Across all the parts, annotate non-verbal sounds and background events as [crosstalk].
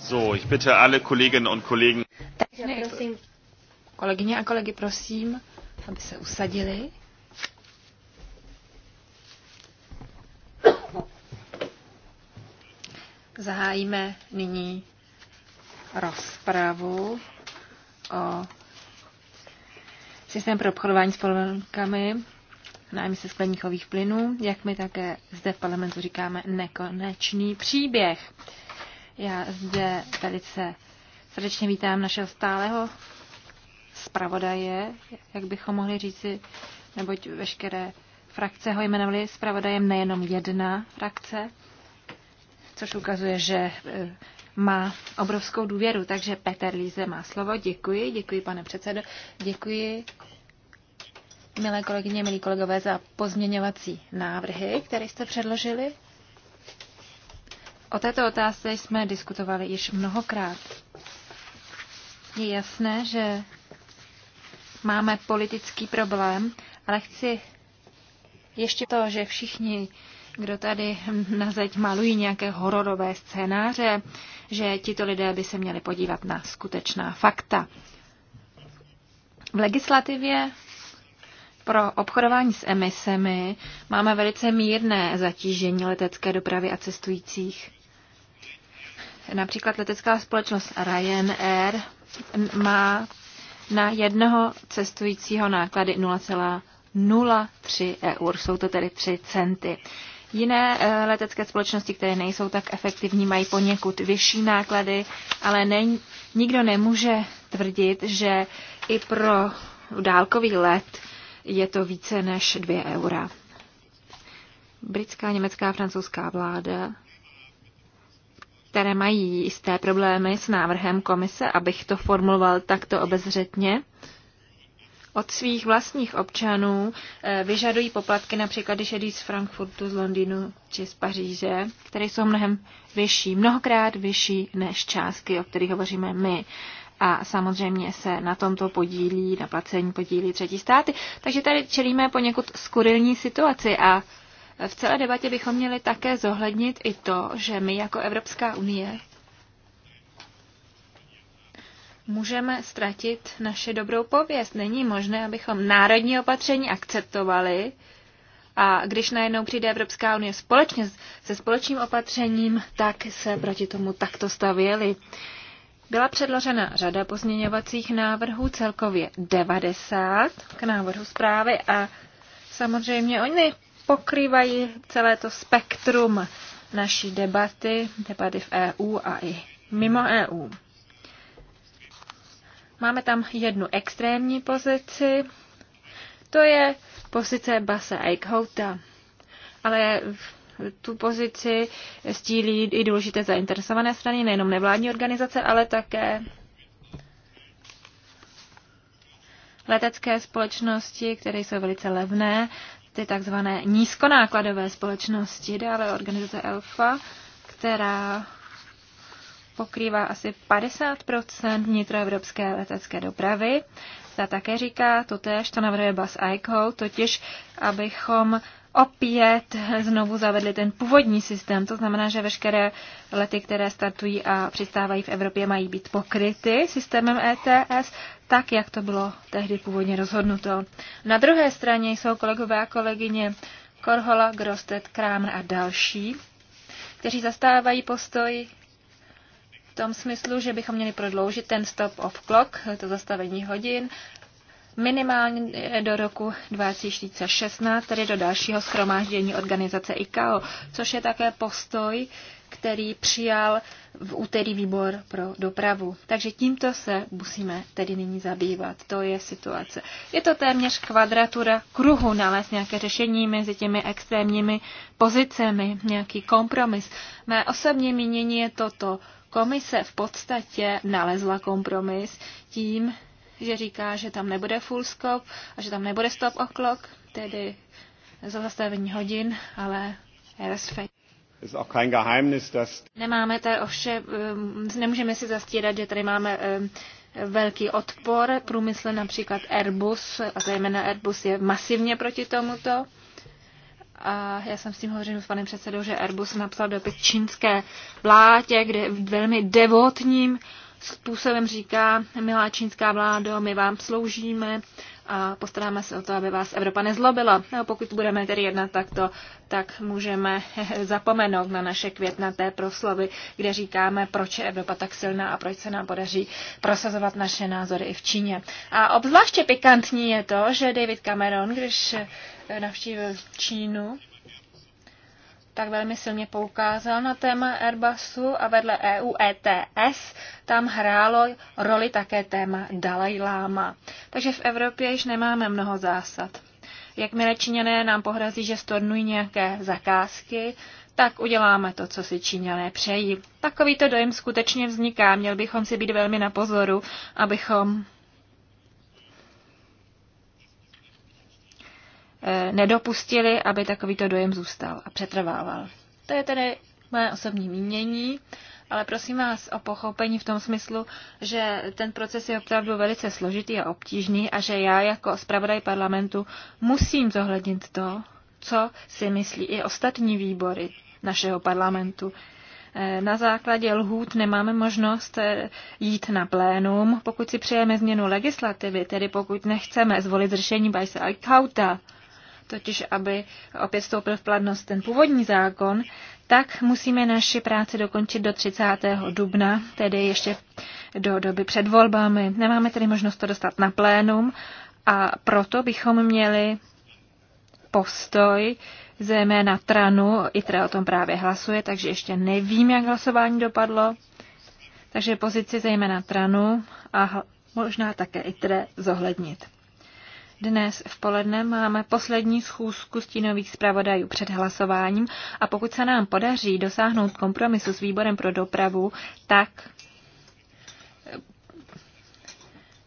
So, ich bitte alle Kolleginnen und Kollegen. Takže prosím, kolegyně a kolegy, prosím, aby se usadili. Zahájíme nyní rozpravu o systém pro obchodování s povolenkami na emise skleníkových plynů, jak my také zde v parlamentu říkáme, nekonečný příběh. Já zde velice srdečně vítám našeho stálého zpravodaje, jak bychom mohli říci, neboť veškeré frakce ho jmenovali zpravodajem nejenom jedna frakce, což ukazuje, že e, má obrovskou důvěru. Takže Peter Líze má slovo. Děkuji, děkuji pane předsedo, děkuji milé kolegyně, milí kolegové za pozměňovací návrhy, které jste předložili. O této otázce jsme diskutovali již mnohokrát. Je jasné, že máme politický problém, ale chci ještě to, že všichni, kdo tady na zeď malují nějaké hororové scénáře, že tito lidé by se měli podívat na skutečná fakta. V legislativě pro obchodování s emisemi máme velice mírné zatížení letecké dopravy a cestujících. Například letecká společnost Ryanair má na jednoho cestujícího náklady 0,03 eur. Jsou to tedy 3 centy. Jiné eh, letecké společnosti, které nejsou tak efektivní, mají poněkud vyšší náklady, ale ne, nikdo nemůže tvrdit, že i pro dálkový let je to více než 2 eura. Britská, německá, francouzská vláda které mají jisté problémy s návrhem komise, abych to formuloval takto obezřetně, od svých vlastních občanů eh, vyžadují poplatky například, když jedí z Frankfurtu, z Londýnu či z Paříže, které jsou mnohem vyšší, mnohokrát vyšší než částky, o kterých hovoříme my. A samozřejmě se na tomto podílí, na placení podílí třetí státy. Takže tady čelíme poněkud skurilní situaci a v celé debatě bychom měli také zohlednit i to, že my jako Evropská unie můžeme ztratit naše dobrou pověst. Není možné, abychom národní opatření akceptovali a když najednou přijde Evropská unie společně se společným opatřením, tak se proti tomu takto stavěli. Byla předložena řada pozměňovacích návrhů, celkově 90 k návrhu zprávy a samozřejmě oni pokrývají celé to spektrum naší debaty, debaty v EU a i mimo EU. Máme tam jednu extrémní pozici, to je pozice Basa Eichhouta. Ale tu pozici stílí i důležité zainteresované strany, nejenom nevládní organizace, ale také letecké společnosti, které jsou velice levné ty takzvané nízkonákladové společnosti, dále organizace Elfa, která pokrývá asi 50 vnitroevropské letecké dopravy. Ta také říká to též, co navrhuje Bas Eichholt, totiž abychom opět znovu zavedli ten původní systém. To znamená, že veškeré lety, které startují a přistávají v Evropě, mají být pokryty systémem ETS, tak jak to bylo tehdy původně rozhodnuto. Na druhé straně jsou kolegové a kolegyně Korhola, Grostet, Krámer a další, kteří zastávají postoj v tom smyslu, že bychom měli prodloužit ten stop of clock, to zastavení hodin, minimálně eh, do roku 2016, tedy do dalšího schromáždění organizace ICAO, což je také postoj, který přijal v úterý výbor pro dopravu. Takže tímto se musíme tedy nyní zabývat. To je situace. Je to téměř kvadratura kruhu nalézt nějaké řešení mezi těmi extrémními pozicemi, nějaký kompromis. Mé osobní mínění je toto. Komise v podstatě nalezla kompromis tím, že říká, že tam nebude full stop a že tam nebude stop o'clock, tedy za zastavení hodin, ale RSF. Nemáme tady ovšem, ehm, nemůžeme si zastírat, že tady máme ehm, velký odpor. Průmysl například Airbus, a zejména Airbus je masivně proti tomuto. A já jsem s tím hovořil s panem předsedou, že Airbus napsal dopis čínské vládě, kde velmi devotním způsobem říká, milá čínská vládo, my vám sloužíme a postaráme se o to, aby vás Evropa nezlobila. No, pokud budeme tedy jednat takto, tak můžeme [laughs] zapomenout na naše květnaté proslovy, kde říkáme, proč je Evropa tak silná a proč se nám podaří prosazovat naše názory i v Číně. A obzvláště pikantní je to, že David Cameron, když navštívil Čínu, tak velmi silně poukázal na téma Airbusu a vedle EU ETS tam hrálo roli také téma Dalai Lama. Takže v Evropě již nemáme mnoho zásad. Jakmile Číňané nám pohrazí, že stornují nějaké zakázky, tak uděláme to, co si Číňané přejí. Takovýto dojem skutečně vzniká, měl bychom si být velmi na pozoru, abychom Eh, nedopustili, aby takovýto dojem zůstal a přetrvával. To je tedy moje osobní mínění, ale prosím vás o pochopení v tom smyslu, že ten proces je opravdu velice složitý a obtížný a že já jako zpravodaj parlamentu musím zohlednit to, co si myslí i ostatní výbory našeho parlamentu. Eh, na základě lhůt nemáme možnost eh, jít na plénum, pokud si přejeme změnu legislativy, tedy pokud nechceme zvolit řešení by se totiž aby opět vstoupil v platnost ten původní zákon, tak musíme naši práci dokončit do 30. dubna, tedy ještě do doby před volbami. Nemáme tedy možnost to dostat na plénum a proto bychom měli postoj, zejména Tranu, ITRE o tom právě hlasuje, takže ještě nevím, jak hlasování dopadlo. Takže pozici zejména Tranu a možná také ITRE zohlednit. Dnes v poledne máme poslední schůzku stínových zpravodajů před hlasováním a pokud se nám podaří dosáhnout kompromisu s výborem pro dopravu, tak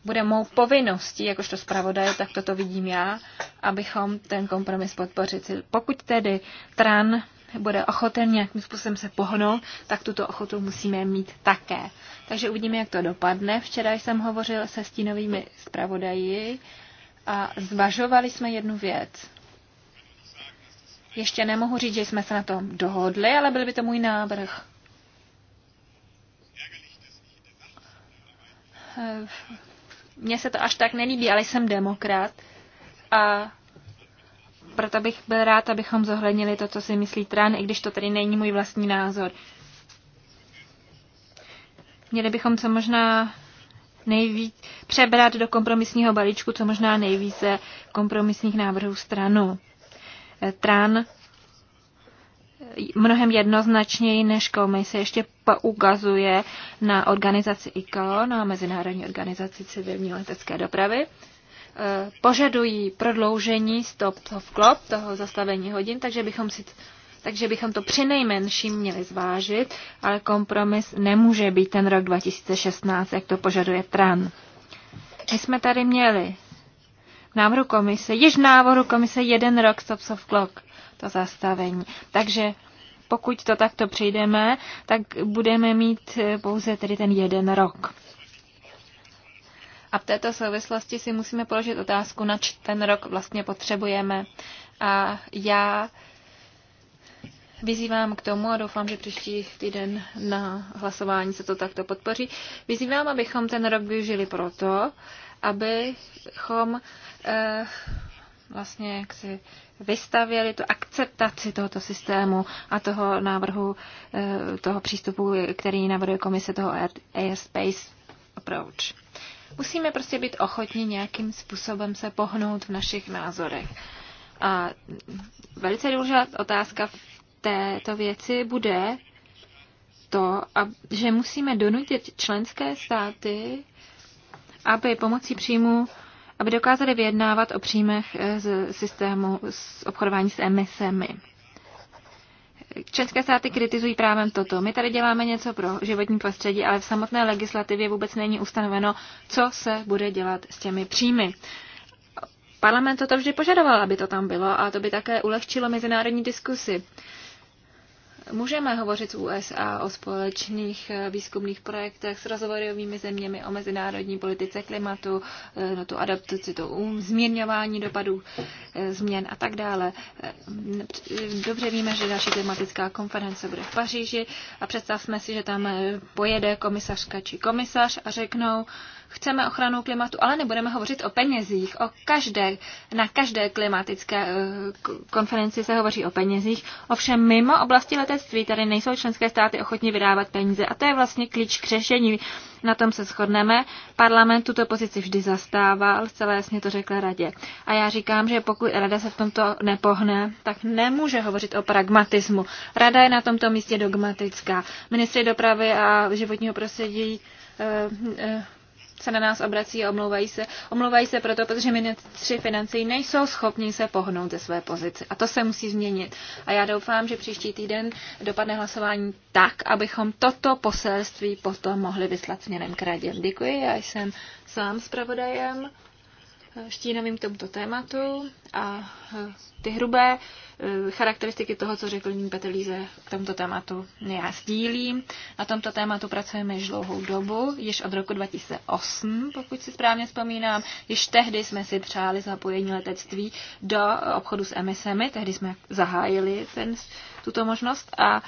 bude mou povinností, jakožto zpravodaj, tak toto vidím já, abychom ten kompromis podpořit. Pokud tedy TRAN bude ochoten nějakým způsobem se pohnout, tak tuto ochotu musíme mít také. Takže uvidíme, jak to dopadne. Včera jsem hovořil se stínovými zpravodaji a zvažovali jsme jednu věc. Ještě nemohu říct, že jsme se na tom dohodli, ale byl by to můj návrh. Mně se to až tak nelíbí, ale jsem demokrat a proto bych byl rád, abychom zohlednili to, co si myslí Tran, i když to tady není můj vlastní názor. Měli bychom co možná nejvíc přebrat do kompromisního balíčku co možná nejvíce kompromisních návrhů stranu. E, Tran e, mnohem jednoznačněji než komise ještě poukazuje na organizaci ICAO, na Mezinárodní organizaci civilní letecké dopravy. E, požadují prodloužení stop of clock, toho zastavení hodin, takže bychom si takže bychom to při nejmenším měli zvážit, ale kompromis nemůže být ten rok 2016, jak to požaduje TRAN. My jsme tady měli v návrhu komise, již v návrhu komise jeden rok stop soft clock, to zastavení. Takže pokud to takto přijdeme, tak budeme mít eh, pouze tedy ten jeden rok. A v této souvislosti si musíme položit otázku, nač ten rok vlastně potřebujeme. A já Vyzývám k tomu a doufám, že příští týden na hlasování se to takto podpoří. Vyzývám, abychom ten rok využili proto, abychom eh, vlastně jaksi vystavěli tu akceptaci tohoto systému a toho návrhu, eh, toho přístupu, který navrhuje komise toho airspace approach. Musíme prostě být ochotní nějakým způsobem se pohnout v našich názorech. A velice důležitá otázka této věci bude to, že musíme donutit členské státy, aby pomocí příjmu, aby dokázali vyjednávat o příjmech eh, z systému s obchodování s emisemi. České státy kritizují právem toto. My tady děláme něco pro životní prostředí, ale v samotné legislativě vůbec není ustanoveno, co se bude dělat s těmi příjmy. Parlament toto vždy požadoval, aby to tam bylo a to by také ulehčilo mezinárodní diskusy. Můžeme hovořit s USA o společných eh, výzkumných projektech s rozvojovými zeměmi, o mezinárodní politice klimatu, no tu adaptaci, to um, zmírňování dopadů eh, změn a tak dále. Dobře víme, že další klimatická konference bude v Paříži a představme si, že tam pojede komisařka či komisař a řeknou, chceme ochranu klimatu, ale nebudeme hovořit o penězích. O každé, na každé klimatické eh, konferenci se hovoří o penězích. Ovšem mimo oblasti letectví tady nejsou členské státy ochotní vydávat peníze a to je vlastně klíč k řešení. Na tom se shodneme. Parlament tuto pozici vždy zastával, celé jasně to řekla radě. A já říkám, že pokud rada se v tomto nepohne, tak nemůže hovořit o pragmatismu. Rada je na tomto místě dogmatická. Ministři dopravy a životního prostředí eh, eh, se na nás obrací a omlouvají se. Omlouvají se proto, protože ministři financí nejsou schopni se pohnout ze své pozice. A to se musí změnit. A já doufám, že příští týden dopadne hlasování tak, abychom toto poselství potom mohli vyslat směrem k radě. Děkuji, já jsem sám zpravodajem stínovým tomuto tématu a eh, ty hrubé eh, charakteristiky toho, co řekl Petr Líze k tomuto tématu, já sdílím. Na tomto tématu pracujeme již dlouhou dobu, již od roku 2008, pokud si správně vzpomínám. Již tehdy jsme si přáli zapojení letectví do obchodu s emisemi, tehdy jsme zahájili ten, tuto možnost a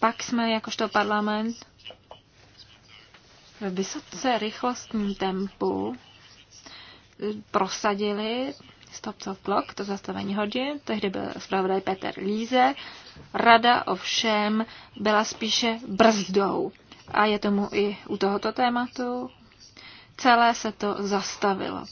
pak jsme jakožto parlament ve vysoce rychlostním tempu prosadili Stop Soft Block, to zastavení hodin, tehdy byl zpravodaj Peter Líze. Rada ovšem byla spíše brzdou a je tomu i u tohoto tématu. Celé se to zastavilo.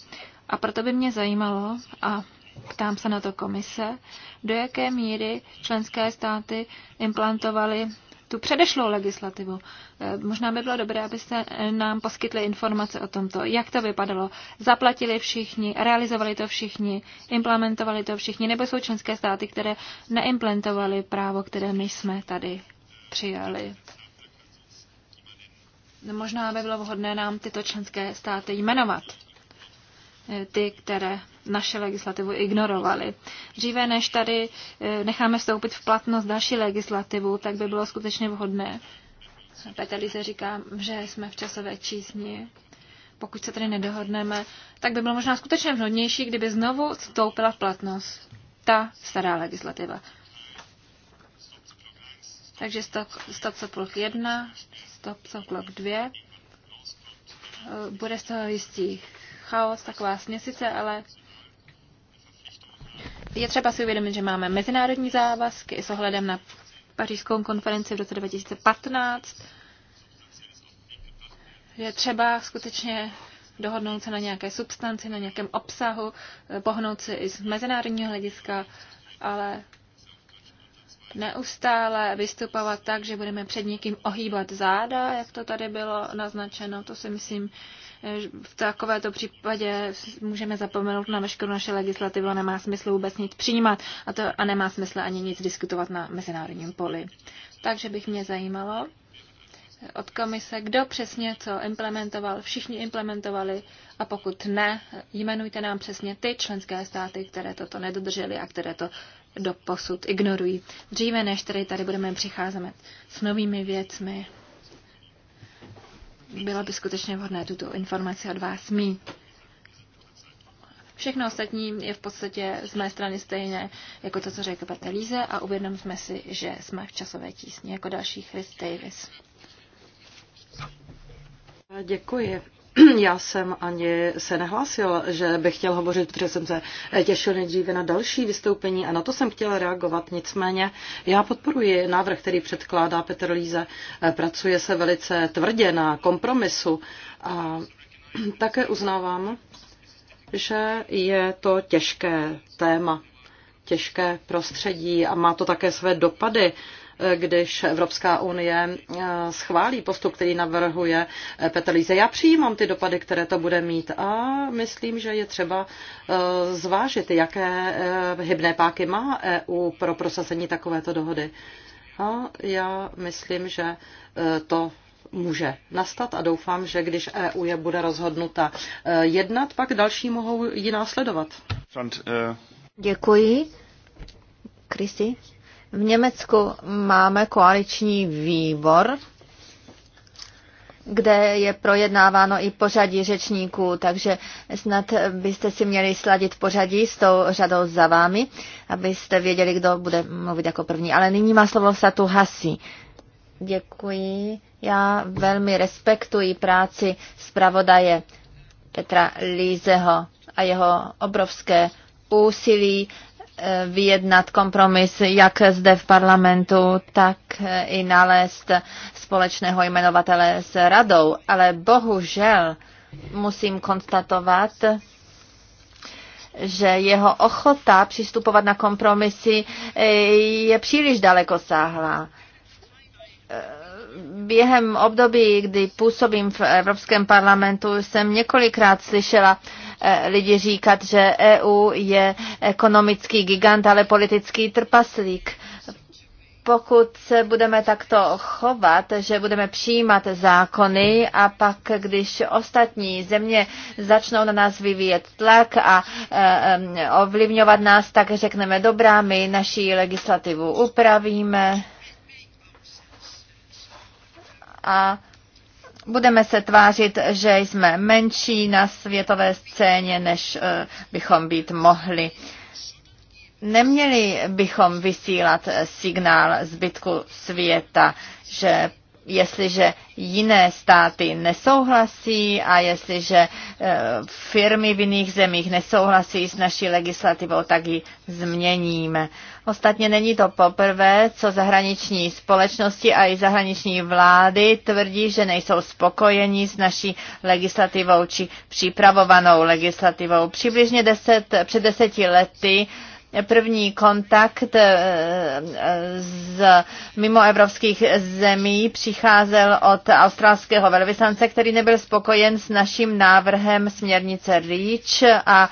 A proto by mě zajímalo, a ptám se na to komise, do jaké míry členské státy implantovaly tu předešlou legislativu. Eh, možná by bylo dobré, abyste eh, nám poskytli informace o tomto, jak to vypadalo. Zaplatili všichni, realizovali to všichni, implementovali to všichni, nebo jsou členské státy, které neimplementovaly právo, které my jsme tady přijali. No, možná by bylo vhodné nám tyto členské státy jmenovat, eh, ty, které naše legislativu ignorovali. Dříve než tady eh, necháme vstoupit v platnost další legislativu, tak by bylo skutečně vhodné. Petr se říká, že jsme v časové čísni. Pokud se tady nedohodneme, tak by bylo možná skutečně vhodnější, kdyby znovu vstoupila v platnost ta stará legislativa. Takže stop, stop soplok 1, stop soplok 2. Eh, Bude z toho jistý chaos, taková směsice, ale je třeba si uvědomit, že máme mezinárodní závazky i s ohledem na pařížskou konferenci v roce 2015. Je třeba skutečně dohodnout se na nějaké substanci, na nějakém obsahu, eh, pohnout se i z mezinárodního hlediska, ale neustále vystupovat tak, že budeme před někým ohýbat záda, jak to tady bylo naznačeno. To si myslím, v takovéto případě můžeme zapomenout na veškerou naše legislativu a nemá smysl vůbec nic přijímat a, to, a nemá smysl ani nic diskutovat na mezinárodním poli. Takže bych mě zajímalo od komise, kdo přesně co implementoval, všichni implementovali a pokud ne, jmenujte nám přesně ty členské státy, které toto nedodržely a které to do posud ignorují. Dříve než tady, tady budeme přicházet s novými věcmi, bylo by skutečně vhodné tuto informaci od vás mít. Všechno ostatní je v podstatě z mé strany stejné jako to, co řekl Petr a uvědomíme si, že jsme v časové tísni jako další Chris Davis. Děkuji. Já jsem ani se nehlásil, že bych chtěl hovořit, protože jsem se těšil nejdříve na další vystoupení a na to jsem chtěl reagovat. Nicméně já podporuji návrh, který předkládá Petr Líze. Pracuje se velice tvrdě na kompromisu a také uznávám, že je to těžké téma, těžké prostředí a má to také své dopady když Evropská unie eh, schválí postup, který navrhuje eh, Petr Líze. Já přijímám ty dopady, které to bude mít a myslím, že je třeba eh, zvážit, jaké hybné páky má EU pro prosazení takovéto dohody. A já myslím, že to může nastat a doufám, že když EU je bude rozhodnuta jednat, pak další mohou ji následovat. Děkuji. Krisi? V Německu máme koaliční výbor, kde je projednáváno i pořadí řečníků, takže snad byste si měli sladit pořadí s tou řadou za vámi, abyste věděli, kdo bude mluvit jako první. Ale nyní má slovo Satu Hasi. Děkuji. Já velmi respektuji práci zpravodaje Petra Lízeho a jeho obrovské úsilí Eh, vyjednat kompromis jak zde v parlamentu, tak eh, i nalézt společného jmenovatele s radou. Ale bohužel musím konstatovat, že jeho ochota přistupovat na kompromisy eh, je příliš daleko dalekosáhlá během období, kdy působím v Evropském parlamentu, jsem několikrát slyšela Eh, lidi říkat, že EU je ekonomický gigant, ale politický trpaslík pokud se budeme takto chovat, že budeme přijímat zákony a pak, když ostatní země začnou na nás vyvíjet tlak a e, ovlivňovat nás, tak řekneme, dobrá, my naši legislativu upravíme a budeme se tvářit, že jsme menší na světové scéně, než eh, bychom být mohli. Neměli bychom vysílat signál zbytku světa, že jestliže jiné státy nesouhlasí a jestliže eh, firmy v jiných zemích nesouhlasí s naší legislativou, tak ji změníme. Ostatně není to poprvé, co zahraniční společnosti a i zahraniční vlády tvrdí, že nejsou spokojeni s naší legislativou či připravovanou legislativou. Přibližně deset, před deseti lety uh, první kontakt eh, z mimoevropských zemí přicházel od australského velvyslance, který nebyl spokojen s naším návrhem směrnice REACH a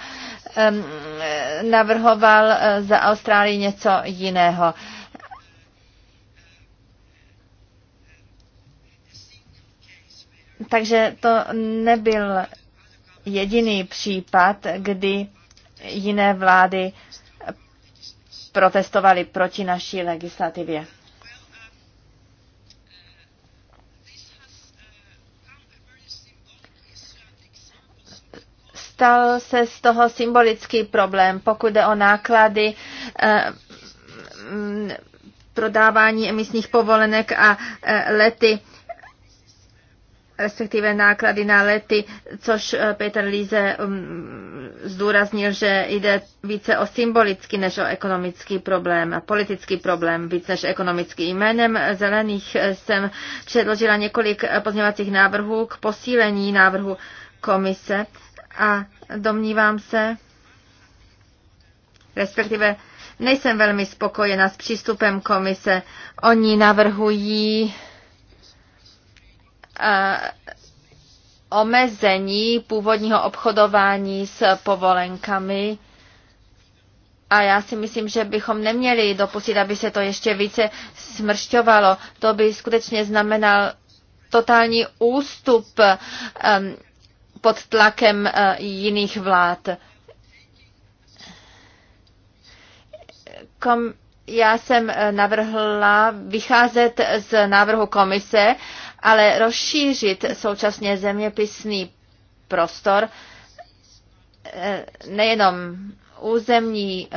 navrhoval eh, za Austrálii něco jiného. Takže to nebyl jediný případ, kdy jiné vlády uh, protestovali proti naší legislativě. Stal se z toho symbolický problém, pokud jde o náklady eh, mm, prodávání emisních povolenek a eh, lety respektive náklady na lety, což eh, Peter Líze mm, zdůraznil, že jde více o symbolický než o ekonomický problém, a politický problém víc než ekonomický. Jménem zelených eh, jsem předložila několik eh, pozměvacích návrhů k posílení návrhu komise a domnívám se, respektive nejsem velmi spokojena s přístupem komise. Oni navrhují Eh, omezení původního obchodování s povolenkami. A já si myslím, že bychom neměli dopustit, aby se to ještě více smršťovalo. To by skutečně znamenal totální ústup um, pod tlakem uh, jiných vlád. Kom, já jsem eh, navrhla vycházet z návrhu komise ale rozšířit současně zeměpisný prostor eh, nejenom územní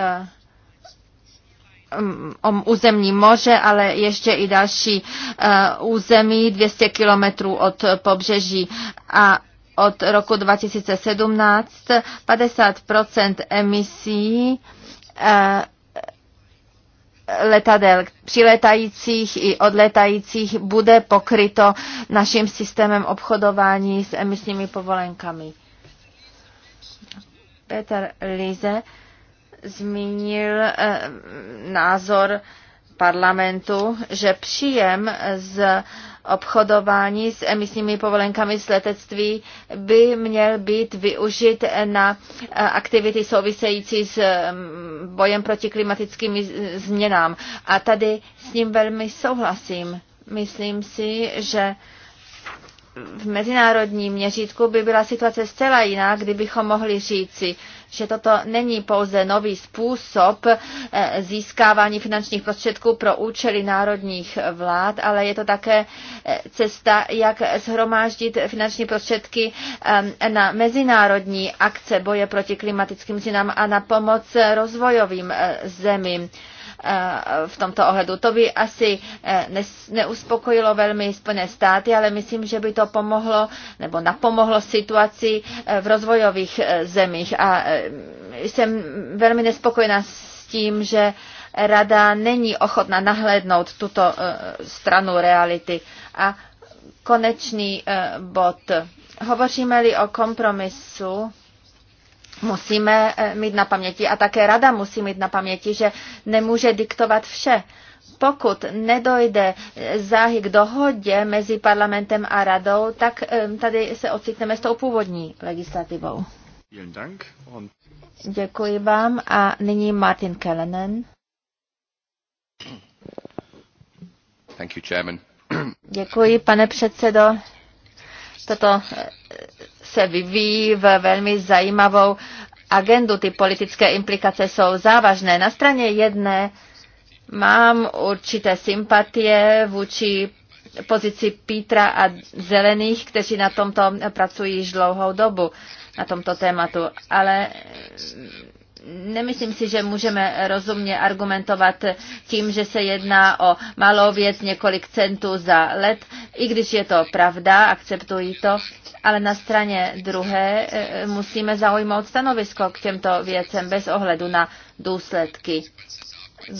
um, územní moře, ale ještě i další eh, území 200 kilometrů od pobřeží a od roku 2017 50 emisí letadel přilétajících i odletajících bude pokryto naším systémem obchodování s emisními povolenkami. Peter Lize zmínil eh, názor parlamentu, že příjem z obchodování s emisními povolenkami z letectví by měl být využit na eh, aktivity související s mm, bojem proti klimatickým změnám. A tady s ním velmi souhlasím. Myslím si, že v mezinárodním měřítku by byla situace zcela jiná, kdybychom mohli říci, že toto není pouze nový způsob eh, získávání finančních prostředků pro účely národních vlád, ale je to také eh, cesta, jak zhromáždit finanční prostředky eh, na mezinárodní akce boje proti klimatickým změnám a na pomoc rozvojovým zemím. Eh, v tomto ohledu. To by asi eh, neuspokojilo velmi Spojené státy, ale myslím, že by to pomohlo nebo napomohlo situaci eh, v rozvojových zemích. A jsem velmi nespokojená s tím, že rada není ochotná nahlédnout tuto stranu reality. A konečný bod. Hovoříme-li o kompromisu, musíme eh, mít na paměti a také rada musí mít na paměti, že nemůže diktovat vše. Pokud nedojde eh, záhy k dohodě mezi parlamentem a radou, tak eh, tady se ocitneme s tou původní legislativou. Děkuji vám a nyní Martin Kellenen. Děkuji, pane předsedo. Toto eh, se vyvíjí v velmi zajímavou agendu. Ty politické implikace jsou závažné. Na straně jedné mám určité sympatie vůči pozici Pítra a Zelených, kteří na tomto pracují již dlouhou dobu, na tomto tématu. Ale mm, nemyslím si, že můžeme rozumně argumentovat tím, že se jedná o malou věc několik centů za let, i když je to pravda, akceptují to, ale na straně druhé eh, musíme zaujmout stanovisko k těmto věcem bez ohledu na důsledky.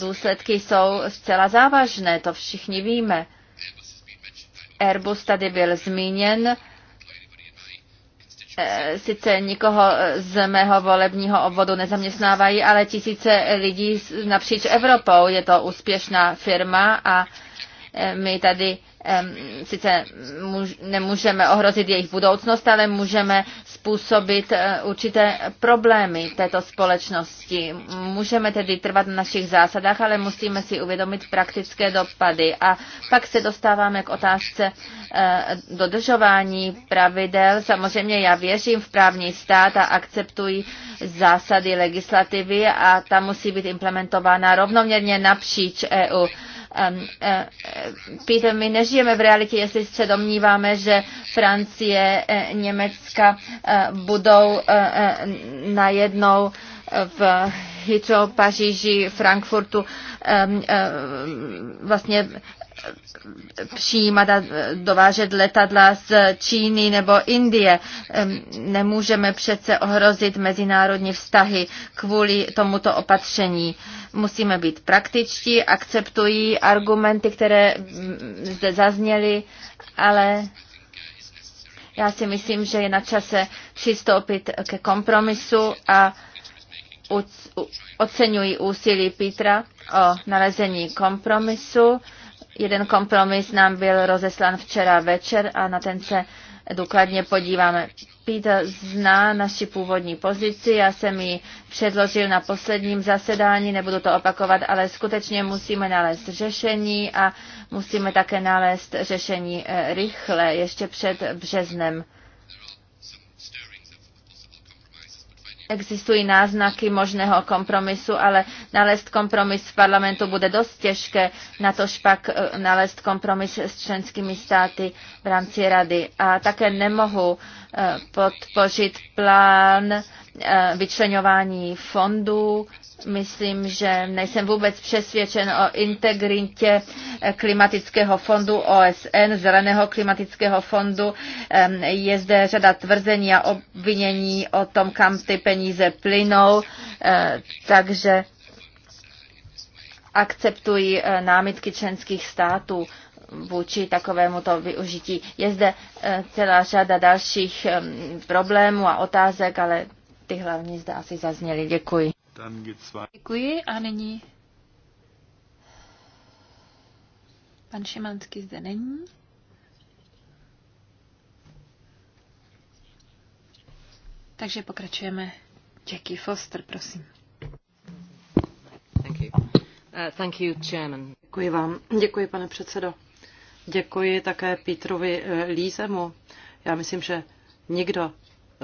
Důsledky jsou zcela závažné, to všichni víme. Airbus tady byl zmíněn, Eh, sice nikoho z mého volebního obvodu nezaměstnávají, ale tisíce lidí napříč Evropou. Je to úspěšná firma a eh, my tady sice nemůžeme ohrozit jejich budoucnost, ale můžeme způsobit eh, určité problémy této společnosti. Můžeme tedy trvat na našich zásadách, ale musíme si uvědomit praktické dopady. A pak se dostáváme k otázce eh, dodržování pravidel. Samozřejmě já věřím v právní stát a akceptuji zásady legislativy a ta musí být implementována rovnoměrně napříč EU E, Peter, my nežijeme v realitě, jestli se domníváme, že Francie, e, Německa e, budou najednou v Hitro, Paříži, Frankfurtu vlastně přijímat a dovážet letadla z Číny nebo Indie. Nemůžeme přece ohrozit mezinárodní vztahy kvůli tomuto opatření. Musíme být praktičtí, akceptují argumenty, které zde zazněly, ale já si myslím, že je na čase přistoupit ke kompromisu a oceňuji úsilí Petra o nalezení kompromisu. Jeden kompromis nám byl rozeslán včera večer a na ten se důkladně podíváme. Peter zná naši původní pozici, já jsem ji předložil na posledním zasedání, nebudu to opakovat, ale skutečně musíme nalézt řešení a musíme také nalézt řešení eh, rychle, ještě před březnem. Existují náznaky možného kompromisu, ale nalézt kompromis v parlamentu bude dost těžké, na tož pak eh, nalézt kompromis s členskými státy v rámci rady. A také nemohu eh, podpořit plán Eh, vyčlenování fondů. Myslím, že nejsem vůbec přesvědčen o integritě eh, klimatického fondu OSN, zeleného klimatického fondu. Eh, je zde řada tvrzení a obvinění o tom, kam ty peníze plynou, takže akceptují námitky členských států vůči takovémuto využití. Je zde celá řada dalších problémů a otázek, ale ty hlavní zde asi zazněly. Děkuji. Děkuji a nyní pan Šimanský zde není. Takže pokračujeme. Jackie Foster, prosím. Thank you. Uh, thank you, Chairman. Děkuji vám. Děkuji, pane předsedo. Děkuji také Pítrovi eh, Lízemu. Já myslím, že nikdo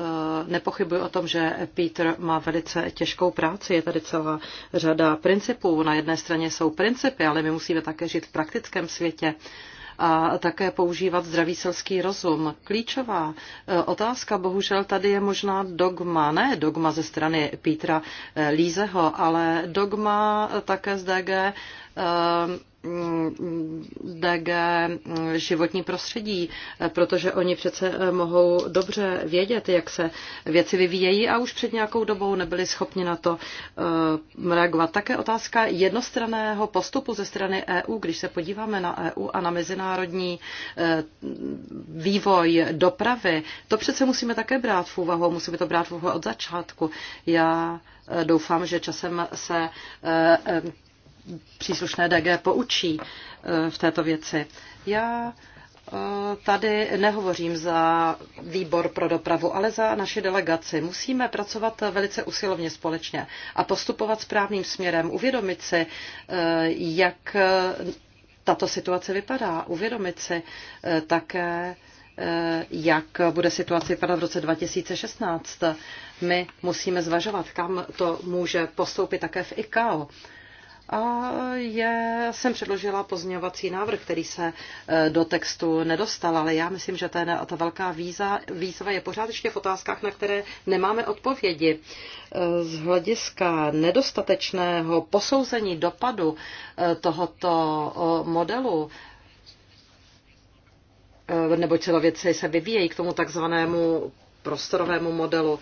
Eh, nepochybuji o tom, že Peter má velice těžkou práci. Je tady celá řada principů. Na jedné straně jsou principy, ale my musíme také žít v praktickém světě a také používat zdravý selský rozum. Klíčová eh, otázka, bohužel tady je možná dogma, ne dogma ze strany Petra eh, Lízeho, ale dogma také z DG DG životní prostředí, protože oni přece mohou dobře vědět, jak se věci vyvíjejí a už před nějakou dobou nebyli schopni na to eh, reagovat. Také otázka jednostraného postupu ze strany EU, když se podíváme na EU a na mezinárodní eh, vývoj dopravy, to přece musíme také brát v úvahu, musíme to brát v úvahu od začátku. Já eh, doufám, že časem se příslušné DG poučí eh, v této věci. Já eh, tady nehovořím za výbor pro dopravu, ale za naši delegaci. Musíme pracovat velice usilovně společně a postupovat správným směrem, uvědomit si, eh, jak tato situace vypadá, uvědomit si také, jak bude situace vypadat v roce 2016. My musíme zvažovat, kam to může postoupit také v ICAO. A já jsem předložila pozměňovací návrh, který se e, do textu nedostal, ale já myslím, že ta, ta velká víza, výzva je pořád ještě v otázkách, na které nemáme odpovědi. E, z hlediska nedostatečného posouzení dopadu e, tohoto modelu neboť se věci se vyvíjejí k tomu takzvanému prostorovému modelu.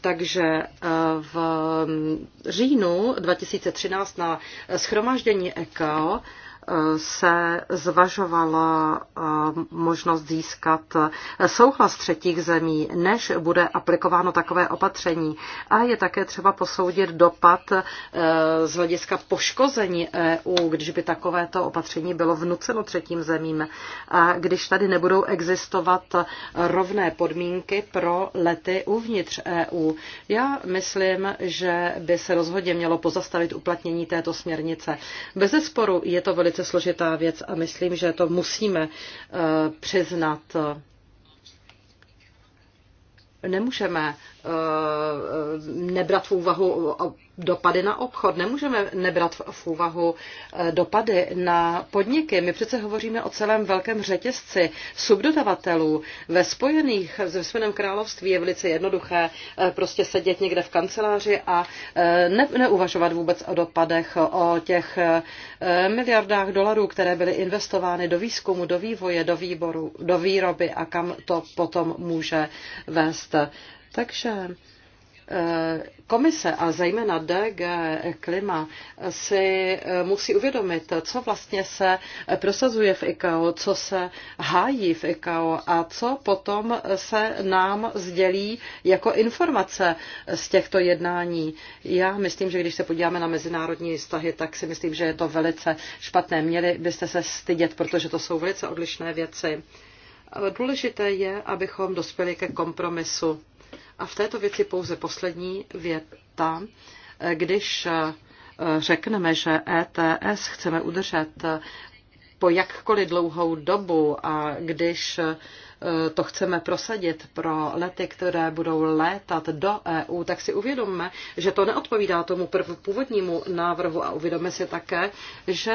Takže eh, v mm, říjnu 2013 na schromáždění ECAO se zvažovala eh, možnost získat souhlas třetích zemí, než bude aplikováno takové opatření. A je také třeba posoudit dopad eh, z hlediska poškození EU, když by takovéto opatření bylo vnuceno třetím zemím. A když tady nebudou existovat rovné podmínky pro lety uvnitř EU. Já myslím, že by se rozhodně mělo pozastavit uplatnění této směrnice. Bez sporu je to velice velice složitá věc a myslím, že to musíme eh, přiznat. Nemůžeme eh, nebrat v úvahu dopady na obchod. Nemůžeme nebrat v úvahu eh, dopady na podniky. My přece hovoříme o celém velkém řetězci subdodavatelů. Ve Spojených, ve Spojeném království je velice jednoduché eh, prostě sedět někde v kanceláři a eh, ne, neuvažovat vůbec o dopadech, o těch miliardách dolarů, které byly investovány do výzkumu, do vývoje, do výboru, do výroby a kam to potom může vést. Takže Komise a zejména DG Klima si eh, musí uvědomit, co vlastně se prosazuje v ICAO, co se hájí v ICAO a co potom se nám sdělí jako informace z těchto jednání. Já myslím, že když se podíváme na mezinárodní vztahy, tak si myslím, že je to velice špatné. Měli byste se stydět, protože to jsou velice odlišné věci. Důležité je, abychom dospěli ke kompromisu a v této věci pouze poslední věta. Když eh, řekneme, že ETS chceme udržet eh, po jakkoliv dlouhou dobu a když eh, to chceme prosadit pro lety, které budou létat do EU, tak si uvědomme, že to neodpovídá tomu původnímu návrhu a uvědomme si také, že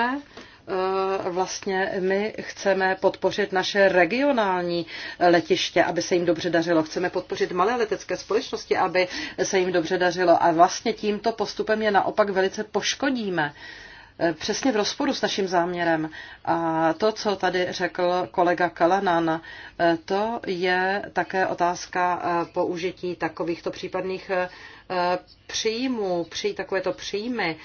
Eh, vlastně my chceme podpořit naše regionální letiště, aby se jim dobře dařilo. Chceme podpořit malé letecké společnosti, aby se jim dobře dařilo. A vlastně tímto postupem je naopak velice poškodíme eh, přesně v rozporu s naším záměrem. A to, co tady řekl kolega Kalanan, eh, to je také otázka použití takovýchto případných Eh, příjmů, při takovéto příjmy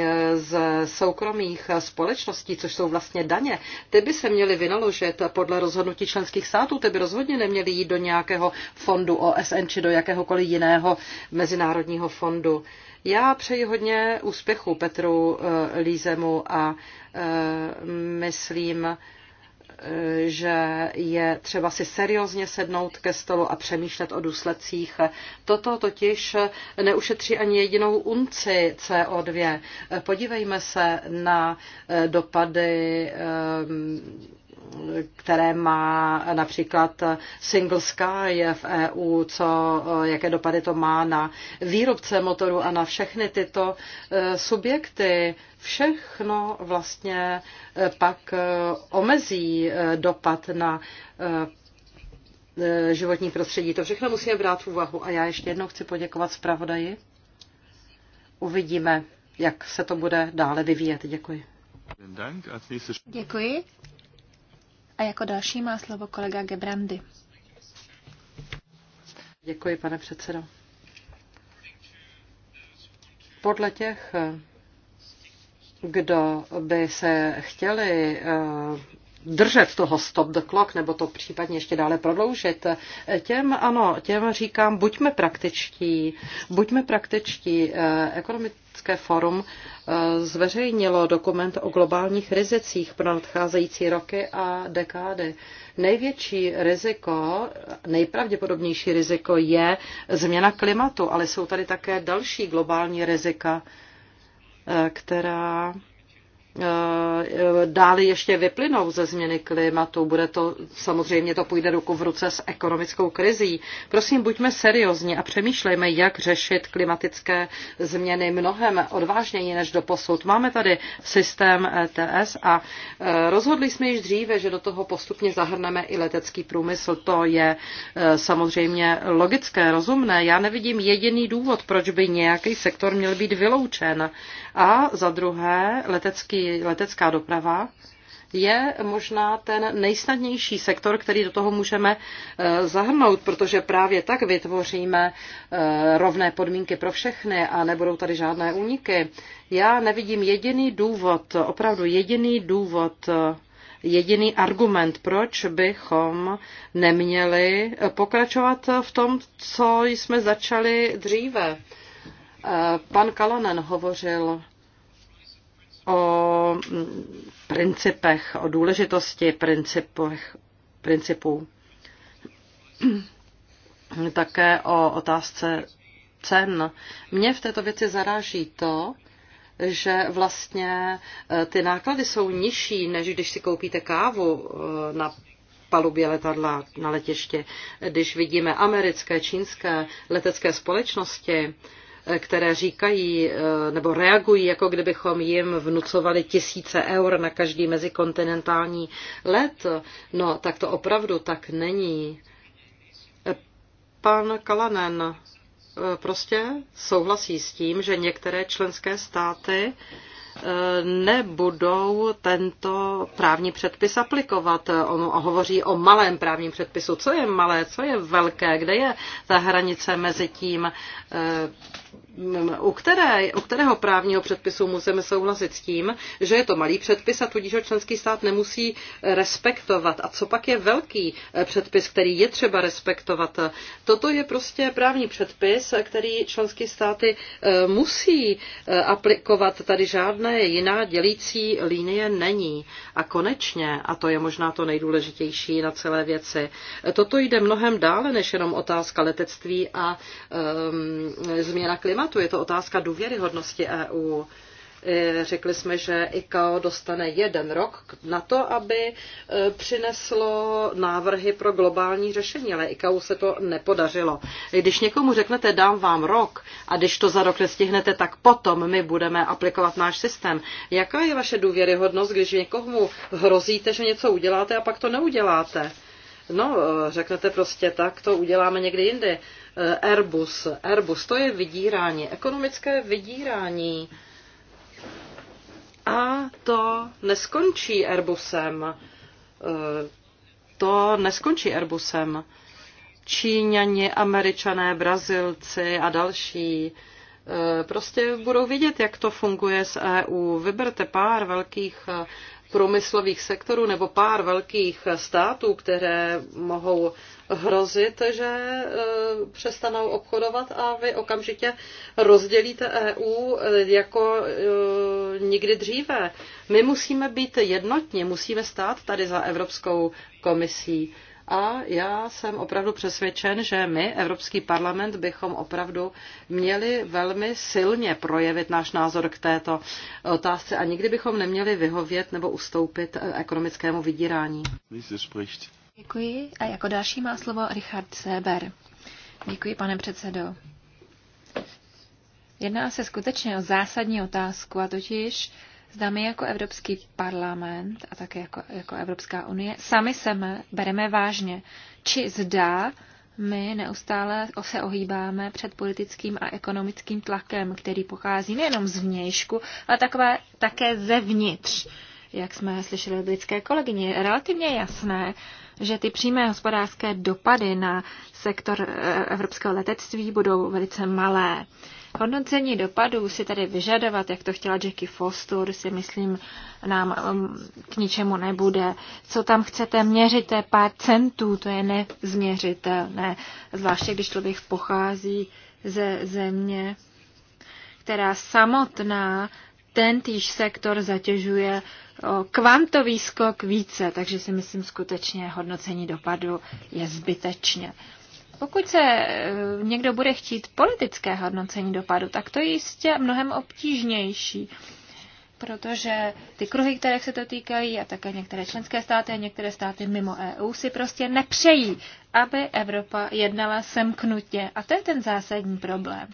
eh, z soukromých společností, což jsou vlastně daně, ty by se měly vynaložit podle rozhodnutí členských států, ty by rozhodně neměly jít do nějakého fondu OSN či do jakéhokoliv jiného mezinárodního fondu. Já přeji hodně úspěchu Petru eh, Lízemu a myslím, že je třeba si seriózně sednout ke stolu a přemýšlet o důsledcích. Toto totiž neušetří ani jedinou unci CO2. Podívejme se na dopady které má například Single Sky v EU, co, jaké dopady to má na výrobce motoru a na všechny tyto eh, subjekty. Všechno vlastně eh, pak eh, omezí dopad na životní prostředí. To všechno musíme brát v úvahu. A já ještě jednou chci poděkovat zpravodaji. Uvidíme, jak se to bude dále vyvíjet. Děkuji. Děkuji. A jako další má slovo kolega Gebrandy. Děkuji, pane předsedo. Podle těch, kdo by se chtěli eh, držet toho stop the clock, nebo to případně ještě dále prodloužit, těm ano, těm říkám, buďme praktičtí, buďme praktičtí. Ekonomické forum eh, zveřejnilo dokument o globálních rizicích pro nadcházející roky a dekády. Největší riziko, nejpravděpodobnější riziko je změna klimatu, ale jsou tady také další globální rizika, eh, která Eh, dále ještě vyplynou ze změny klimatu. Bude to, samozřejmě to půjde ruku v ruce s ekonomickou krizí. Prosím, buďme seriózní a přemýšlejme, jak řešit klimatické změny mnohem odvážněji než do posud. Máme tady systém ETS a eh, rozhodli jsme již dříve, že do toho postupně zahrneme i letecký průmysl. To je eh, samozřejmě logické, rozumné. Já nevidím jediný důvod, proč by nějaký sektor měl být vyloučen. A za druhé, letecký, letecká doprava je možná ten nejsnadnější sektor, který do toho můžeme eh, zahrnout, protože právě tak vytvoříme eh, rovné podmínky pro všechny a nebudou tady žádné úniky. Já nevidím jediný důvod, opravdu jediný důvod, eh, jediný argument, proč bychom neměli pokračovat v tom, co jsme začali dříve Pan Kalanen hovořil o principech, o důležitosti principech, principů. Také o otázce cen. Mě v této věci zaráží to, že vlastně eh, ty náklady jsou nižší, než když si koupíte kávu eh, na palubě letadla na letišti. Když vidíme americké, čínské letecké společnosti, které říkají eh, nebo reagují, jako kdybychom jim vnucovali tisíce eur na každý mezikontinentální let, no tak to opravdu tak není. Pan Kalanen eh, prostě souhlasí s tím, že některé členské státy E, nebudou tento právní předpis aplikovat. On hovoří o malém právním předpisu. Co je malé, co je velké, kde je ta hranice mezi tím e, u, které, u kterého právního předpisu musíme souhlasit s tím, že je to malý předpis a tudíž ho členský stát nemusí respektovat. A co pak je velký eh, předpis, který je třeba respektovat? Toto je prostě právní předpis, který členské státy eh, musí eh, aplikovat. Tady žádné jiná dělící linie není. A konečně, a to je možná to nejdůležitější na celé věci, toto jde mnohem dále než jenom otázka letectví a um, změna klimatu státu. Je to otázka důvěryhodnosti EU. E, řekli jsme, že ICAO dostane jeden rok na to, aby e, přineslo návrhy pro globální řešení, ale ICAO se to nepodařilo. Když někomu řeknete, dám vám rok, a když to za rok nestihnete, tak potom my budeme aplikovat náš systém. Jaká je vaše důvěryhodnost, když někomu hrozíte, že něco uděláte a pak to neuděláte? No, e, řeknete prostě tak, to uděláme někdy jindy. Airbus. Airbus, to je vydírání, ekonomické vydírání. A to neskončí Airbusem. Eh, to neskončí Airbusem. Číňani, Američané, Brazilci a další eh, prostě budou vidět, jak to funguje s EU. Vyberte pár velkých eh, průmyslových sektorů nebo pár velkých států, které mohou hrozit, že eh, přestanou obchodovat a vy okamžitě rozdělíte EU eh, jako eh, nikdy dříve. My musíme být jednotní, musíme stát tady za Evropskou komisí. A já jsem opravdu přesvědčen, že my, Evropský parlament, bychom opravdu měli velmi silně projevit náš názor k této otázce a nikdy bychom neměli vyhovět nebo ustoupit ekonomickému vydírání. Děkuji a jako další má slovo Richard Seber. Děkuji, pane předsedo. Jedná se skutečně o zásadní otázku, a totiž zda my jako Evropský parlament a také jako, jako Evropská unie sami sebe bereme vážně, či zda my neustále se ohýbáme před politickým a ekonomickým tlakem, který pochází nejenom z vnějšku, ale takové, také zevnitř. Jak jsme slyšeli od britské kolegyně, relativně jasné, že ty přímé hospodářské dopady na sektor eh, evropského letectví budou velice malé. Hodnocení dopadů si tady vyžadovat, jak to chtěla Jackie Foster, si myslím, nám mm, k ničemu nebude. Co tam chcete měřit, to je pár centů, to je nezměřitelné, zvláště když člověk pochází ze země, která samotná ten týž sektor zatěžuje kvantový skok více, takže si myslím skutečně hodnocení dopadu je zbytečně. Pokud se e, někdo bude chtít politické hodnocení dopadu, tak to je jistě mnohem obtížnější, protože ty kruhy, které se to týkají, a také některé členské státy a některé státy mimo EU si prostě nepřejí, aby Evropa jednala semknutě. A to je ten zásadní problém.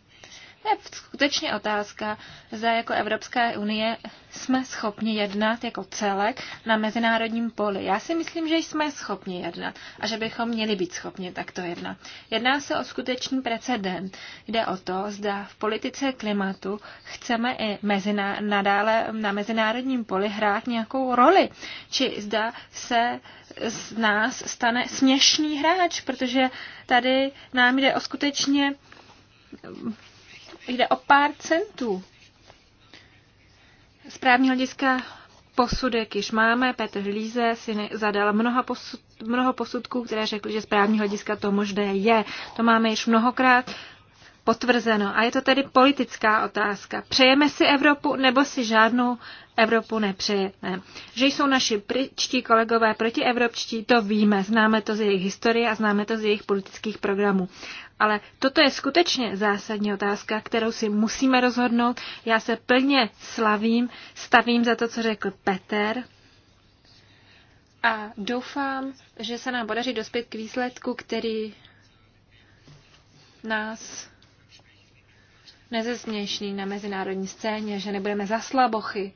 To je skutečně otázka, zda jako Evropská unie jsme schopni jednat jako celek na mezinárodním poli. Já si myslím, že jsme schopni jednat a že bychom měli být schopni takto jednat. Jedná se o skutečný precedent. Jde o to, zda v politice klimatu chceme i meziná, nadále na mezinárodním poli hrát nějakou roli, či zda se z nás stane směšný hráč, protože tady nám jde o skutečně jde o pár centů. Správní hlediska posudek již máme. Petr Líze si zadal mnoha posud, mnoho posudků, které řekly, že správní hlediska to možné je. To máme již mnohokrát potvrzeno. A je to tedy politická otázka. Přejeme si Evropu nebo si žádnou Evropu nepřejeme. Že jsou naši britští kolegové protievropští, to víme. Známe to z jejich historie a známe to z jejich politických programů. Ale toto je skutečně zásadní otázka, kterou si musíme rozhodnout. Já se plně slavím, stavím za to, co řekl Peter, a doufám, že se nám podaří dospět k výsledku, který nás nezesměšní na mezinárodní scéně, že nebudeme zaslabochy,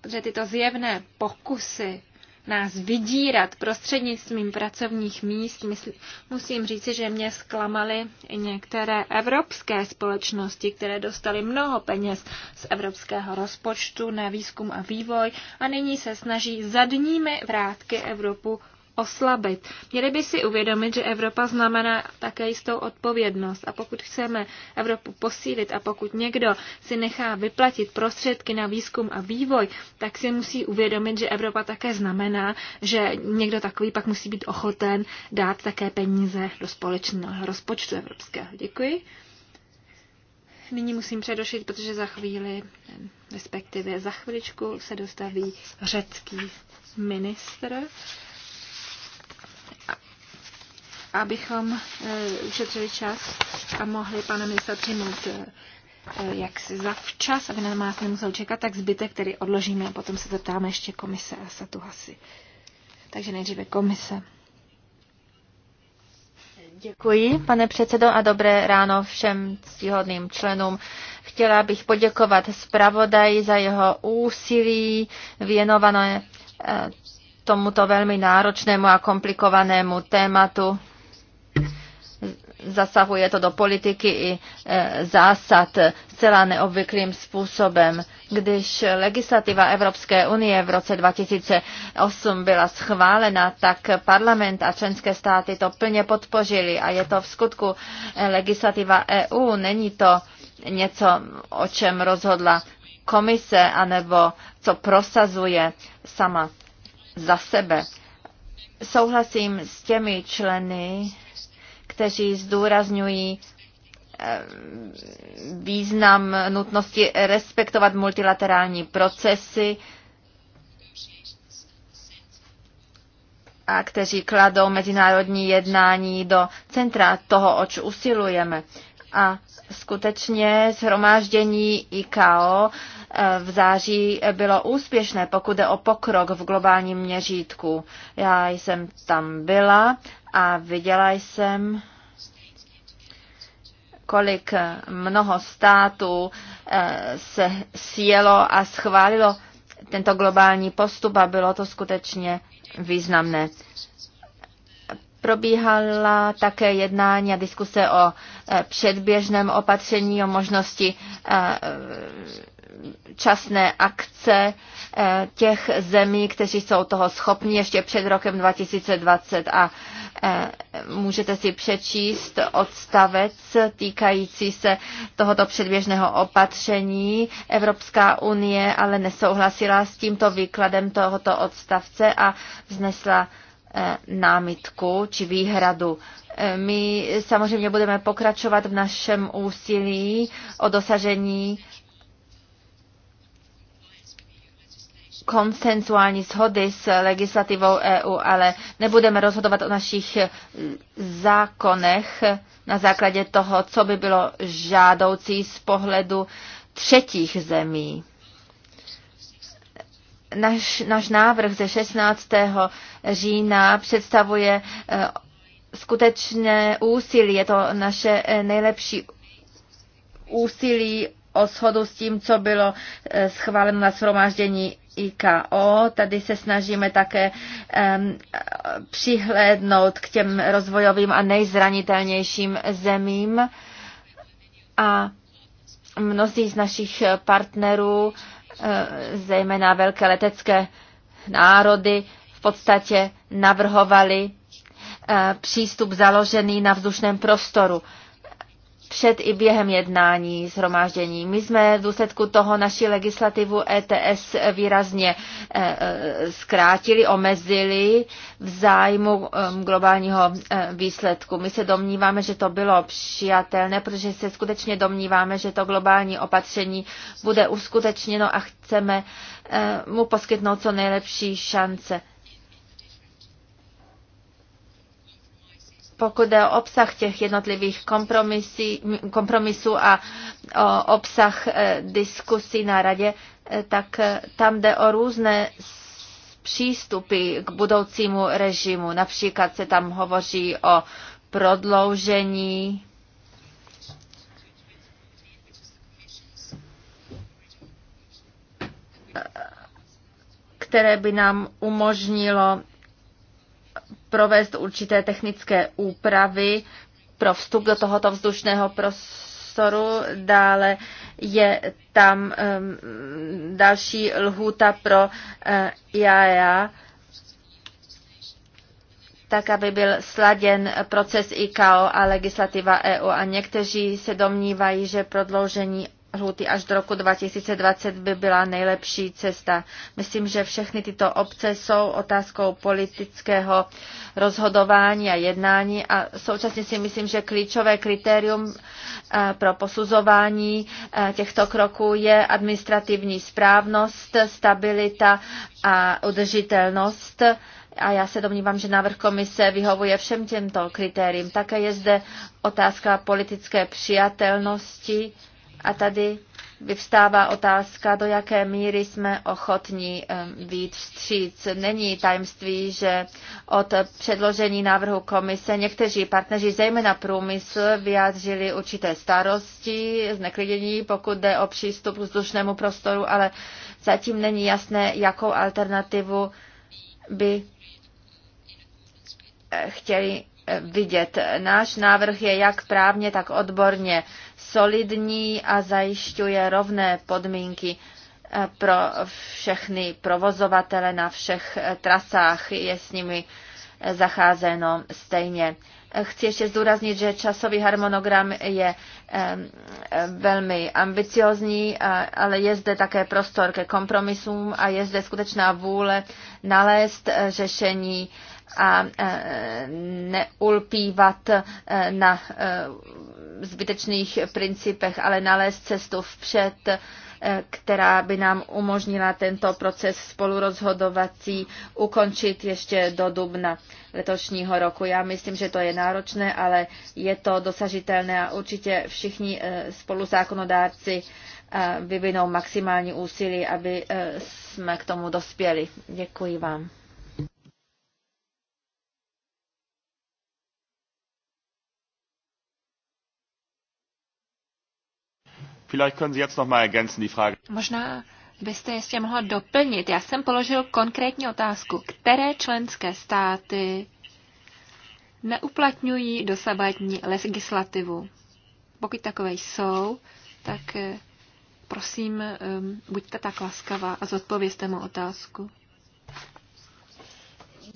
protože tyto zjevné pokusy nás vydírat prostřednictvím pracovních míst, musím říci, že mě zklamaly i některé evropské společnosti, které dostaly mnoho peněz z evropského rozpočtu na výzkum a vývoj a nyní se snaží zadními vrátky Evropu oslabit. Měli by si uvědomit, že Evropa znamená také jistou odpovědnost a pokud chceme Evropu posílit a pokud někdo si nechá vyplatit prostředky na výzkum a vývoj, tak si musí uvědomit, že Evropa také znamená, že někdo takový pak musí být ochoten dát také peníze do společného rozpočtu evropského. Děkuji. Nyní musím předošit, protože za chvíli, respektive za chviličku se dostaví řecký ministr abychom eh, ušetřili čas a mohli pana ministra přijmout eh, eh, jak si zavčas, aby na nás nemusel čekat, tak zbytek, který odložíme a potom se zeptáme ještě komise a Satuhasy. Takže nejdříve komise. Děkuji, pane předsedo, a dobré ráno všem ctihodným členům. Chtěla bych poděkovat zpravodaji za jeho úsilí věnované tomuto velmi náročnému a komplikovanému tématu zasahuje to do politiky i e, zásad zcela neobvyklým způsobem. Když legislativa Evropské unie v roce 2008 byla schválena, tak parlament a členské státy to plně podpořili a je to v skutku e, legislativa EU. Není to něco, o čem rozhodla komise anebo co prosazuje sama za sebe. Souhlasím s těmi členy kteří zdůrazňují eh, význam nutnosti respektovat multilaterální procesy a kteří kladou mezinárodní jednání do centra toho, oč usilujeme. A skutečně shromáždění IKO eh, v září bylo úspěšné, pokud jde o pokrok v globálním měřítku. Já jsem tam byla a viděla jsem, kolik mnoho států eh, se sjelo a schválilo tento globální postup a bylo to skutečně významné. Probíhala také jednání a diskuse o eh, předběžném opatření, o možnosti eh, časné akce těch zemí, kteří jsou toho schopni ještě před rokem 2020 a Eh, můžete si přečíst odstavec týkající se tohoto předběžného opatření. Evropská unie ale nesouhlasila s tímto výkladem tohoto odstavce a vznesla eh, námitku či výhradu. Eh, my samozřejmě budeme pokračovat v našem úsilí o dosažení konsensuální shody s legislativou EU, ale nebudeme rozhodovat o našich zákonech na základě toho, co by bylo žádoucí z pohledu třetích zemí. Naš, naš návrh ze 16. října představuje eh, skutečné úsilí, je to naše eh, nejlepší úsilí o shodu s tím, co bylo eh, schváleno na shromáždění IKO. Tady se snažíme také um, přihlédnout k těm rozvojovým a nejzranitelnějším zemím. A mnozí z našich partnerů, eh, zejména velké letecké národy, v podstatě navrhovali eh, přístup založený na vzdušném prostoru před i během jednání zhromáždění. My jsme v důsledku toho naši legislativu ETS výrazně eh, eh, zkrátili, omezili v zájmu eh, globálního výsledku. My se domníváme, že to bylo přijatelné, protože se skutečně domníváme, že to globální opatření bude uskutečněno a chceme mu poskytnout co nejlepší šance. pokud jde o obsah těch jednotlivých kompromisů a o obsah e, diskusí na radě, e, tak e, tam jde o různé přístupy k budoucímu režimu. Například se tam hovoří o prodloužení které by nám umožnilo provést určité technické úpravy pro vstup do tohoto vzdušného prostoru. Dále je tam um, další lhůta pro uh, eh, IAEA, e tak aby byl sladěn proces ICAO a legislativa EU. A někteří se domnívají, že prodloužení lhuty až do roku 2020 by byla nejlepší cesta. Myslím, že všechny tyto obce jsou otázkou politického rozhodování a jednání a současně si myslím, že klíčové kritérium eh, pro posuzování eh, těchto kroků je administrativní správnost, stabilita a udržitelnost. A já se domnívám, že návrh komise vyhovuje všem těmto kritériím. Také je zde otázka politické přijatelnosti a tady vyvstává otázka, do jaké míry jsme ochotní být vstříc. Není tajemství, že od předložení návrhu komise někteří partneři, zejména průmysl, vyjádřili určité starosti, zneklidění, pokud jde o přístup k vzdušnému prostoru, ale zatím není jasné, jakou alternativu by eh, chtěli eh, vidět. Náš návrh je jak právně, tak odborně solidní a zajišťuje rovné podmínky eh, pro všechny provozovatele na všech eh, trasách. Je s nimi eh, zacházeno stejně. Chci ještě zdůraznit, že časový harmonogram je velmi ambiciozní, ale je zde také prostor ke kompromisům a je zde skutečná vůle nalézt řešení a e, neulpívat e, na e, zbytečných principech, ale nalézt cestu vpřed, která by nám umožnila tento proces spolurozhodovací ukončit ještě do dubna letošního roku. Já myslím, že to je náročné, ale je to dosažitelné a určitě všichni spoluzákonodárci vyvinou maximální úsilí, aby jsme k tomu dospěli. Děkuji vám. Vielleicht können Sie jetzt noch mal ergänzen die Frage. Možná byste ještě mohla doplnit. Já jsem položil konkrétní otázku. Které členské státy neuplatňují dosavadní legislativu? Pokud takové jsou, tak eh, prosím, eh, buďte tak laskavá a zodpovězte mu otázku.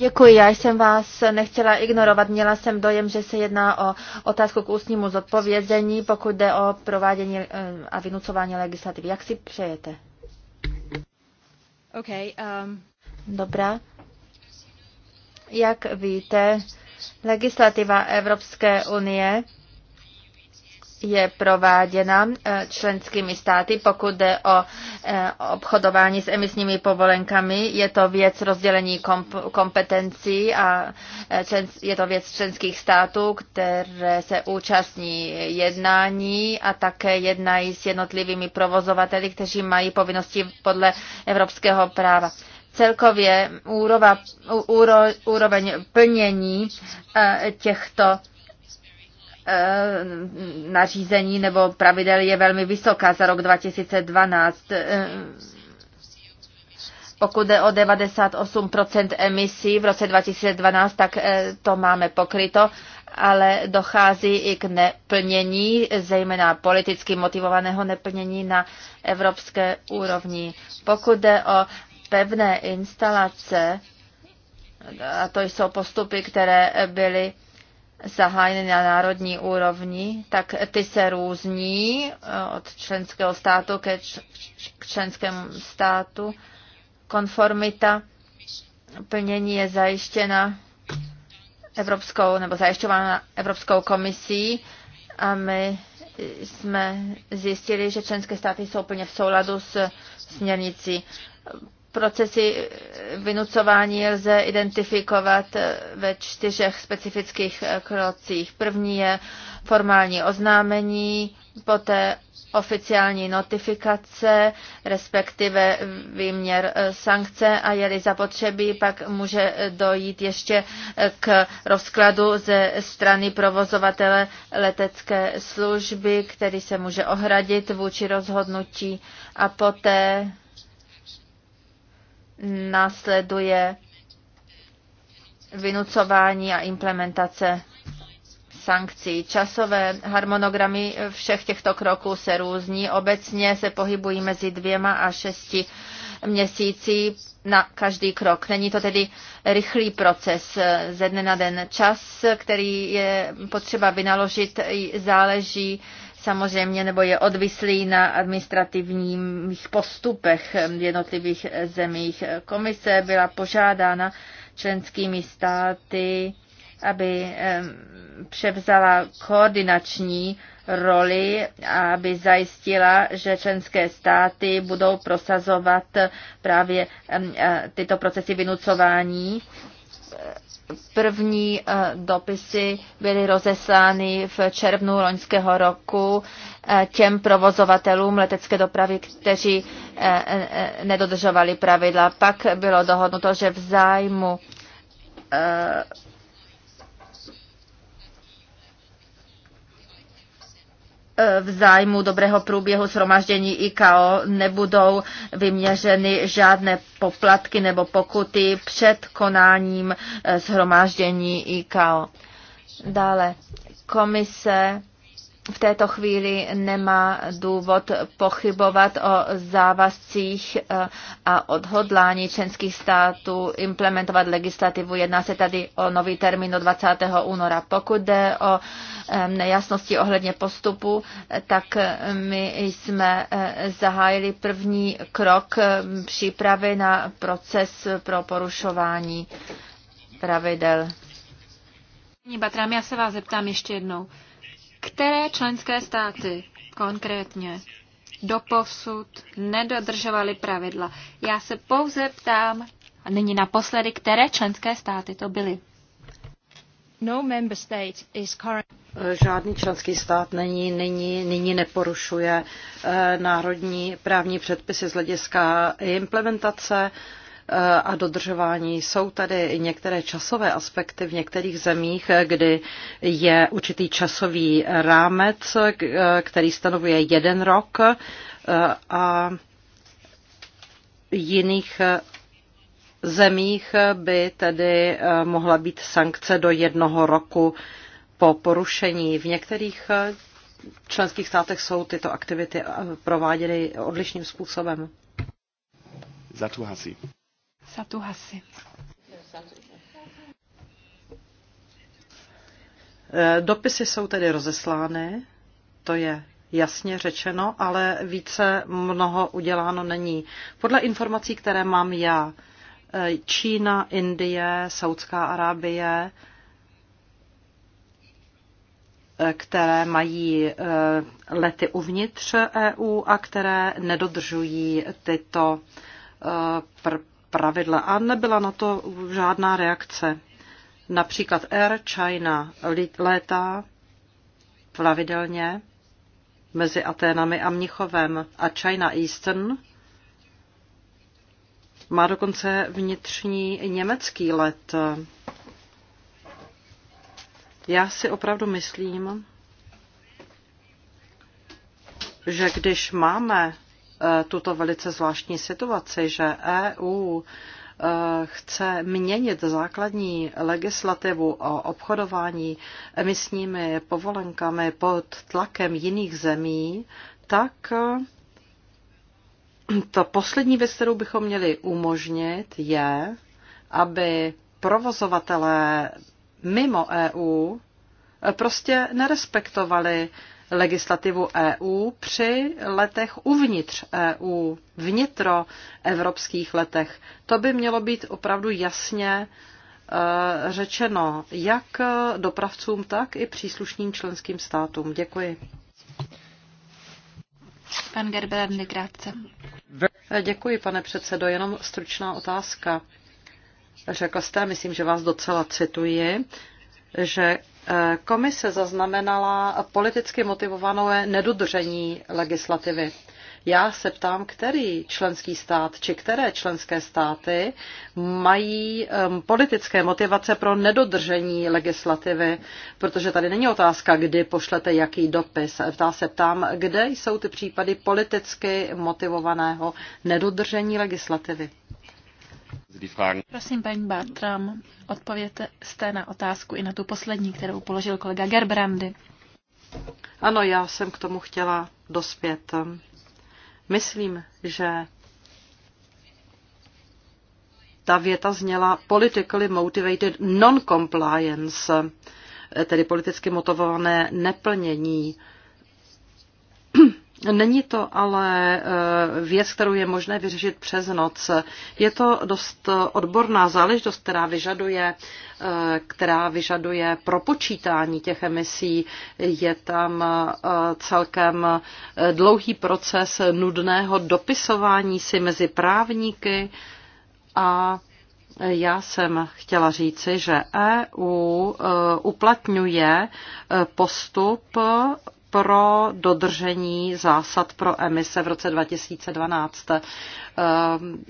Děkuji, já jsem vás nechtěla ignorovat. Měla jsem dojem, že se jedná o otázku k ústnímu zodpovězení, pokud jde o provádění eh, a vynucování legislativy. Jak si přejete? Okay, um... Dobrá. Jak víte, legislativa Evropské unie je prováděna eh, členskými státy, pokud jde o eh, obchodování s emisními povolenkami. Je to věc rozdělení kompetencí a eh, je to věc členských států, které se účastní jednání a také jednají s jednotlivými provozovateli, kteří mají povinnosti podle evropského práva celkově úrova, úro, úroveň plnění těchto Eh, nařízení nebo pravidel je velmi vysoká za rok 2012. Eh, pokud jde o 98% emisí v roce 2012, tak eh, to máme pokryto, ale dochází i k neplnění, zejména politicky motivovaného neplnění na evropské úrovni. Pokud jde o pevné instalace, a to jsou postupy, které byly zahájeny na národní úrovni, tak ty se různí eh, od členského státu ke členskému státu. Konformita plnění je zajištěna Evropskou, nebo zajišťována Evropskou komisí a my jsme zjistili, že členské státy jsou plně v souladu s směrnicí procesy vynucování lze identifikovat ve čtyřech specifických krocích. První je formální oznámení, poté oficiální notifikace, respektive výměr eh, sankce a je-li zapotřebí, pak může dojít ještě eh, k rozkladu ze strany provozovatele letecké služby, který se může ohradit vůči rozhodnutí a poté následuje vynucování a implementace sankcí. Časové harmonogramy všech těchto kroků se různí. Obecně se pohybují mezi dvěma a šesti měsíci na každý krok. Není to tedy rychlý proces ze dne na den. Čas, který je potřeba vynaložit, záleží samozřejmě nebo je odvislý na administrativních postupech jednotlivých zemích. Komise byla požádána členskými státy, aby převzala koordinační roli a aby zajistila, že členské státy budou prosazovat právě tyto procesy vynucování První eh, dopisy byly rozeslány v červnu loňského roku eh, těm provozovatelům letecké dopravy, kteří eh, nedodržovali pravidla. Pak bylo dohodnuto, že v zájmu E, v zájmu dobrého průběhu shromaždění IKO nebudou vyměřeny žádné poplatky nebo pokuty před konáním e, shromaždění IKO. Dále komise v této chvíli nemá důvod pochybovat o závazcích eh, a odhodlání členských států implementovat legislativu. Jedná se tady o nový termín do 20. února. Pokud jde o nejasnosti ohledně postupu, tak eh, my jsme eh, zahájili první krok přípravy na proces pro porušování pravidel. Paní Batram, já se vás zeptám ještě jednou které členské státy konkrétně doposud nedodržovaly pravidla. Já se pouze ptám, a nyní naposledy, které členské státy to byly. No member state is current... Žádný členský stát není, nyní, nyní neporušuje eh, národní právní předpisy z hlediska implementace Eh, a dodržování. Jsou tady některé časové aspekty v některých zemích, kdy je určitý časový rámec, eh, který stanovuje jeden rok eh, a jiných zemích by tedy mohla být sankce do jednoho roku po porušení. V některých členských státech jsou tyto aktivity prováděny odlišným způsobem. Zatuhasi. Satu Hasi. Eh, dopisy jsou tedy rozeslány, to je jasně řečeno, ale více mnoho uděláno není. Podle informací, které mám já, eh, Čína, Indie, Saudská Arábie, eh, které mají lety uvnitř EU a které nedodržují tyto pravidla a nebyla na to žádná reakce. Například Air China létá pravidelně mezi Aténami a Mnichovem a China Eastern má dokonce vnitřní německý let. Já si opravdu myslím, že když máme Eh, tuto velice zvláštní situaci, že EU eh, chce měnit základní legislativu o obchodování emisními povolenkami pod tlakem jiných zemí, tak eh, to poslední věc, kterou bychom měli umožnit, je, aby provozovatelé mimo EU prostě nerespektovali legislativu EU při letech uvnitř EU, vnitro evropských letech. To by mělo být opravdu jasně e, řečeno jak dopravcům, tak i příslušným členským státům. Děkuji. Pan Gerber, krátce. Děkuji, pane předsedo. Jenom stručná otázka. Řekl jste, myslím, že vás docela cituji, že Komise zaznamenala politicky motivované nedodržení legislativy. Já se ptám, který členský stát či které členské státy mají um, politické motivace pro nedodržení legislativy, protože tady není otázka, kdy pošlete jaký dopis. Ptá se ptám, kde jsou ty případy politicky motivovaného nedodržení legislativy. Prosím, paní Bartram, odpověte jste na otázku i na tu poslední, kterou položil kolega Gerbrandy. Ano, já jsem k tomu chtěla dospět. Myslím, že ta věta zněla politically motivated non-compliance, tedy politicky motivované neplnění Není to ale eh, věc, kterou je možné vyřešit přes noc. Je to dost odborná záležitost, která vyžaduje, eh, která vyžaduje propočítání těch emisí. Je tam eh, celkem dlouhý proces nudného dopisování si mezi právníky a já jsem chtěla říci, že EU uplatňuje postup pro dodržení zásad pro emise v roce 2012. Ehm,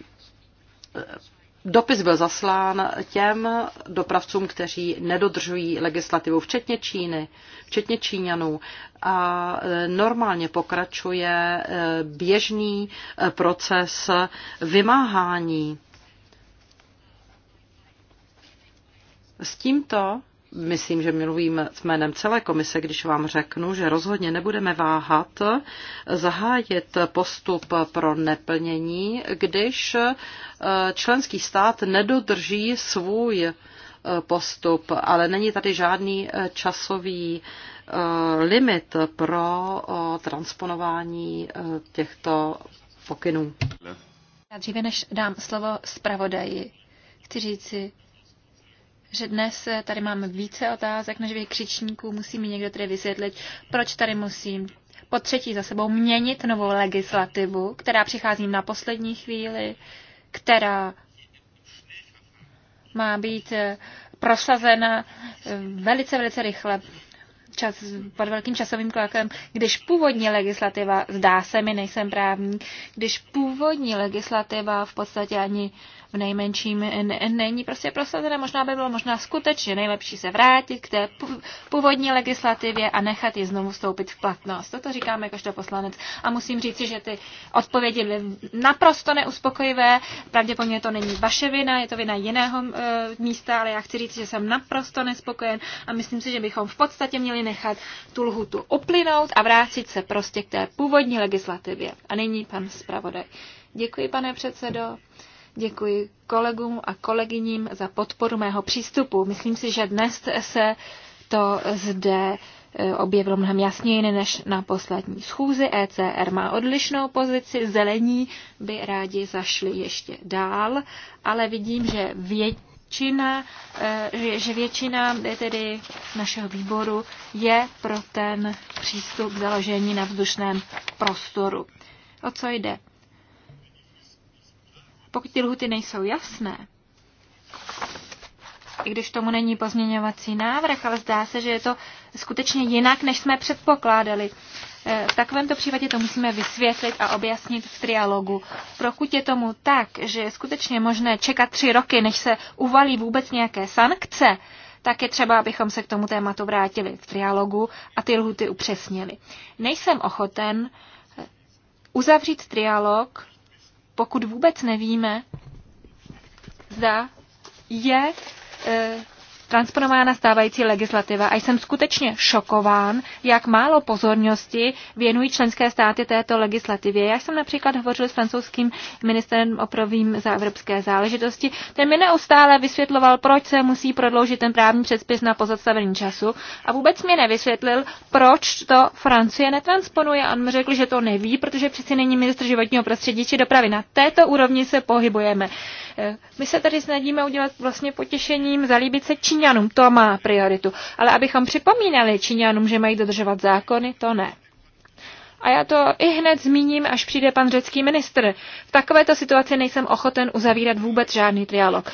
dopis byl zaslán těm dopravcům, kteří nedodržují legislativu, včetně Číny, včetně Číňanů. A e, normálně pokračuje e, běžný e, proces vymáhání. S tímto myslím, že mluvím s jménem celé komise, když vám řeknu, že rozhodně nebudeme váhat zahájit postup pro neplnění, když eh, členský stát nedodrží svůj eh, postup, ale není tady žádný eh, časový limit pro transponování těchto pokynů. Dříve než dám slovo zpravodaji, chci říci, že dnes eh, tady máme více otázek než vykřičníků. Musí mi někdo tedy vysvětlit, proč tady musím po třetí za sebou měnit novou legislativu, která přichází na poslední chvíli, která má být eh, prosazena eh, velice, velice rychle čas, pod velkým časovým klakem, když původní legislativa, zdá se mi, nejsem právní, když původní legislativa v podstatě ani uh, v nejmenším není prostě prosazené. Možná by bylo možná skutečně nejlepší se vrátit k té původní legislativě a nechat ji znovu vstoupit v platnost. Toto říkám jakožto poslanec. A musím říci, že ty odpovědi byly naprosto neuspokojivé. Pravděpodobně to není vaše vina, je to vina jiného e, místa, ale já chci říct, že jsem naprosto nespokojen a myslím si, že bychom v podstatě měli nechat tu lhutu uplynout a vrátit se prostě k té původní legislativě. A nyní pan zpravodaj. Děkuji, pane předsedo. Děkuji kolegům a kolegyním za podporu mého přístupu. Myslím si, že dnes se to zde e, objevilo mnohem jasněji než na poslední schůzi. ECR má odlišnou pozici, zelení by rádi zašli ještě dál, ale vidím, že většina, e, že většina e, tedy našeho výboru je pro ten přístup založení na vzdušném prostoru. O co jde? Pokud ty lhuty nejsou jasné, i když tomu není pozměňovací návrh, ale zdá se, že je to skutečně jinak, než jsme předpokládali. Eh, v takovémto případě to musíme vysvětlit a objasnit v trialogu. Pokud je tomu tak, že je skutečně možné čekat tři roky, než se uvalí vůbec nějaké sankce, tak je třeba, abychom se k tomu tématu vrátili v trialogu a ty lhuty upřesnili. Nejsem ochoten eh, uzavřít trialog pokud vůbec nevíme, zda je eh, transponována stávající legislativa a jsem skutečně šokován, jak málo pozornosti věnují členské státy této legislativě. Já jsem například hovořil s francouzským ministrem opravím za evropské záležitosti. Ten mi neustále vysvětloval, proč se musí prodloužit ten právní předpis na pozastavení času a vůbec mi nevysvětlil, proč to Francie netransponuje. On mi řekl, že to neví, protože přeci není ministr životního prostředí či dopravy. Na této úrovni se pohybujeme. My se tady snadíme udělat vlastně potěšením, zalíbit se Číňanům, to má prioritu. Ale abychom připomínali Číňanům, že mají dodržovat zákony, to ne. A já to i hned zmíním, až přijde pan řecký ministr. V takovéto situaci nejsem ochoten uzavírat vůbec žádný trialog.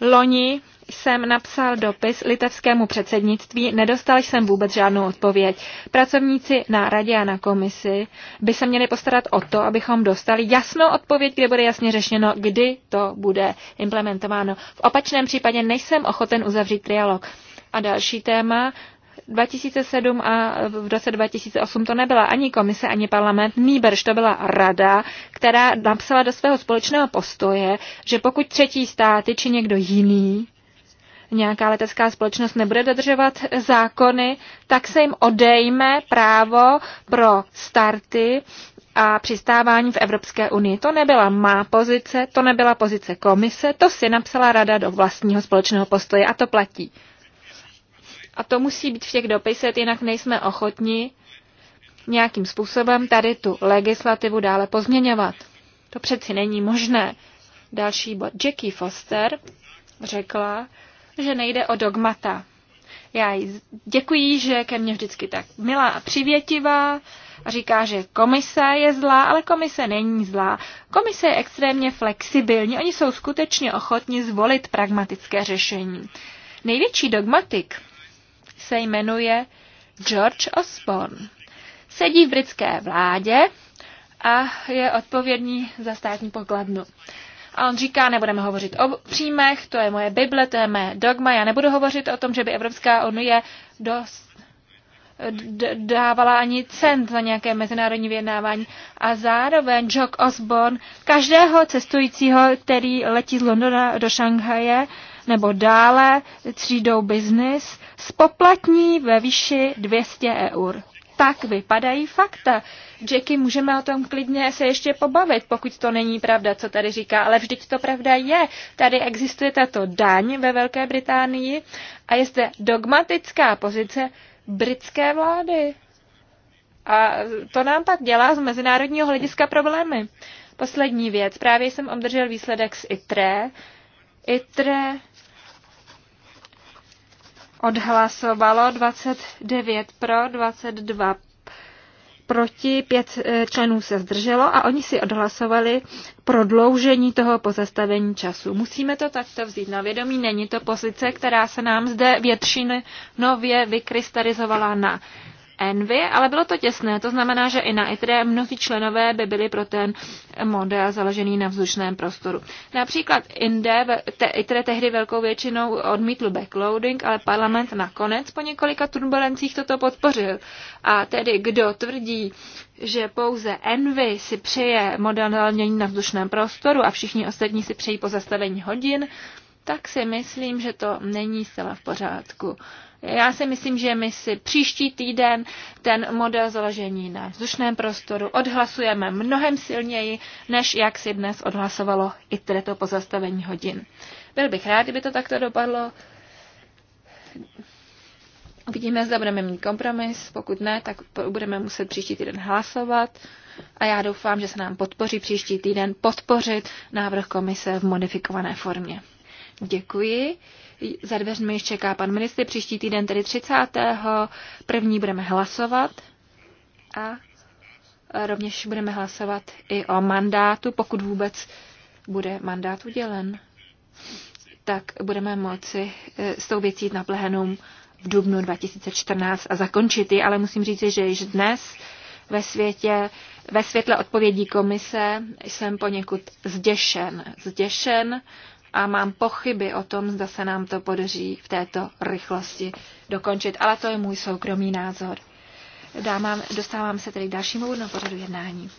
Loni jsem napsal dopis litevskému předsednictví, nedostal jsem vůbec žádnou odpověď. Pracovníci na radě a na komisi by se měli postarat o to, abychom dostali jasnou odpověď, kde bude jasně řešeno, kdy to bude implementováno. V opačném případě nejsem ochoten uzavřít trialog. A další téma, 2007 a v roce 2008 to nebyla ani komise, ani parlament, nýbrž to byla rada, která napsala do svého společného postoje, že pokud třetí státy či někdo jiný nějaká letecká společnost nebude dodržovat zákony, tak se jim odejme právo pro starty a přistávání v Evropské unii. To nebyla má pozice, to nebyla pozice komise, to si napsala rada do vlastního společného postoje a to platí. A to musí být v těch dopisech, jinak nejsme ochotni nějakým způsobem tady tu legislativu dále pozměňovat. To přeci není možné. Další bod. Jackie Foster řekla, že nejde o dogmata. Já jí děkuji, že ke mně vždycky tak milá a přivětivá a říká, že komise je zlá, ale komise není zlá. Komise je extrémně flexibilní, oni jsou skutečně ochotni zvolit pragmatické řešení. Největší dogmatik se jmenuje George Osborne. Sedí v britské vládě a je odpovědný za státní pokladnu. A on říká, nebudeme hovořit o příjmech, to je moje Bible, to je mé dogma, já nebudu hovořit o tom, že by Evropská unie dost dávala ani cent za nějaké mezinárodní vyjednávání. A zároveň Jock Osborne každého cestujícího, který letí z Londýna do Šanghaje nebo dále třídou business, spoplatní ve výši 200 eur tak vypadají fakta. Jackie, můžeme o tom klidně se ještě pobavit, pokud to není pravda, co tady říká, ale vždyť to pravda je. Tady existuje tato daň ve Velké Británii a je zde dogmatická pozice britské vlády. A to nám pak dělá z mezinárodního hlediska problémy. Poslední věc. Právě jsem obdržel výsledek z ITRE. ITRE odhlasovalo 29 pro, 22 proti, pět eh, členů se zdrželo a oni si odhlasovali prodloužení toho pozastavení času. Musíme to takto vzít na vědomí, není to pozice, která se nám zde většinově vykrystalizovala na Envy, ale bylo to těsné. To znamená, že i na ITRE mnozí členové by byli pro ten model založený na vzdušném prostoru. Například INDE, te, ITRE tehdy velkou většinou odmítl backloading, ale parlament nakonec po několika turbulencích toto podpořil. A tedy kdo tvrdí, že pouze Envy si přeje model založený na vzdušném prostoru a všichni ostatní si přejí pozastavení hodin, tak si myslím, že to není zcela v pořádku. Já si myslím, že my si příští týden ten model založení na vzdušném prostoru odhlasujeme mnohem silněji, než jak si dnes odhlasovalo i tedy pozastavení hodin. Byl bych rád, kdyby to takto dopadlo. Uvidíme, zda budeme mít kompromis. Pokud ne, tak budeme muset příští týden hlasovat. A já doufám, že se nám podpoří příští týden podpořit návrh komise v modifikované formě. Děkuji. Za dveřmi ještě čeká pan ministr. Příští týden, tedy 30. první budeme hlasovat a rovněž budeme hlasovat i o mandátu, pokud vůbec bude mandát udělen. Tak budeme moci e, s tou věcí jít na plénum v dubnu 2014 a zakončit ji, ale musím říct, že již dnes ve, světě, ve světle odpovědí komise jsem poněkud zděšen. Zděšen, a mám pochyby o tom, zda se nám to podaří v této rychlosti dokončit. Ale to je můj soukromý názor. Dávám, dostávám se tedy k dalšímu bodu pořadu jednání.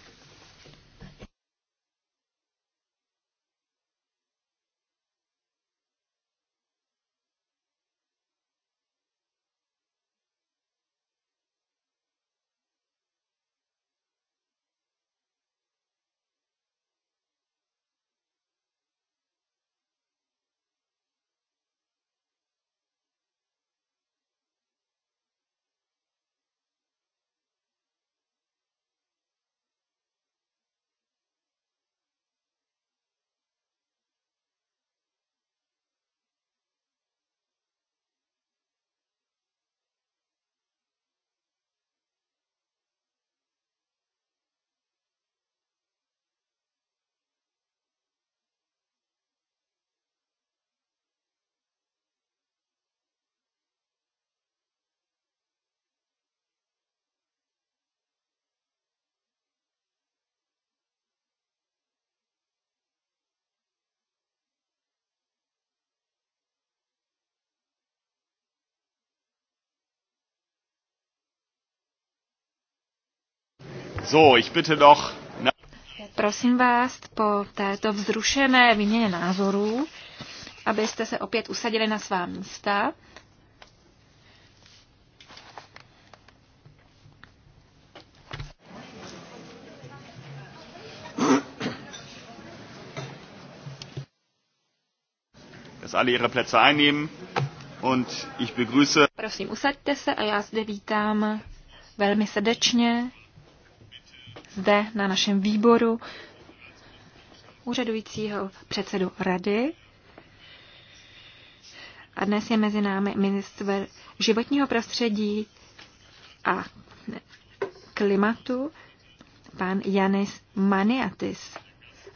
So, ich bitte Prosím vás po této vzrušené výměně názorů, abyste se opět usadili na svá místa. dass alle ihre Plätze einnehmen. Und ich begrüße. Prosím, usaďte se a já zde vítám velmi srdečně zde na našem výboru úřadujícího předsedu rady. A dnes je mezi námi ministr životního prostředí a klimatu, pan Janis Maniatis.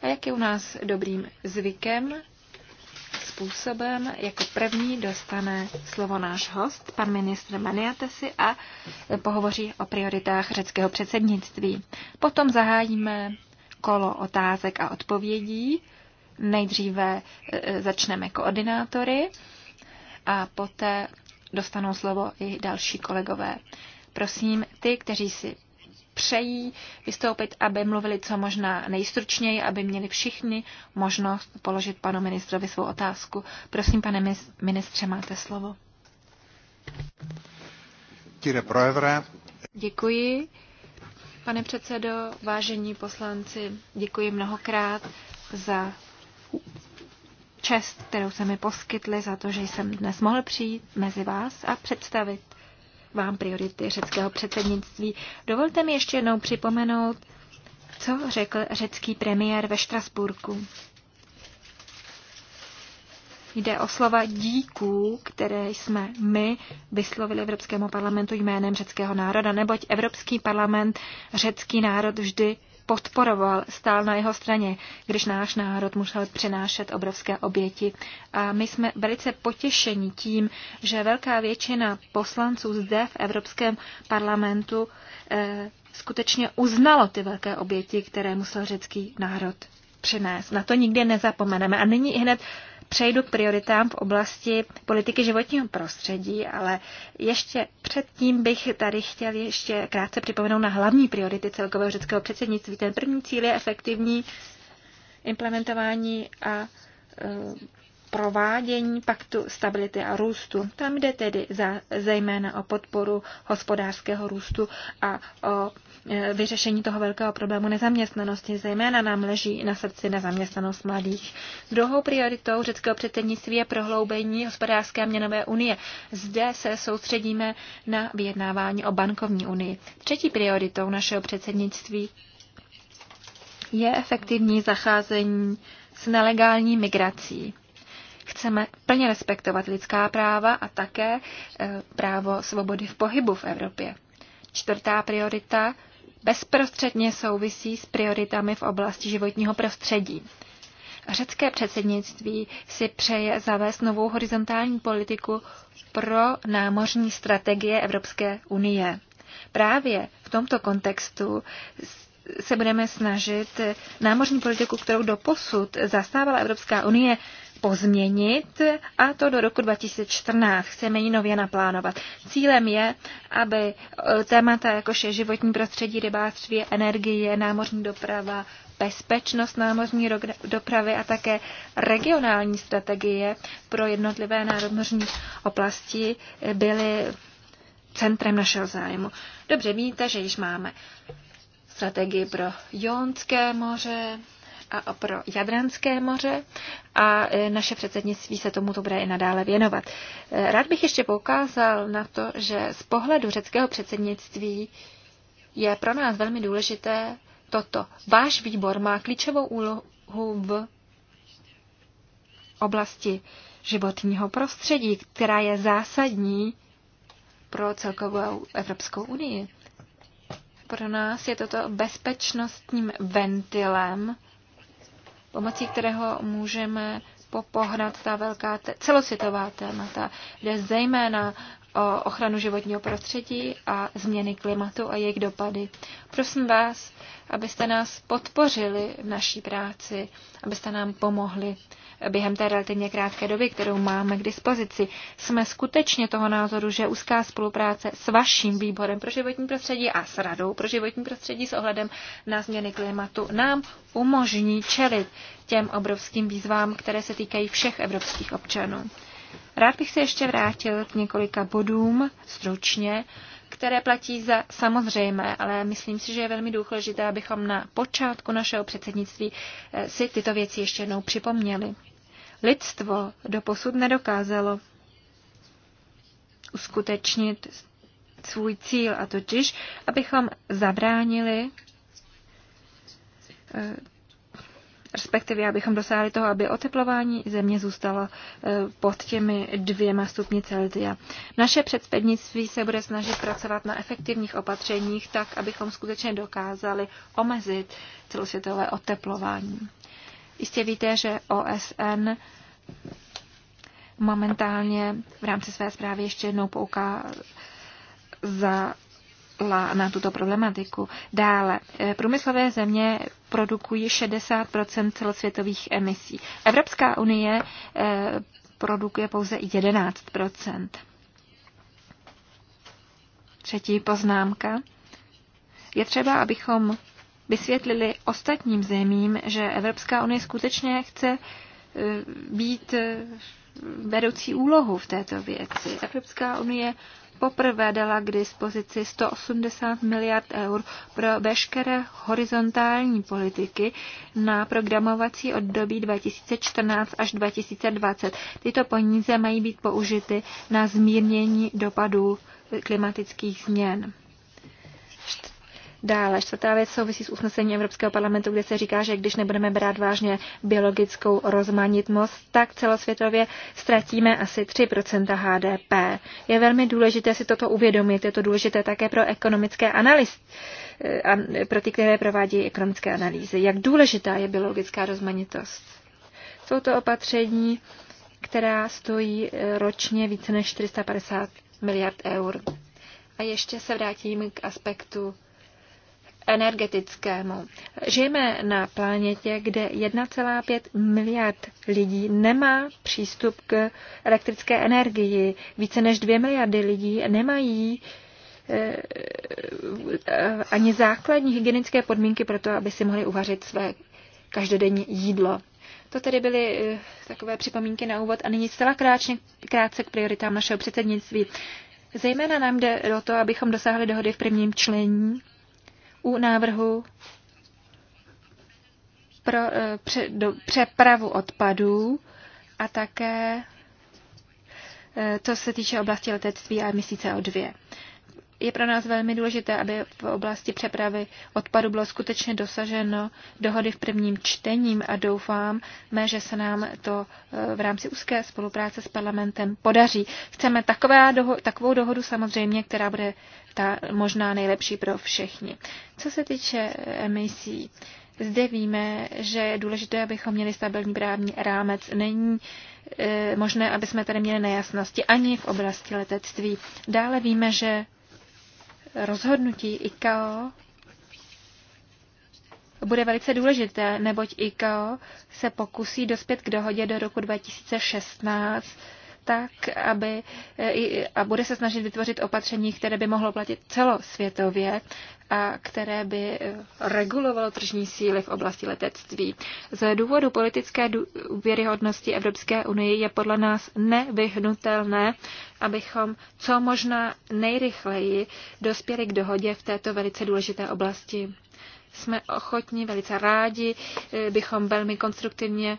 A jak je u nás dobrým zvykem, způsobem. Jako první dostane slovo náš host, pan ministr Maniatesi, a pohovoří o prioritách řeckého předsednictví. Potom zahájíme kolo otázek a odpovědí. Nejdříve e, e, začneme koordinátory a poté dostanou slovo i další kolegové. Prosím, ty, kteří si přejí vystoupit, aby mluvili co možná nejstručněji, aby měli všichni možnost položit panu ministrovi svou otázku. Prosím, pane ministře, máte slovo. Děkuji. Pane předsedo, vážení poslanci, děkuji mnohokrát za čest, kterou se mi poskytli, za to, že jsem dnes mohl přijít mezi vás a představit vám priority řeckého předsednictví. Dovolte mi ještě jednou připomenout, co řekl řecký premiér ve Štrasburku. Jde o slova díků, které jsme my vyslovili Evropskému parlamentu jménem řeckého národa, neboť Evropský parlament řecký národ vždy podporoval, stál na jeho straně, když náš národ musel přinášet obrovské oběti. A my jsme velice potěšeni tím, že velká většina poslanců zde v Evropském parlamentu eh, skutečně uznalo ty velké oběti, které musel řecký národ přinést. Na to nikdy nezapomeneme. A nyní hned přejdu k prioritám v oblasti politiky životního prostředí, ale ještě předtím bych tady chtěl ještě krátce připomenout na hlavní priority celkového řeckého předsednictví. Ten první cíl je efektivní implementování a provádění paktu stability a růstu. Tam jde tedy za, zejména o podporu hospodářského růstu a o e, vyřešení toho velkého problému nezaměstnanosti. Zejména nám leží na srdci nezaměstnanost mladých. Druhou prioritou řeckého předsednictví je prohloubení hospodářské a měnové unie. Zde se soustředíme na vyjednávání o bankovní unii. Třetí prioritou našeho předsednictví je efektivní zacházení s nelegální migrací. Chceme plně respektovat lidská práva a také eh, právo svobody v pohybu v Evropě. Čtvrtá priorita bezprostředně souvisí s prioritami v oblasti životního prostředí. Řecké předsednictví si přeje zavést novou horizontální politiku pro námořní strategie Evropské unie. Právě v tomto kontextu se budeme snažit námořní politiku, kterou doposud zastávala Evropská unie, pozměnit a to do roku 2014. Chceme ji nově naplánovat. Cílem je, aby eh, témata jako je životní prostředí, rybářství, energie, námořní doprava, bezpečnost námořní dopravy a také regionální strategie pro jednotlivé národní oblasti eh, byly centrem našeho zájmu. Dobře víte, že již máme strategii pro Jonské moře, a pro Jadranské moře a e, naše předsednictví se tomuto bude i nadále věnovat. E, rád bych ještě poukázal na to, že z pohledu řeckého předsednictví je pro nás velmi důležité toto. Váš výbor má klíčovou úlohu v oblasti životního prostředí, která je zásadní pro celkovou Evropskou unii. Pro nás je toto bezpečnostním ventilem pomocí kterého můžeme popohnat ta velká te- celosvětová témata. Jde zejména o ochranu životního prostředí a změny klimatu a jejich dopady. Prosím vás, abyste nás podpořili v naší práci, abyste nám pomohli během té relativně krátké doby, kterou máme k dispozici. Jsme skutečně toho názoru, že úzká spolupráce s vaším výborem pro životní prostředí a s radou pro životní prostředí s ohledem na změny klimatu nám umožní čelit těm obrovským výzvám, které se týkají všech evropských občanů. Rád bych se ještě vrátil k několika bodům stručně, které platí za samozřejmé, ale myslím si, že je velmi důležité, abychom na počátku našeho předsednictví eh, si tyto věci ještě jednou připomněli. Lidstvo doposud nedokázalo uskutečnit svůj cíl, a totiž, abychom zabránili eh, respektive abychom dosáhli toho, aby oteplování země zůstalo eh, pod těmi dvěma stupni Celsia. Naše předsednictví se bude snažit pracovat na efektivních opatřeních tak, abychom skutečně dokázali omezit celosvětové oteplování. Jistě víte, že OSN momentálně v rámci své zprávy ještě jednou pouká za na tuto problematiku. Dále, eh, průmyslové země produkují 60 celosvětových emisí. Evropská unie eh, produkuje pouze 11 Třetí poznámka. Je třeba, abychom vysvětlili ostatním zemím, že Evropská unie skutečně chce eh, být vedoucí úlohu v této věci. Evropská unie poprvé dala k dispozici 180 miliard eur pro veškeré horizontální politiky na programovací období 2014 až 2020. Tyto peníze mají být použity na zmírnění dopadů klimatických změn. Dále, čtvrtá věc souvisí s usnesením Evropského parlamentu, kde se říká, že když nebudeme brát vážně biologickou rozmanitnost, tak celosvětově ztratíme asi 3 HDP. Je velmi důležité si toto uvědomit, je to důležité také pro ekonomické analýzy eh, pro ty, které provádějí ekonomické analýzy. Jak důležitá je biologická rozmanitost? Jsou to opatření, která stojí eh, ročně více než 450 miliard eur. A ještě se vrátím k aspektu energetickému. Žijeme na planetě, kde 1,5 miliard lidí nemá přístup k elektrické energii. Více než 2 miliardy lidí nemají eh, ani základní hygienické podmínky pro to, aby si mohli uvařit své každodenní jídlo. To tedy byly eh, takové připomínky na úvod a nyní zcela krátce, krátce k prioritám našeho předsednictví. Zejména nám jde o to, abychom dosáhli dohody v prvním člení u návrhu pro eh, pře, do, přepravu odpadů a také co eh, se týče oblasti letectví a emisí CO2 je pro nás velmi důležité, aby v oblasti přepravy odpadu bylo skutečně dosaženo dohody v prvním čtením a doufám, že se nám to eh, v rámci úzké spolupráce s parlamentem podaří. Chceme taková doho- takovou dohodu samozřejmě, která bude ta možná nejlepší pro všechny. Co se týče eh, emisí, zde víme, že je důležité, abychom měli stabilní právní rámec. Není e, možné, aby jsme tady měli nejasnosti ani v oblasti letectví. Dále víme, že rozhodnutí ICAO bude velice důležité, neboť ICAO se pokusí dospět k dohodě do roku 2016 tak, aby, a bude se snažit vytvořit opatření, které by mohlo platit celosvětově, a které by regulovalo tržní síly v oblasti letectví. Z důvodu politické důvěryhodnosti Evropské unie je podle nás nevyhnutelné, abychom co možná nejrychleji dospěli k dohodě v této velice důležité oblasti. Jsme ochotní, velice rádi, eh, bychom velmi konstruktivně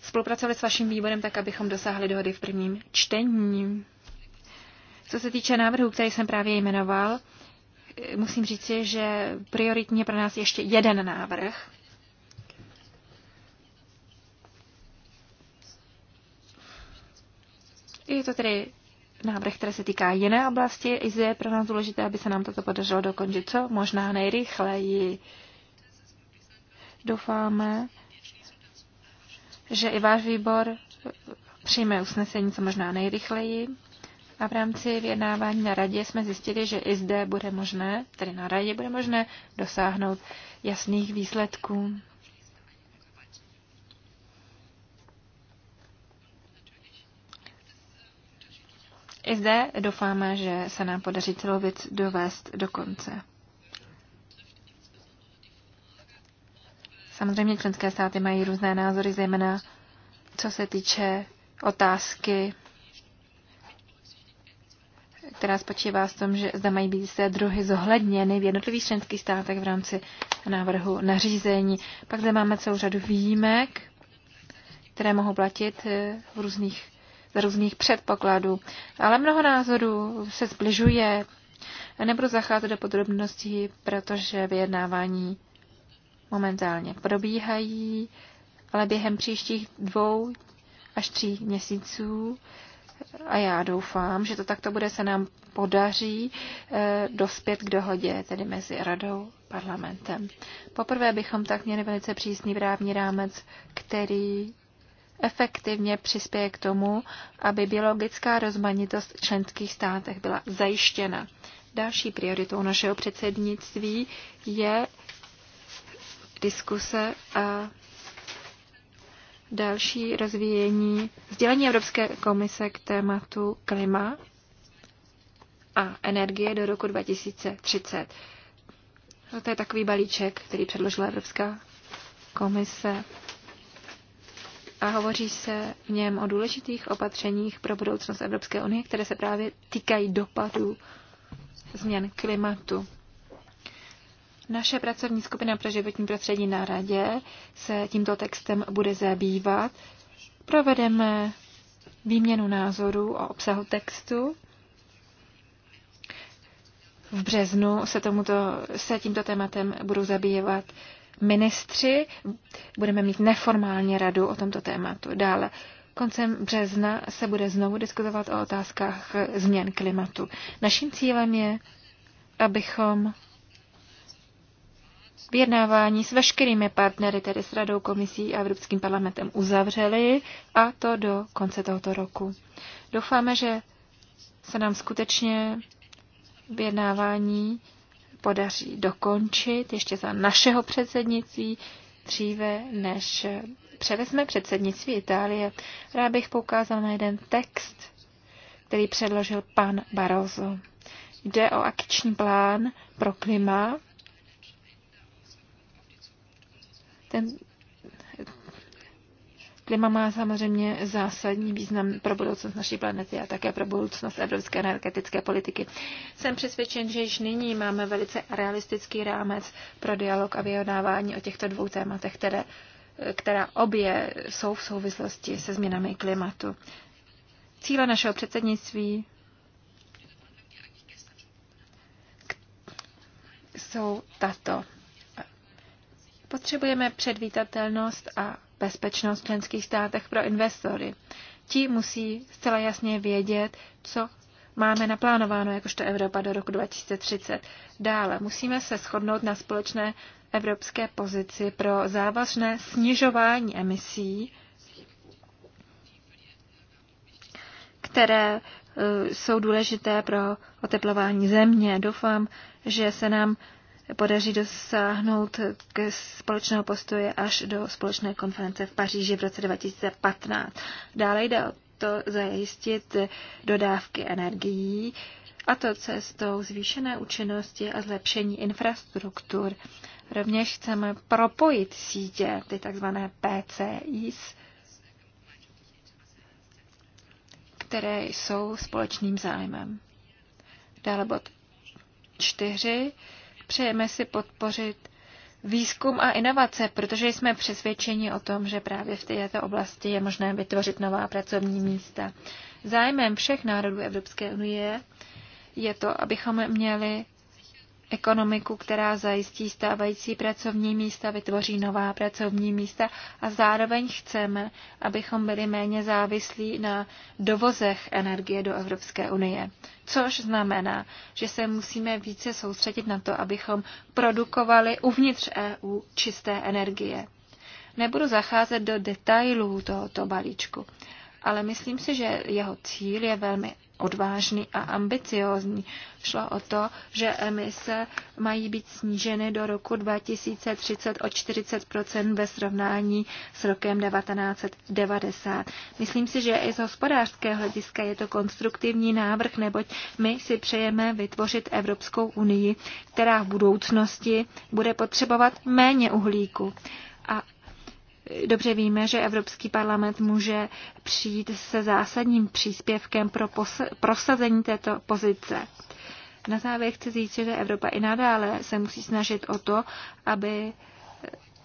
spolupracovali s vaším výborem tak, abychom dosáhli dohody v prvním čtení. Co se týče návrhu, který jsem právě jmenoval, musím říci, že prioritně pro nás ještě jeden návrh. Je to tedy návrh, který se týká jiné oblasti. I zde je pro nás důležité, aby se nám toto podařilo dokončit co možná nejrychleji. Doufáme, že i váš výbor přijme usnesení co možná nejrychleji. A v rámci vyjednávání na radě jsme zjistili, že i zde bude možné, tedy na radě bude možné dosáhnout jasných výsledků. I zde doufáme, že se nám podaří celou věc dovést do konce. Samozřejmě členské státy mají různé názory, zejména co se týče otázky která spočívá v tom, že zda mají být se druhy zohledněny v jednotlivých členských státech v rámci návrhu nařízení. Pak zde máme celou řadu výjimek, které mohou platit eh, v různých, za různých předpokladů. Ale mnoho názorů se zbližuje. Nebudu zacházet do podrobností, protože vyjednávání momentálně probíhají, ale během příštích dvou až tří měsíců a já doufám, že to takto bude se nám podaří e, dospět k dohodě, tedy mezi radou a parlamentem. Poprvé bychom tak měli velice přísný právní rámec, který efektivně přispěje k tomu, aby biologická rozmanitost v členských státech byla zajištěna. Další prioritou našeho předsednictví je diskuse a další rozvíjení sdělení Evropské komise k tématu klima a energie do roku 2030. To je takový balíček, který předložila Evropská komise. A hovoří se v něm o důležitých opatřeních pro budoucnost Evropské unie, které se právě týkají dopadů změn klimatu. Naše pracovní skupina pro životní prostředí na radě se tímto textem bude zabývat. Provedeme výměnu názorů o obsahu textu. V březnu se, tomuto, se tímto tématem budou zabývat ministři. Budeme mít neformálně radu o tomto tématu. Dále koncem března se bude znovu diskutovat o otázkách změn klimatu. Naším cílem je, abychom vyjednávání s veškerými partnery, tedy s Radou, Komisí a Evropským parlamentem, uzavřeli a to do konce tohoto roku. Doufáme, že se nám skutečně vyjednávání podaří dokončit ještě za našeho předsednictví dříve, než převezme předsednictví Itálie. Rád bych poukázal na jeden text, který předložil pan Barroso. Jde o akční plán pro klima, Ten klima má samozřejmě zásadní význam pro budoucnost naší planety a také pro budoucnost evropské energetické politiky. Jsem přesvědčen, že již nyní máme velice realistický rámec pro dialog a vyjednávání o těchto dvou tématech, které, která obě jsou v souvislosti se změnami klimatu. Cíle našeho předsednictví jsou tato. Potřebujeme předvídatelnost a bezpečnost v členských státech pro investory. Ti musí zcela jasně vědět, co máme naplánováno jakožto Evropa do roku 2030. Dále musíme se shodnout na společné evropské pozici pro závažné snižování emisí, které e, jsou důležité pro oteplování země. Doufám, že se nám podaří dosáhnout ke společného postoje až do společné konference v Paříži v roce 2015. Dále jde o to zajistit dodávky energií, a to cestou zvýšené účinnosti a zlepšení infrastruktur. Rovněž chceme propojit sítě, ty tzv. PCIs, které jsou společným zájmem. Dále bod čtyři přejeme si podpořit výzkum a inovace, protože jsme přesvědčeni o tom, že právě v této oblasti je možné vytvořit nová pracovní místa. Zájmem všech národů Evropské unie je to, abychom měli ekonomiku, která zajistí stávající pracovní místa, vytvoří nová pracovní místa a zároveň chceme, abychom byli méně závislí na dovozech energie do Evropské unie. Což znamená, že se musíme více soustředit na to, abychom produkovali uvnitř EU čisté energie. Nebudu zacházet do detailů tohoto balíčku, ale myslím si, že jeho cíl je velmi odvážný a ambiciózní. Šlo o to, že emise mají být sníženy do roku 2030 o 40 ve srovnání s rokem 1990. Myslím si, že i z hospodářského hlediska je to konstruktivní návrh, neboť my si přejeme vytvořit Evropskou unii, která v budoucnosti bude potřebovat méně uhlíku. A Dobře víme, že Evropský parlament může přijít se zásadním příspěvkem pro prosazení této pozice. Na závěr chci říct, že Evropa i nadále se musí snažit o to, aby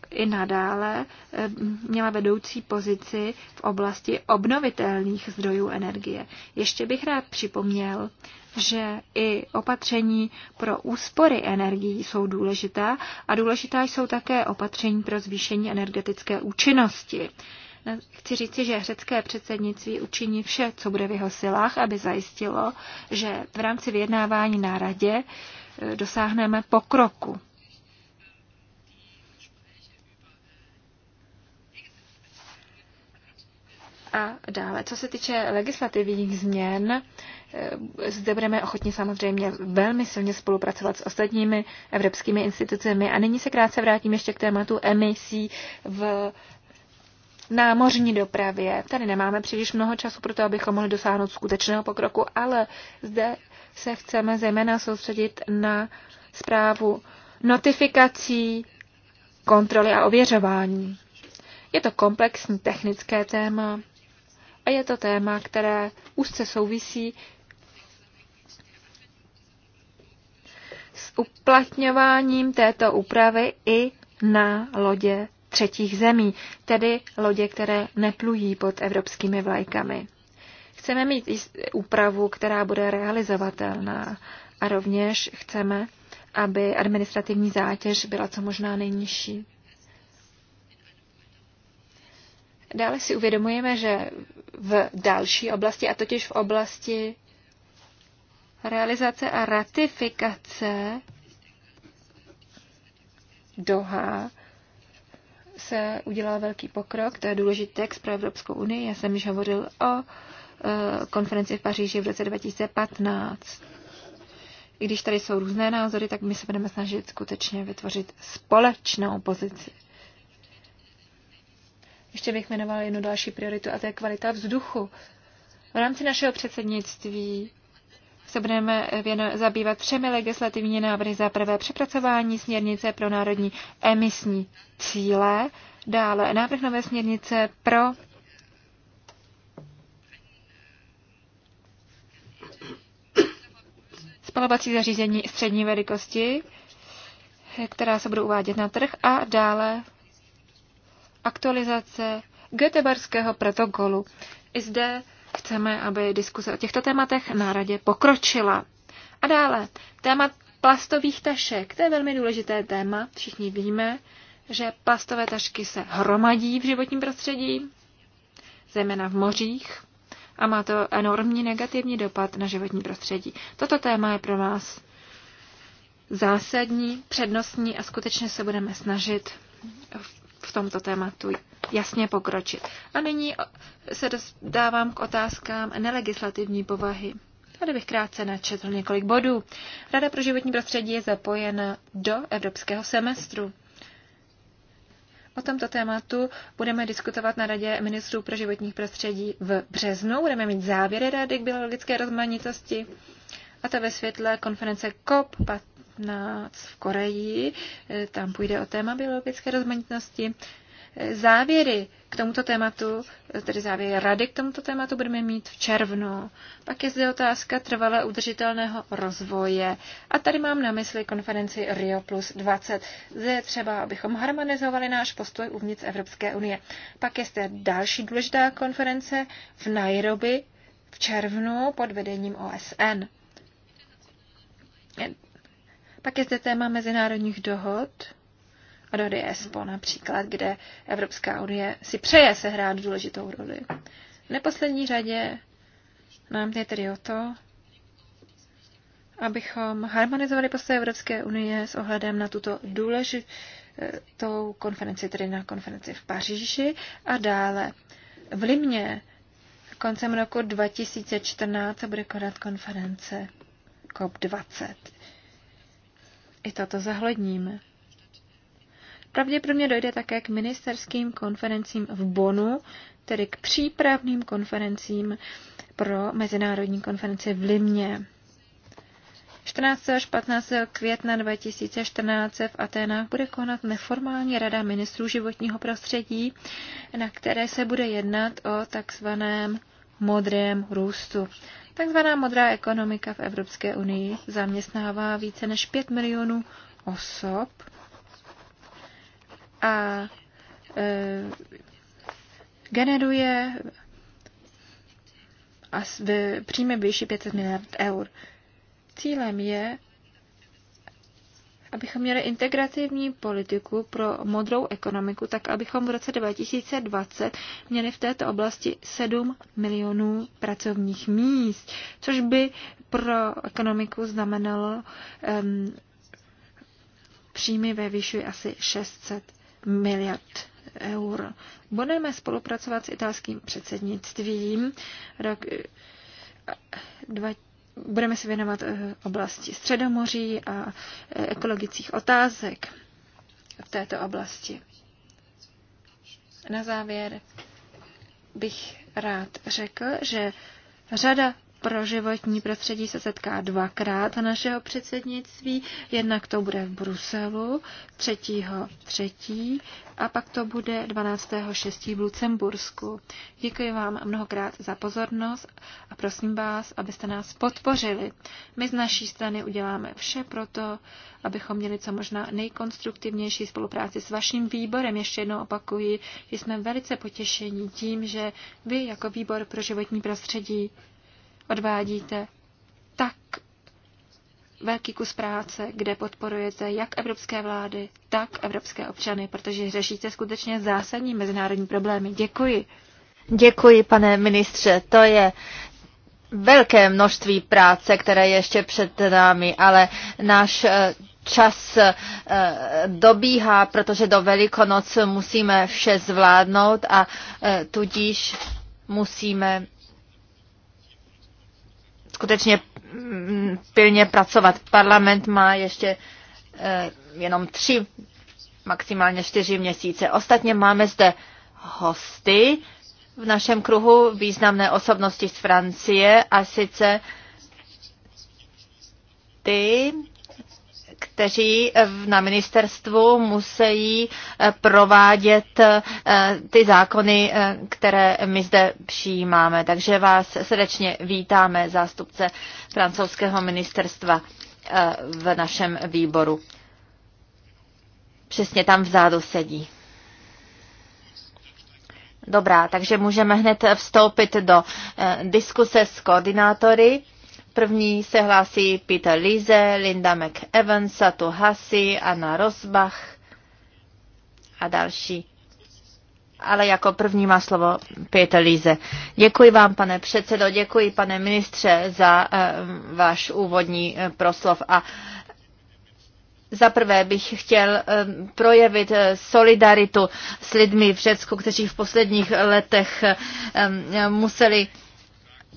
i nadále eh, měla vedoucí pozici v oblasti obnovitelných zdrojů energie. Ještě bych rád připomněl, že i opatření pro úspory energií jsou důležitá a důležitá jsou také opatření pro zvýšení energetické účinnosti. Chci říci, že řecké předsednictví učiní vše, co bude v jeho silách, aby zajistilo, že v rámci vyjednávání na radě eh, dosáhneme pokroku. A dále, co se týče legislativních změn, Eh, zde budeme ochotni samozřejmě velmi silně spolupracovat s ostatními evropskými institucemi. A nyní se krátce vrátím ještě k tématu emisí v námořní dopravě. Tady nemáme příliš mnoho času pro to, abychom mohli dosáhnout skutečného pokroku, ale zde se chceme zejména soustředit na zprávu notifikací, kontroly a ověřování. Je to komplexní technické téma a je to téma, které úzce souvisí s uplatňováním této úpravy i na lodě třetích zemí, tedy lodě, které neplují pod evropskými vlajkami. Chceme mít úpravu, která bude realizovatelná a rovněž chceme, aby administrativní zátěž byla co možná nejnižší. Dále si uvědomujeme, že v další oblasti, a totiž v oblasti realizace a ratifikace Doha se udělal velký pokrok, to je důležitý text pro Evropskou unii. Já jsem již hovoril o e, konferenci v Paříži v roce 2015. I když tady jsou různé názory, tak my se budeme snažit skutečně vytvořit společnou pozici. Ještě bych jmenovala jednu další prioritu a to je kvalita vzduchu. V rámci našeho předsednictví se budeme věno, zabývat třemi legislativní návrhy. Za prvé přepracování směrnice pro národní emisní cíle, dále návrh nové směrnice pro spalovací zařízení střední velikosti, která se budou uvádět na trh a dále aktualizace Göteborského protokolu. I zde chceme, aby diskuse o těchto tématech na radě pokročila. A dále, téma plastových tašek. To je velmi důležité téma. Všichni víme, že plastové tašky se hromadí v životním prostředí, zejména v mořích, a má to enormní negativní dopad na životní prostředí. Toto téma je pro nás zásadní, přednostní a skutečně se budeme snažit v v tomto tématu jasně pokročit. A nyní se dávám k otázkám nelegislativní povahy. Tady bych krátce načetl několik bodů. Rada pro životní prostředí je zapojena do evropského semestru. O tomto tématu budeme diskutovat na Radě ministrů pro životní prostředí v březnu. Budeme mít závěry Rady k biologické rozmanitosti, a to ve světle konference COP 15 v Koreji. Eh, tam půjde o téma biologické rozmanitnosti. Eh, závěry k tomuto tématu, eh, tedy závěry rady k tomuto tématu budeme mít v červnu. Pak je zde otázka trvalé udržitelného rozvoje. A tady mám na mysli konferenci Rio plus 20. Zde je třeba, abychom harmonizovali náš postoj uvnitř Evropské unie. Pak je zde další důležitá konference v Nairobi v červnu pod vedením OSN. Pak je zde téma mezinárodních dohod a dohody ESPO například, kde Evropská unie si přeje sehrát důležitou roli. V neposlední řadě nám je tedy o to, abychom harmonizovali postoje Evropské unie s ohledem na tuto důležitou konferenci, tedy na konferenci v Paříži a dále. V Limě koncem roku 2014 se bude konat konference COP20 i toto zahledníme. Pravděpodobně dojde také k ministerským konferencím v Bonu, tedy k přípravným konferencím pro Mezinárodní konferenci v Limě. 14. až 15. května 2014 v Aténách bude konat neformální rada ministrů životního prostředí, na které se bude jednat o takzvaném modrém růstu. Takzvaná modrá ekonomika v Evropské unii zaměstnává více než 5 milionů osob a e, generuje a v příjmy vyšší 500 miliard eur. Cílem je abychom měli integrativní politiku pro modrou ekonomiku, tak abychom v roce 2020 měli v této oblasti 7 milionů pracovních míst, což by pro ekonomiku znamenalo um, příjmy ve výši asi 600 miliard eur. Budeme spolupracovat s italským předsednictvím. Rok 2020 eh, budeme se věnovat eh, oblasti Středomoří a eh, ekologických otázek v této oblasti. Na závěr bych rád řekl, že řada pro životní prostředí se setká dvakrát našeho předsednictví. Jednak to bude v Bruselu 3. 3. a pak to bude 12. 6. v Lucembursku. Děkuji vám mnohokrát za pozornost a prosím vás, abyste nás podpořili. My z naší strany uděláme vše proto, abychom měli co možná nejkonstruktivnější spolupráci s vaším výborem. Ještě jednou opakuji, že jsme velice potěšení tím, že vy jako výbor pro životní prostředí odvádíte tak velký kus práce, kde podporujete jak evropské vlády, tak evropské občany, protože řešíte skutečně zásadní mezinárodní problémy. Děkuji. Děkuji, pane ministře. To je velké množství práce, které je ještě před námi, ale náš eh, čas eh, dobíhá, protože do Velikonoc musíme vše zvládnout a eh, tudíž musíme skutečně mm, pilně pracovat. Parlament má ještě eh, jenom tři, maximálně čtyři měsíce. Ostatně máme zde hosty v našem kruhu, významné osobnosti z Francie a sice ty, kteří na ministerstvu musí eh, provádět eh, ty zákony, eh, které my zde přijímáme. Takže vás srdečně vítáme, zástupce francouzského ministerstva v našem výboru. Přesně tam vzadu sedí. Dobrá, takže můžeme hned vstoupit do diskuse s koordinátory. První se hlásí Peter Lise, Linda McEvans, Satu Hasi, Anna Rosbach a další. Ale jako první má slovo Peter Lise. Děkuji vám, pane předsedo, děkuji, pane ministře, za uh, váš úvodní uh, proslov. A za prvé bych chtěl eh, projevit solidaritu s lidmi v Řecku, kteří v posledních letech museli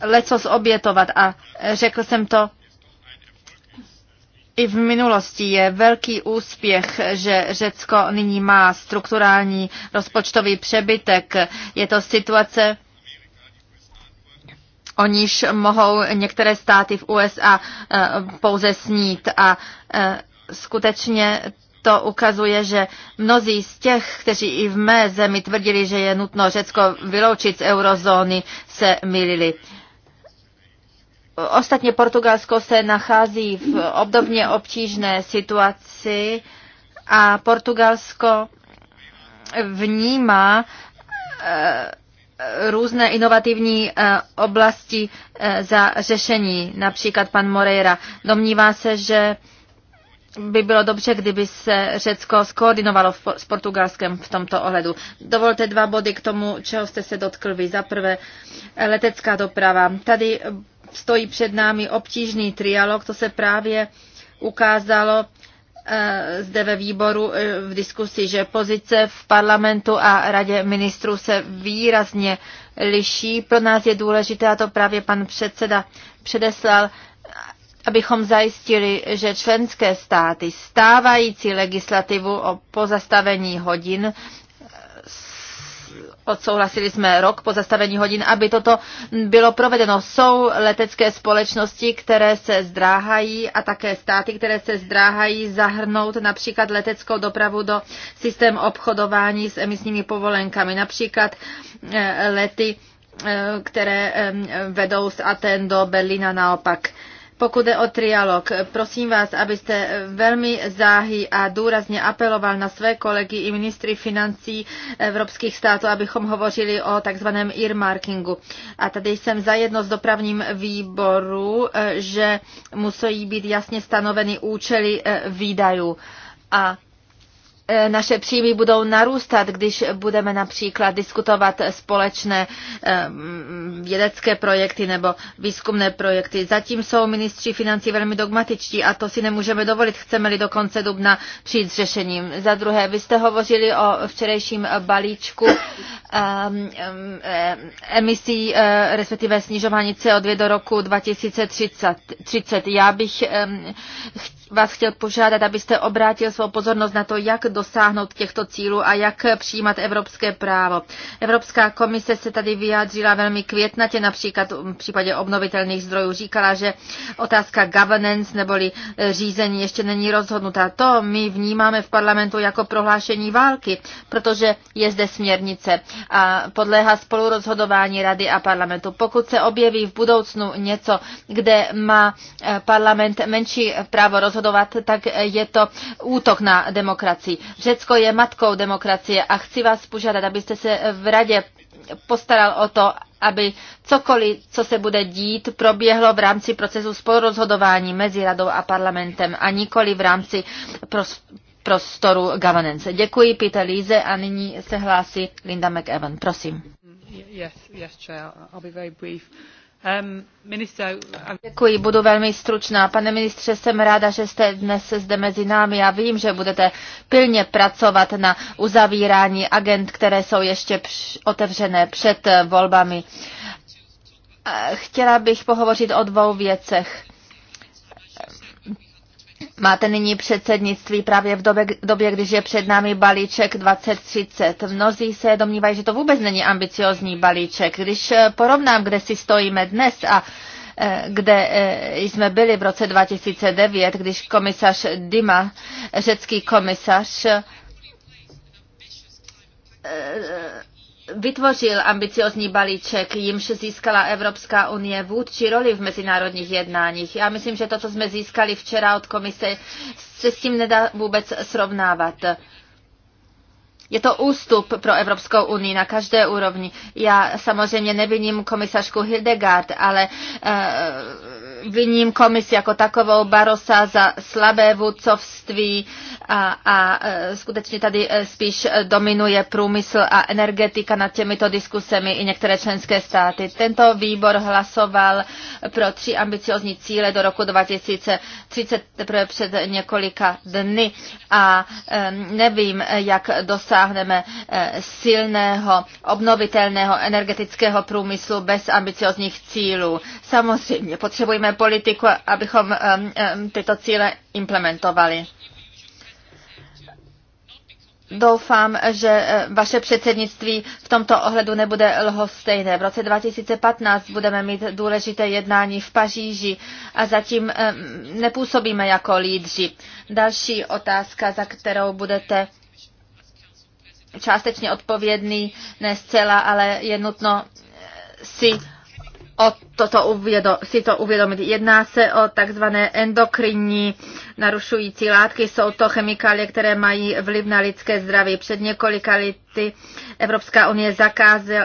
lecos obětovat a řekl jsem to i v minulosti je velký úspěch, že Řecko nyní má strukturální rozpočtový přebytek. Je to situace, o níž mohou některé státy v USA eh, pouze snít a eh, skutečně to ukazuje, že mnozí z těch, kteří i v mé zemi tvrdili, že je nutno Řecko vyloučit z eurozóny, se milili. Ostatně Portugalsko se nachází v obdobně obtížné situaci a Portugalsko vnímá eh, různé inovativní eh, oblasti eh, za řešení. Například pan Moreira domnívá se, že by bylo dobře, kdyby se Řecko skoordinovalo s Portugalskem v tomto ohledu. Dovolte dva body k tomu, čeho jste se dotkl vy. Za prvé letecká doprava. Tady stojí před námi obtížný trialog, to se právě ukázalo eh, zde ve výboru eh, v diskusi, že pozice v parlamentu a radě ministrů se výrazně liší. Pro nás je důležité, a to právě pan předseda předeslal, abychom zajistili, že členské státy stávající legislativu o pozastavení hodin odsouhlasili jsme rok po zastavení hodin, aby toto bylo provedeno. Jsou letecké společnosti, které se zdráhají a také státy, které se zdráhají zahrnout například leteckou dopravu do systém obchodování s emisními povolenkami. Například eh, lety, eh, které eh, vedou z Aten do Berlína naopak. Pokud je o trialog, prosím vás, abyste velmi záhy a důrazně apeloval na své kolegy i ministry financí evropských států, abychom hovořili o takzvaném earmarkingu. A tady jsem zajedno s dopravním výboru, že musí být jasně stanoveny účely eh, výdajů. A E, naše příjmy budou narůstat, když budeme například diskutovat společné e, mm, vědecké projekty nebo výzkumné projekty. Zatím jsou ministři financí velmi dogmatičtí a to si nemůžeme dovolit, chceme-li do konce dubna přijít s řešením. Za druhé, vy jste hovořili o včerejším balíčku e, emisí, respektive snižování CO2 do roku 2030. Já bych vás chtěl požádat, abyste obrátil svou pozornost na to, jak dosáhnout těchto cílů a jak přijímat evropské právo. Evropská komise se tady vyjádřila velmi květnatě, například v případě obnovitelných zdrojů. Říkala, že otázka governance neboli řízení ještě není rozhodnutá. To my vnímáme v parlamentu jako prohlášení války, protože je zde směrnice a podléhá spolurozhodování rady a parlamentu. Pokud se objeví v budoucnu něco, kde má eh, parlament menší právo rozhodovat, rozhodovat, tak je to útok na demokracii. Řecko je matkou demokracie a chci vás požádat, abyste se v radě postaral o to, aby cokoliv, co se bude dít, proběhlo v rámci procesu spolurozhodování mezi radou a parlamentem a nikoli v rámci prostoru governance. Děkuji, Peter Líze, a nyní se hlásí Linda McEwan. Prosím. Yes, yes, Chair. I'll be very brief. Um, uh, Děkuji, budu velmi stručná. Pane ministře, jsem ráda, že jste dnes zde mezi námi a vím, že budete pilně pracovat na uzavírání agent, které jsou ještě otevřené před volbami. Chtěla bych pohovořit o dvou věcech. Máte nyní předsednictví právě v době, době, když je před námi balíček 2030. Mnozí se domnívají, že to vůbec není ambiciozní balíček. Když eh, porovnám, kde si stojíme dnes a eh, kde eh, jsme byli v roce 2009, když komisař Dima, řecký komisař, vytvořil ambiciozní balíček, jimž získala Evropská unie vůdčí roli v mezinárodních jednáních. Já myslím, že to, co jsme získali včera od komise, se s tím nedá vůbec srovnávat. Je to ústup pro Evropskou unii na každé úrovni. Já samozřejmě neviním komisařku Hildegard, ale eh, viním komisi jako takovou Barosa za slabé vůdcovství a, a e, skutečně tady e, spíš dominuje průmysl a energetika nad těmito diskusemi i některé členské státy. Tento výbor hlasoval pro tři ambiciozní cíle do roku 2030 teprve před několika dny a e, nevím, jak dosáhneme silného obnovitelného energetického průmyslu bez ambiciozních cílů. Samozřejmě potřebujeme politiku, abychom um, um, tyto cíle implementovali. Doufám, že eh, vaše předsednictví v tomto ohledu nebude lhostejné. V roce 2015 budeme mít důležité jednání v Paříži a zatím eh, nepůsobíme jako lídři. Další otázka, za kterou budete částečně odpovědný, ne zcela, ale je nutno eh, si o toto uvědo, si to uvědomit. Jedná se o takzvané endokrinní narušující látky. Jsou to chemikálie, které mají vliv na lidské zdraví. Před několika lety Evropská unie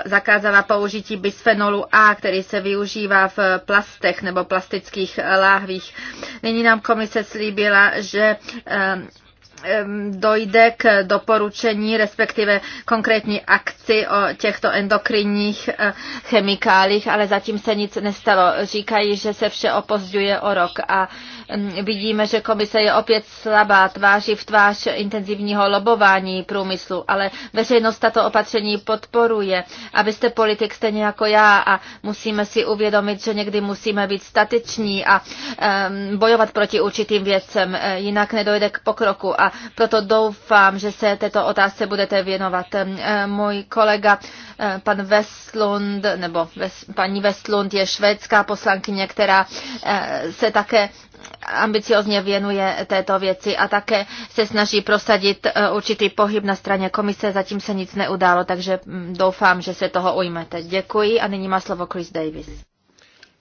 zakázala použití bisfenolu A, který se využívá v plastech nebo plastických láhvích. Nyní nám komise slíbila, že eh, dojde k doporučení, respektive konkrétní akci o těchto endokrinních eh, chemikálích, ale zatím se nic nestalo. Říkají, že se vše opozduje o rok a mm, vidíme, že komise je opět slabá tváří v tvář intenzivního lobování průmyslu, ale veřejnost tato opatření podporuje. Abyste politik stejně jako já a musíme si uvědomit, že někdy musíme být stateční a bojovat proti určitým věcem, eh, jinak nedojde k pokroku. A proto doufám, že se této otázce budete věnovat. Eh, můj kolega eh, pan Westlund, nebo paní Westlund je švédská poslankyně, která eh, se také ambiciozně věnuje této věci a také se snaží prosadit určitý pohyb na straně komise. Zatím se nic neudálo, takže mm, doufám, že se toho ujmete. Děkuji a nyní má slovo Chris Davis.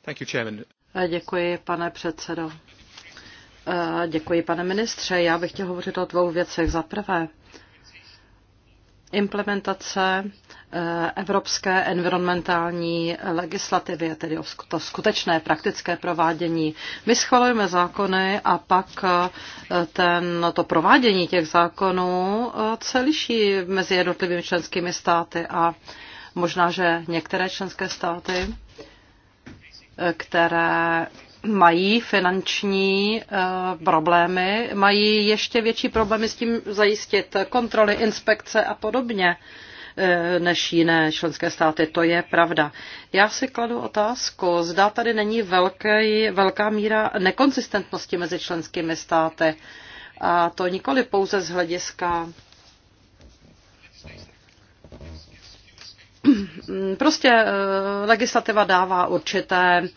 Thank you, chairman. Děkuji, pane předsedo. Děkuji, pane ministře. Já bych chtěl hovořit o dvou věcech. Za prvé, implementace eh, evropské environmentální legislativy, tedy to skutečné praktické provádění. My schvalujeme zákony a pak eh, ten, to provádění těch zákonů eh, se liší mezi jednotlivými členskými státy a možná, že některé členské státy, které mají finanční eh, problémy, mají ještě větší problémy s tím zajistit kontroly, inspekce a podobně eh, než jiné členské státy. To je pravda. Já si kladu otázku, zda tady není velký, velká míra nekonsistentnosti mezi členskými státy. A to nikoli pouze z hlediska [clears throat] prostě eh, legislativa dává určité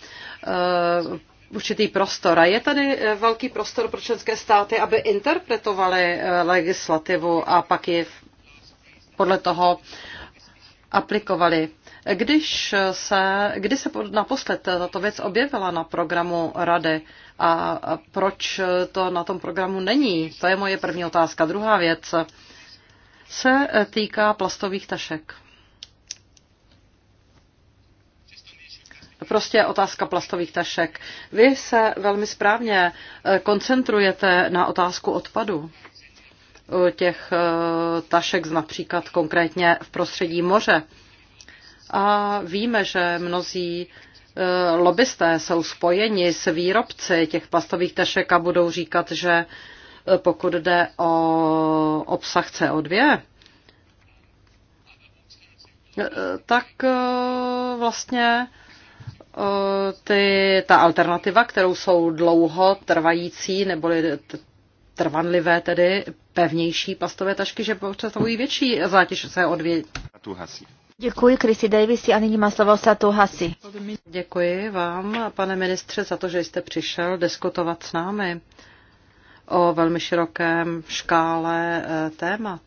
určitý prostor. A je tady eh, velký prostor pro členské státy, aby interpretovali eh, legislativu a pak ji podle toho aplikovali. Když se, kdy se naposled tato věc objevila na programu Rady a proč to na tom programu není? To je moje první otázka. Druhá věc se eh, týká plastových tašek. Prostě otázka plastových tašek. Vy se velmi správně eh, koncentrujete na otázku odpadu těch eh, tašek, například konkrétně v prostředí moře. A víme, že mnozí eh, lobbysté jsou spojeni s výrobci těch plastových tašek a budou říkat, že pokud jde o obsah CO2, tak vlastně ty, ta alternativa, kterou jsou dlouho trvající neboli trvanlivé, tedy pevnější plastové tašky, že představují větší zátěž se odvě... Děkuji Chrissy Davis, a nyní má slovo Satu Hasi. Děkuji vám, pane ministře, za to, že jste přišel diskutovat s námi o velmi širokém škále e, témat.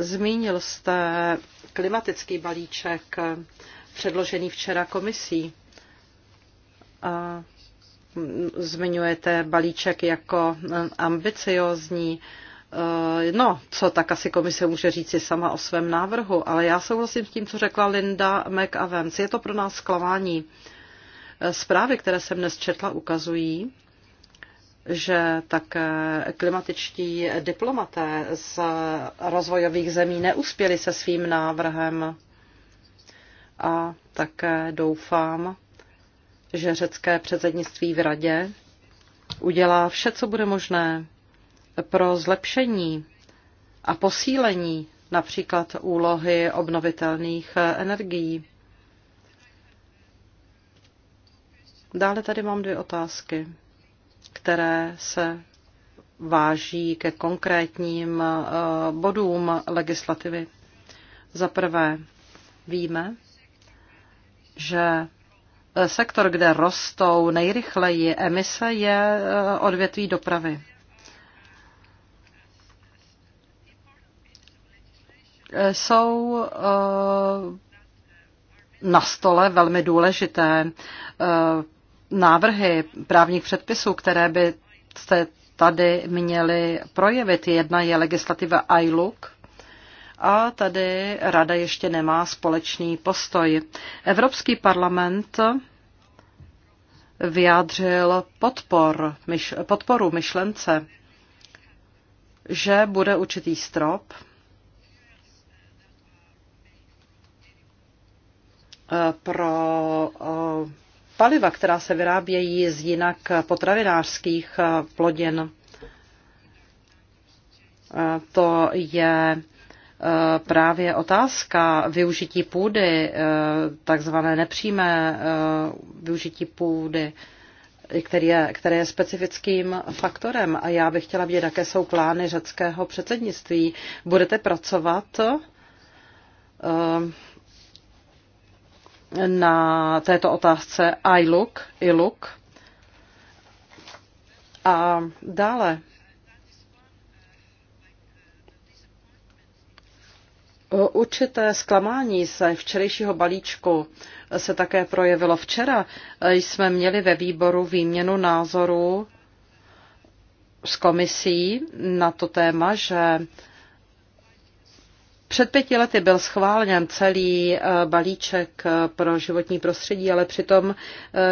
Zmínil jste klimatický balíček předložený včera komisí. A zmiňujete balíček jako ambiciozní. E, no, co tak asi komise může říci sama o svém návrhu, ale já souhlasím s tím, co řekla Linda McAvens. Je to pro nás zklamání. E, zprávy, které jsem dnes četla, ukazují, že také klimatičtí diplomaté z rozvojových zemí neuspěli se svým návrhem. A také doufám, že řecké předsednictví v radě udělá vše, co bude možné pro zlepšení a posílení například úlohy obnovitelných energií. Dále tady mám dvě otázky které se váží ke konkrétním eh, bodům legislativy. Za prvé víme, že eh, sektor, kde rostou nejrychleji emise, je eh, odvětví dopravy. Jsou na stole velmi důležité návrhy právních předpisů, které by se tady měly projevit. Jedna je legislativa ILUC, a tady rada ještě nemá společný postoj. Evropský parlament vyjádřil podpor, myš, podporu myšlence, že bude určitý strop, eh, pro eh, paliva, která se vyrábějí z jinak potravinářských eh, plodin. Eh, to je eh, právě otázka využití půdy, takzvané nepřímé využití půdy, který je, který je specifickým faktorem. A já bych chtěla vědět, jaké jsou plány řeckého předsednictví. Budete pracovat na této otázce iLook, iLook. A dále Určité zklamání se včerejšího balíčku se také projevilo včera. Jsme měli ve výboru výměnu názorů s komisí na to téma, že před pěti lety byl schválen celý eh, balíček eh, pro životní prostředí, ale přitom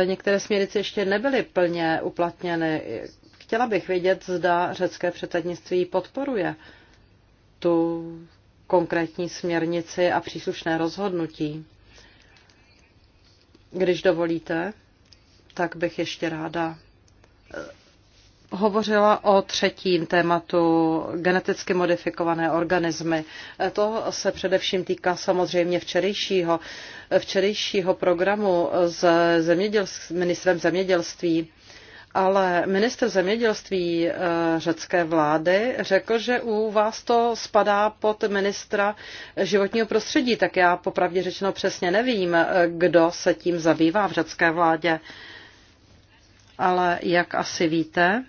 eh, některé směrnice ještě nebyly plně uplatněny. Chtěla bych vědět, zda řecké předsednictví podporuje tu konkrétní směrnici a příslušné rozhodnutí. Když dovolíte, tak bych ještě ráda hovořila o třetím tématu geneticky modifikované organismy. To se především týká samozřejmě včerejšího, včerejšího programu s zemědělství, ministrem zemědělství. Ale minister zemědělství eh, řecké vlády řekl, že u vás to spadá pod ministra životního prostředí, tak já popravdě řečeno přesně nevím, eh, kdo se tím zabývá v řecké vládě. Ale jak asi víte,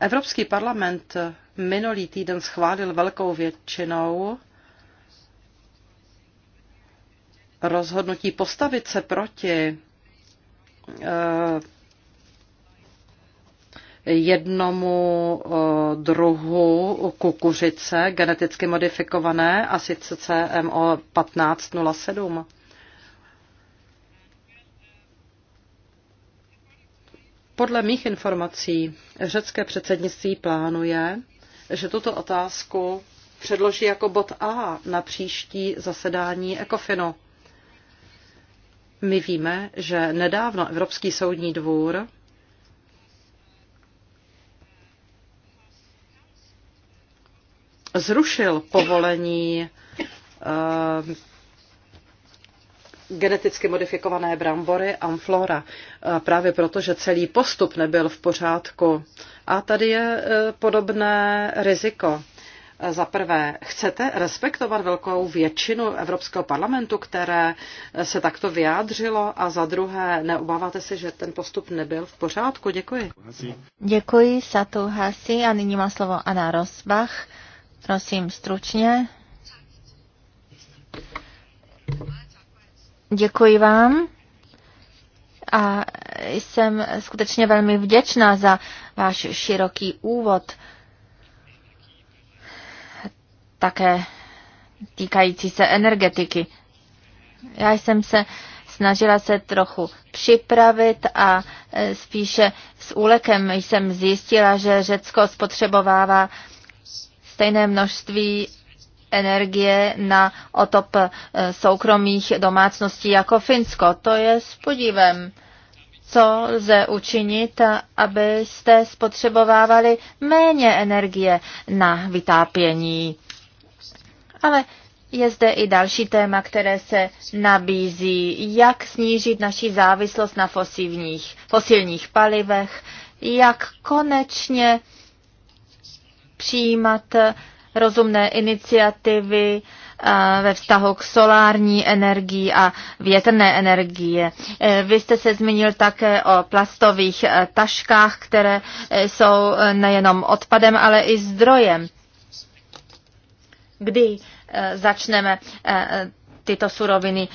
Evropský parlament minulý týden schválil velkou většinou rozhodnutí postavit se proti eh, jednomu eh, druhu kukuřice geneticky modifikované, a sice CMO 1507. Podle mých informací řecké předsednictví plánuje, že tuto otázku předloží jako bod A na příští zasedání ECOFINu. My víme, že nedávno Evropský soudní dvůr zrušil povolení eh, geneticky modifikované brambory Amflora, e, právě proto, že celý postup nebyl v pořádku. A tady je e, podobné riziko. E, za prvé, chcete respektovat velkou většinu Evropského parlamentu, které se takto vyjádřilo? A za druhé, neobáváte se, že ten postup nebyl v pořádku? Děkuji. Děkuji, Satu Hasi. A nyní má slovo Anna Rosbach. Prosím, stručně. Děkuji vám a jsem skutečně velmi vděčná za váš široký úvod, také týkající se energetiky. Já jsem se snažila se trochu připravit a e, spíše s úlekem jsem zjistila, že Řecko spotřebovává stejné množství energie na otop eh, soukromých domácností jako Finsko. To je s podívem co lze učinit, abyste spotřebovávali méně energie na vytápění. Ale je zde i další téma, které se nabízí, jak snížit naši závislost na fosilních, fosilních palivech, jak konečně přijímat rozumné iniciativy eh, ve vztahu k solární energii a větrné energie. Eh, vy jste se zmínil také o plastových eh, taškách, které jsou nejenom odpadem, ale i zdrojem. Kdy začneme tyto suroviny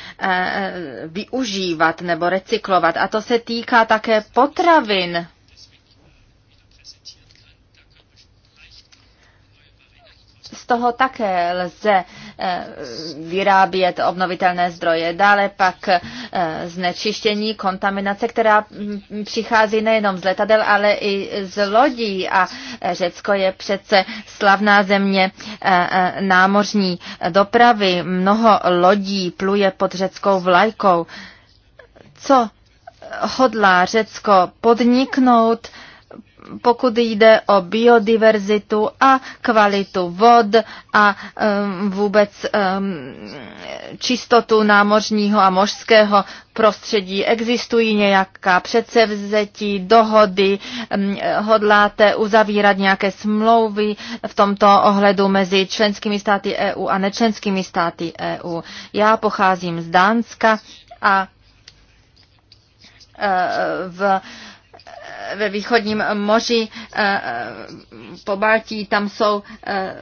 využívat nebo recyklovat. A to se týká také potravin. toho také lze eh, vyrábět obnovitelné zdroje. Dále pak eh, znečištění, kontaminace, která mm, přichází nejenom z letadel, ale i z lodí. A eh, Řecko je přece slavná země námořní dopravy. Mnoho lodí pluje pod řeckou vlajkou. Co hodlá Řecko podniknout? pokud jde o biodiverzitu a kvalitu vod a vůbec čistotu námořního a mořského prostředí. Existují nějaká předsevzetí, dohody, hodláte uzavírat nějaké smlouvy v tomto ohledu mezi členskými státy EU a nečlenskými státy EU. Já pocházím z Dánska a eh, v ve východním moři eh, po Baltí, tam jsou eh,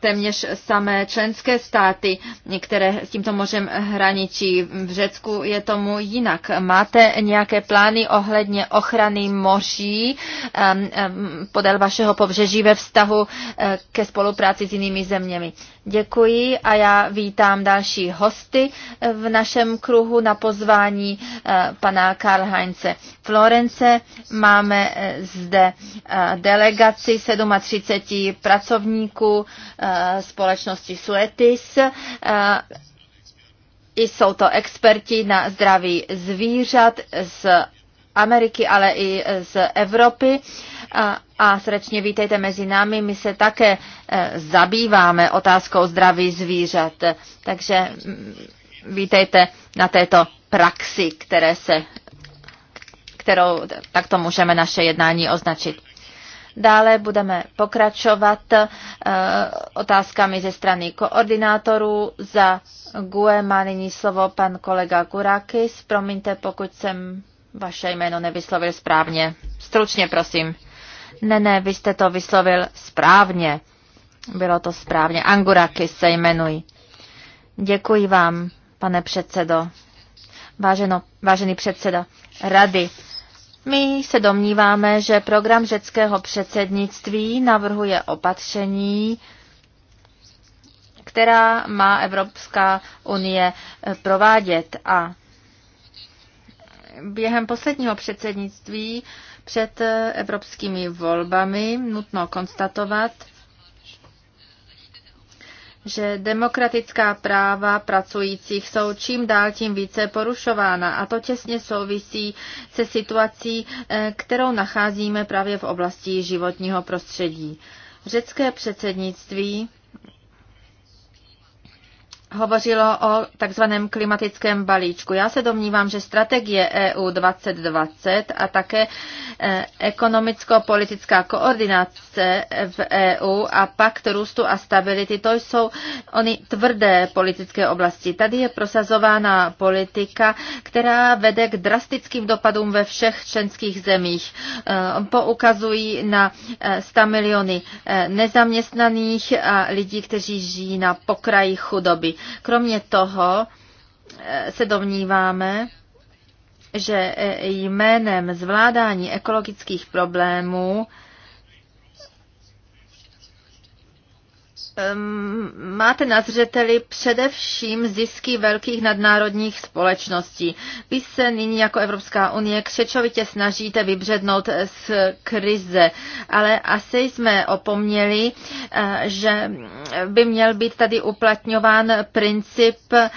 téměř samé členské státy, které s tímto mořem hraničí. V Řecku je tomu jinak. Máte nějaké plány ohledně ochrany moří eh, podél vašeho pobřeží ve vztahu ke spolupráci s jinými zeměmi? Děkuji a já vítám další hosty v našem kruhu na pozvání eh, pana Karlheinze Florence. Máme eh, zde eh, delegaci 37 pracovníků společnosti Suetis. Jsou to experti na zdraví zvířat z Ameriky, ale i z Evropy. Uh, a srdečně vítejte mezi námi. My se také e, zabýváme otázkou zdraví zvířat, takže mm, vítejte na této praxi, které se, kterou takto můžeme naše jednání označit. Dále budeme pokračovat e, otázkami ze strany koordinátorů. Za GUE má nyní slovo pan kolega Gurakis. Promiňte, pokud jsem vaše jméno nevyslovil správně. Stručně, prosím. Ne, ne, vy jste to vyslovil správně. Bylo to správně. Anguraky se jmenují. Děkuji vám, pane předsedo. Váženo, vážený předseda rady, my se domníváme, že program řeckého předsednictví navrhuje opatření, která má Evropská unie eh, provádět. A během posledního předsednictví před eh, evropskými volbami nutno konstatovat, že demokratická práva pracujících jsou čím dál tím více porušována a to těsně souvisí se situací, eh, kterou nacházíme právě v oblasti životního prostředí. Řecké předsednictví hovořilo o takzvaném klimatickém balíčku. Já se domnívám, že strategie EU 2020 a také eh, ekonomicko-politická koordinace v EU a pakt růstu a stability, to jsou ony tvrdé politické oblasti. Tady je prosazována politika, která vede k drastickým dopadům ve všech členských zemích. Eh, poukazují na 100 eh, miliony nezaměstnaných a lidí, kteří žijí na pokraji chudoby. Kromě toho eh, se domníváme, že eh, jménem zvládání ekologických problémů máte na zřeteli především zisky velkých nadnárodních společností. Vy se nyní jako Evropská unie křečovitě snažíte vybřednout z krize, ale asi jsme opomněli, eh, že by měl být tady uplatňován princip eh,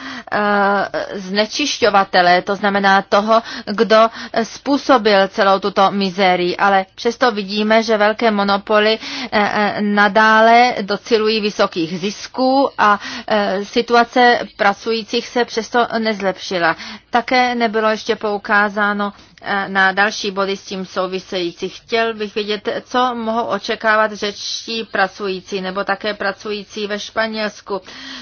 znečišťovatele, to znamená toho, kdo způsobil celou tuto mizérii. Ale přesto vidíme, že velké monopoly eh, nadále docilují generují vysokých zisků a e, situace pracujících se přesto nezlepšila. Také nebylo ještě poukázáno E, na další body s tím související. Chtěl bych vědět, co mohou očekávat řečtí pracující nebo také pracující ve Španělsku,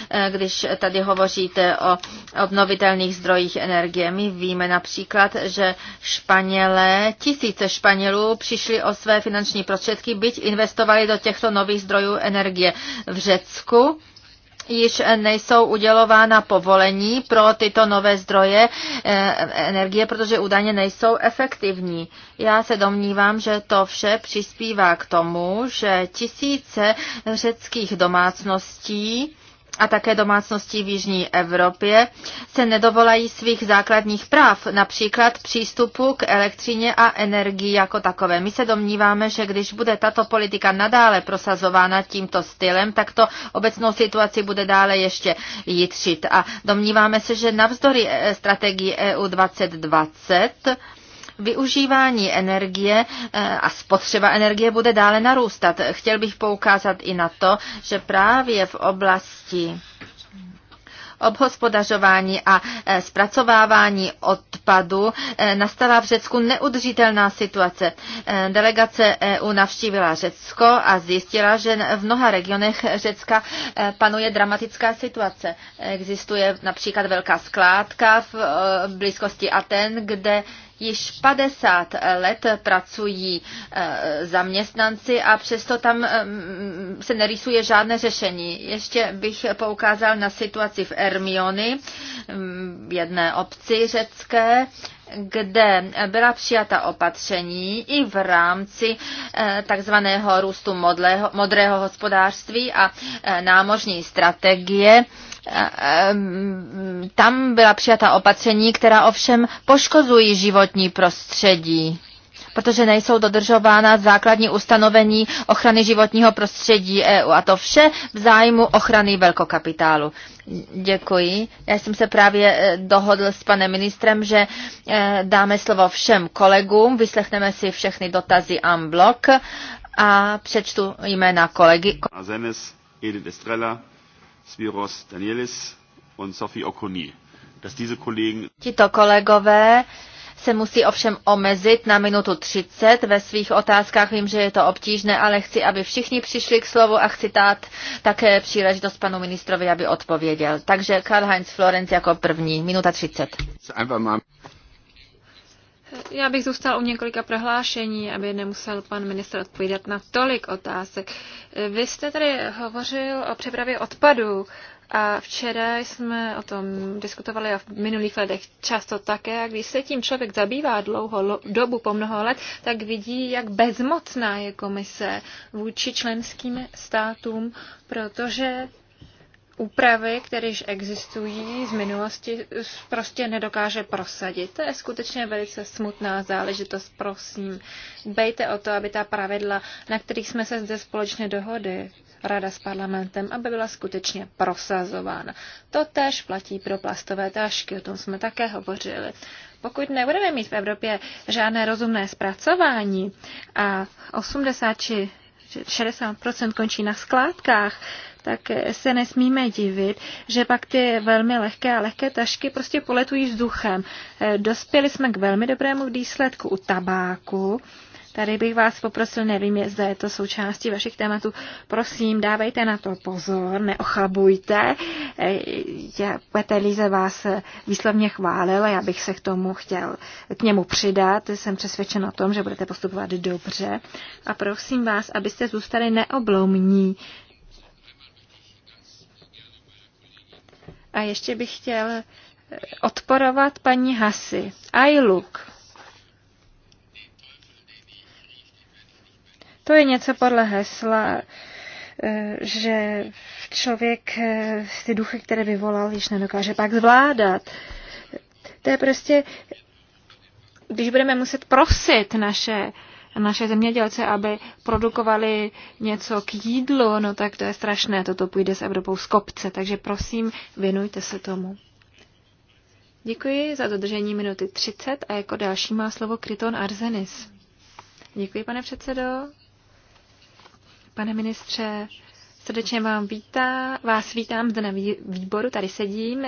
e, když tady hovoříte o obnovitelných zdrojích energie. My víme například, že Španělé, tisíce Španělů přišli o své finanční prostředky, byť investovali do těchto nových zdrojů energie v Řecku již nejsou udělována povolení pro tyto nové zdroje eh, energie, protože údajně nejsou efektivní. Já se domnívám, že to vše přispívá k tomu, že tisíce řeckých domácností a také domácnosti v Jižní Evropě se nedovolají svých základních práv, například přístupu k elektřině a energii jako takové. My se domníváme, že když bude tato politika nadále prosazována tímto stylem, tak to obecnou situaci bude dále ještě jitřit. A domníváme se, že navzdory eh, strategii EU 2020 využívání energie eh, a spotřeba energie bude dále narůstat. Chtěl bych poukázat i na to, že právě v oblasti obhospodařování a eh, zpracovávání odpadu eh, nastala v Řecku neudržitelná situace. Delegace EU navštívila Řecko a zjistila, že v mnoha regionech Řecka panuje dramatická situace. Existuje například velká skládka v blízkosti Aten, kde Již 50 let pracují eh, zaměstnanci a přesto tam eh, mm, se nerýsuje žádné řešení. Ještě bych poukázal na situaci v Ermiony, mm, jedné obci řecké, kde byla přijata opatření i v rámci eh, takzvaného růstu modlého, modrého hospodářství a námořní strategie tam byla přijata opatření, která ovšem poškozují životní prostředí protože nejsou dodržována základní ustanovení ochrany životního prostředí EU. A to vše v zájmu ochrany velkokapitálu. Děkuji. Já jsem se právě eh, dohodl s panem ministrem, že eh, dáme slovo všem kolegům, vyslechneme si všechny dotazy en blok a přečtu jména kolegy. Edith Estrella, Spiros Danielis und Sophie Dass diese Kollegen Tito kolegové se musí ovšem omezit na minutu 30. Ve svých otázkách vím, že je to obtížné, ale chci, aby všichni přišli k slovu a chci dát také příležitost panu ministrovi, aby odpověděl. Takže Karl-Heinz Florenz jako první, minuta 30. Já bych zůstal u několika prohlášení, aby nemusel pan ministr odpovídat na tolik otázek. Vy jste tady hovořil o přepravě odpadů a včera jsme o tom diskutovali a v minulých letech často také. A když se tím člověk zabývá dlouhou dobu, po mnoho let, tak vidí, jak bezmocná je komise vůči členským státům, protože úpravy, které již existují z minulosti, prostě nedokáže prosadit. To je skutečně velice smutná záležitost, prosím. Bejte o to, aby ta pravidla, na kterých jsme se zde společně dohodli, Rada s parlamentem, aby byla skutečně prosazována. To též platí pro plastové tašky, o tom jsme také hovořili. Pokud nebudeme mít v Evropě žádné rozumné zpracování a 80 či 60 končí na skládkách, tak se nesmíme divit, že pak ty velmi lehké a lehké tašky prostě poletují vzduchem. Eh, dospěli jsme k velmi dobrému výsledku u tabáku. Tady bych vás poprosil, nevím, jestli je to součástí vašich tématů, prosím, dávejte na to pozor, neochabujte. Eh, Petr Líze vás výslovně chválil a já bych se k tomu chtěl k němu přidat. Jsem přesvědčen o tom, že budete postupovat dobře. A prosím vás, abyste zůstali neoblomní A ještě bych chtěl eh, odporovat paní Hasy. I look. To je něco podle hesla, eh, že člověk eh, ty duchy, které vyvolal, již nedokáže pak zvládat. To je prostě, když budeme muset prosit naše naše zemědělce, aby produkovali něco k jídlu, no tak to je strašné, toto půjde s Evropou z kopce, takže prosím, věnujte se tomu. Děkuji za dodržení minuty 30 a jako další má slovo Kryton Arzenis. Děkuji, pane předsedo. Pane ministře, srdečně vám vítá, vás vítám zde na výboru, tady sedím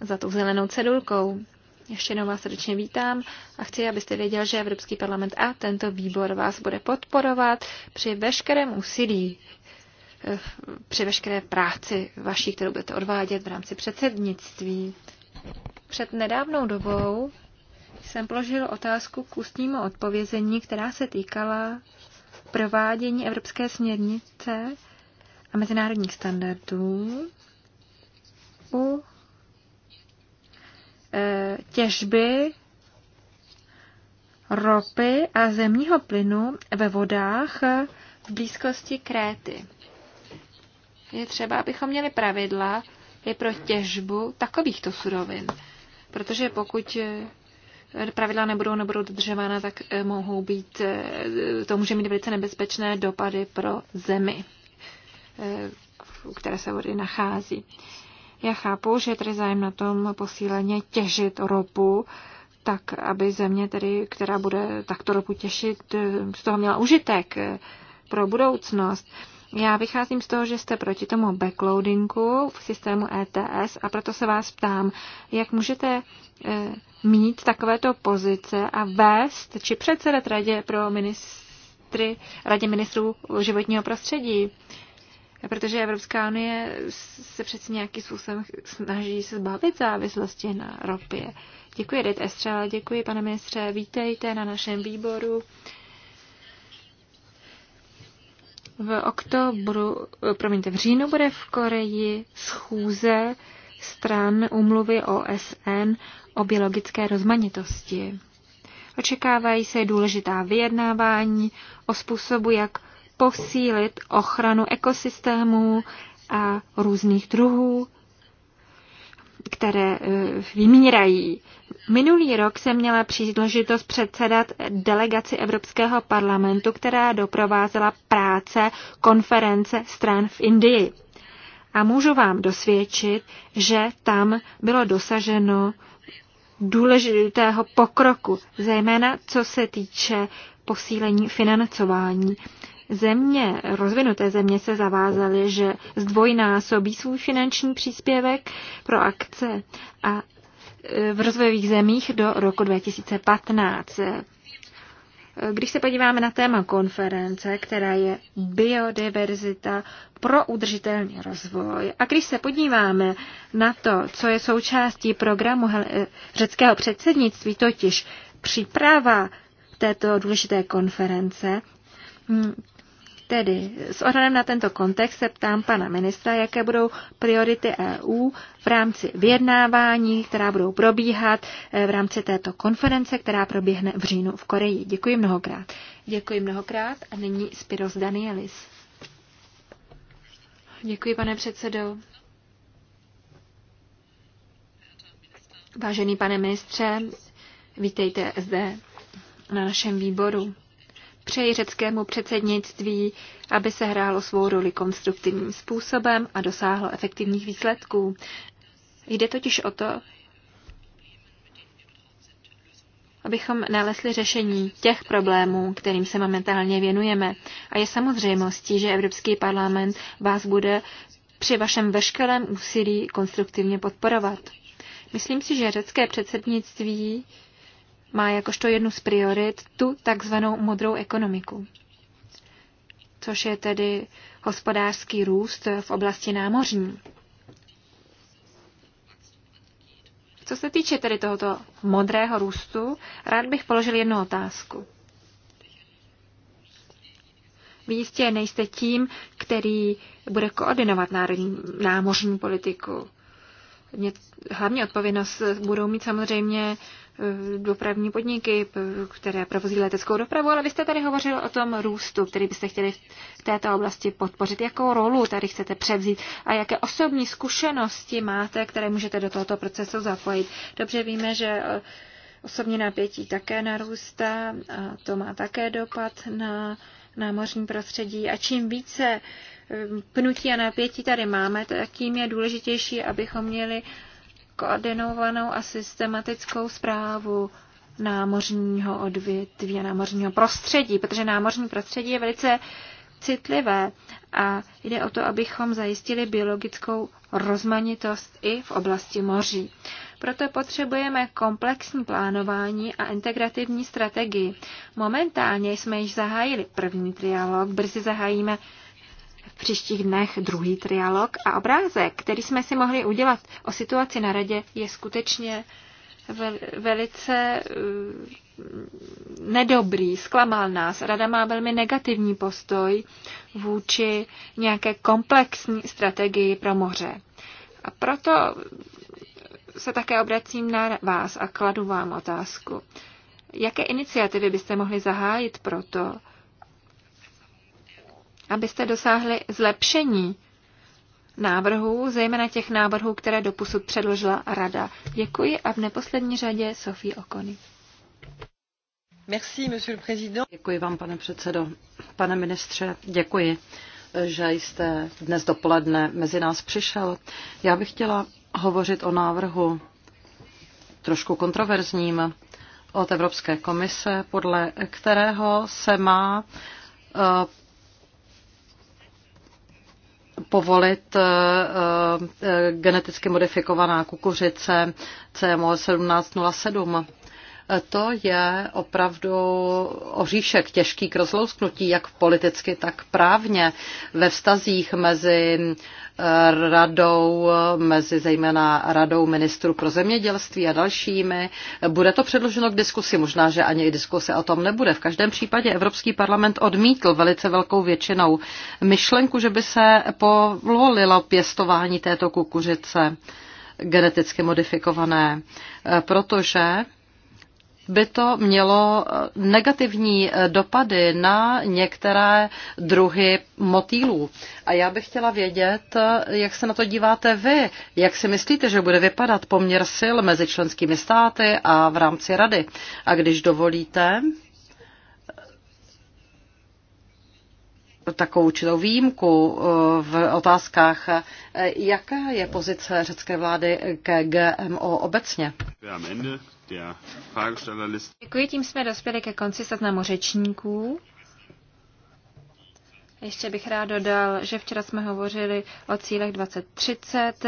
za tou zelenou cedulkou. Ještě jednou vás srdečně vítám a chci, abyste věděl, že Evropský parlament a tento výbor vás bude podporovat při veškerém úsilí, eh, při veškeré práci vaší, kterou budete odvádět v rámci předsednictví. Před nedávnou dobou jsem položil otázku k ústnímu odpovězení, která se týkala provádění Evropské směrnice a mezinárodních standardů u Eh, těžby ropy a zemního plynu ve vodách v blízkosti Kréty. Je třeba, abychom měli pravidla i pro těžbu takovýchto surovin, protože pokud eh, pravidla nebudou, nebudou dodržována, tak eh, mohou být, to může mít velice nebezpečné dopady pro zemi, u které se vody nachází. Já chápu, že je tady zájem na tom posíleně těžit ropu, tak aby země, tedy, která bude takto ropu těšit, z toho měla užitek pro budoucnost. Já vycházím z toho, že jste proti tomu backloadingu v systému ETS a proto se vás ptám, jak můžete eh, mít takovéto pozice a vést či předsedat radě pro ministry, radě ministrů životního prostředí protože Evropská unie se přeci nějakým způsobem snaží se zbavit závislosti na ropě. Děkuji, Edith Estrela, děkuji, pane ministře, vítejte na našem výboru. V oktobru, promiňte, v říjnu bude v Koreji schůze stran umluvy OSN o biologické rozmanitosti. Očekávají se důležitá vyjednávání o způsobu, jak posílit ochranu ekosystémů a různých druhů, které e, vymírají. Minulý rok jsem měla příležitost předsedat delegaci Evropského parlamentu, která doprovázela práce konference stran v Indii. A můžu vám dosvědčit, že tam bylo dosaženo důležitého pokroku, zejména co se týče posílení financování země, rozvinuté země se zavázaly, že zdvojnásobí svůj finanční příspěvek pro akce a e, v rozvojových zemích do roku 2015. E, když se podíváme na téma konference, která je biodiverzita pro udržitelný rozvoj, a když se podíváme na to, co je součástí programu e, řeckého předsednictví, totiž příprava této důležité konference, Tedy s ohledem na tento kontext se ptám pana ministra, jaké budou priority EU v rámci vyjednávání, která budou probíhat eh, v rámci této konference, která proběhne v říjnu v Koreji. Děkuji mnohokrát. Děkuji mnohokrát a nyní Spiros Danielis. Děkuji, pane předsedo. Vážený pane ministře, vítejte zde na našem výboru. Přeji řeckému předsednictví, aby se hrálo svou roli konstruktivním způsobem a dosáhlo efektivních výsledků. Jde totiž o to, abychom nalesli řešení těch problémů, kterým se momentálně věnujeme. A je samozřejmostí, že Evropský parlament vás bude při vašem veškerém úsilí konstruktivně podporovat. Myslím si, že řecké předsednictví má jakožto jednu z priorit tu takzvanou modrou ekonomiku, což je tedy hospodářský růst v oblasti námořní. Co se týče tedy tohoto modrého růstu, rád bych položil jednu otázku. Vy jistě nejste tím, který bude koordinovat národní námořní politiku. Hlavně odpovědnost budou mít samozřejmě Eh, dopravní podniky, které provozují leteckou dopravu, ale vy jste tady hovořil o tom růstu, který byste chtěli v této oblasti podpořit. Jakou rolu tady chcete převzít a jaké osobní zkušenosti máte, které můžete do tohoto procesu zapojit? Dobře víme, že eh, osobní napětí také narůstá a to má také dopad na námořní prostředí a čím více eh, pnutí a napětí tady máme, tak tím je důležitější, abychom měli koordinovanou a systematickou zprávu námořního odvětví a námořního prostředí, protože námořní prostředí je velice citlivé a jde o to, abychom zajistili biologickou rozmanitost i v oblasti moří. Proto potřebujeme komplexní plánování a integrativní strategii. Momentálně jsme již zahájili první trialog, brzy zahájíme příštích dnech druhý trialog a obrázek, který jsme si mohli udělat o situaci na radě, je skutečně vel, velice eh, nedobrý, zklamal nás. Rada má velmi negativní postoj vůči nějaké komplexní strategii pro moře. A proto se také obracím na vás a kladu vám otázku. Jaké iniciativy byste mohli zahájit proto, abyste dosáhli zlepšení návrhů, zejména těch návrhů, které doposud předložila Rada. Děkuji a v neposlední řadě Sofie Okony. Merci, monsieur le président. Děkuji vám, pane předsedo. Pane ministře, děkuji, že jste dnes dopoledne mezi nás přišel. Já bych chtěla hovořit o návrhu trošku kontroverzním od Evropské komise, podle kterého se má eh, povolit eh, eh, geneticky modifikovaná kukuřice CMO 1707 to je opravdu oříšek těžký k rozlousknutí, jak politicky, tak právně ve vztazích mezi eh, radou, mezi zejména radou ministrů pro zemědělství a dalšími. Bude to předloženo k diskusi, možná, že ani diskuse o tom nebude. V každém případě Evropský parlament odmítl velice velkou většinou myšlenku, že by se povolilo pěstování této kukuřice geneticky modifikované, eh, protože by to mělo eh, negativní eh, dopady na některé druhy motýlů. A já bych chtěla vědět, eh, jak se na to díváte vy, jak si myslíte, že bude vypadat poměr sil mezi členskými státy a v rámci rady. A když dovolíte, takovou určitou výjimku v otázkách. Jaká je pozice řecké vlády ke GMO obecně? Děkuji, tím jsme dospěli ke konci seznamu řečníků. Ještě bych rád dodal, že včera jsme hovořili o cílech 2030,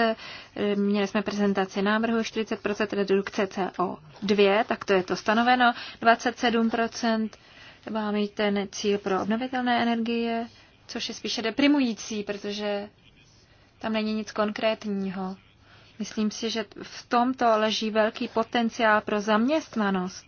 měli jsme prezentaci návrhu 40% redukce CO2, tak to je to stanoveno, 27% mít ten cíl pro obnovitelné energie, což je spíše deprimující, protože tam není nic konkrétního. Myslím si, že v tomto leží velký potenciál pro zaměstnanost.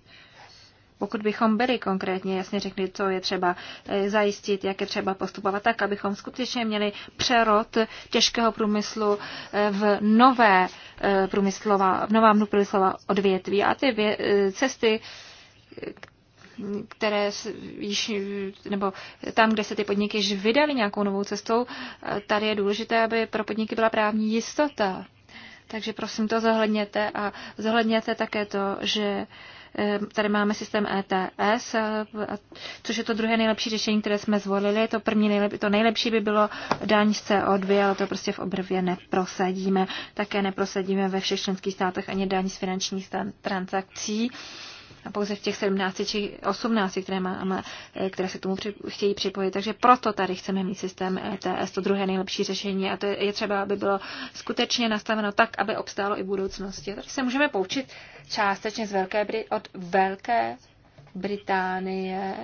Pokud bychom byli konkrétně jasně řekli, co je třeba eh, zajistit, jak je třeba postupovat, tak abychom skutečně měli přerod těžkého průmyslu eh, v nové eh, průmyslová, v nová průmyslová odvětví a ty vě, cesty, které již, nebo tam, kde se ty podniky již vydali nějakou novou cestou, tady je důležité, aby pro podniky byla právní jistota. Takže prosím to zohledněte a zohledněte také to, že eh, tady máme systém ETS, eh, což je to druhé nejlepší řešení, které jsme zvolili. To první nejlepší, to nejlepší by bylo daň z CO2, ale to prostě v obrvě neprosadíme. Také neprosadíme ve všech členských státech ani daň z finančních transakcí a pouze v těch 17 či 18, které, máme, které se k tomu při, chtějí připojit. Takže proto tady chceme mít systém ETS, to druhé nejlepší řešení a to je, je třeba, aby bylo skutečně nastaveno tak, aby obstálo i v budoucnosti. Tady se můžeme poučit částečně z Velké Brit- od Velké Británie,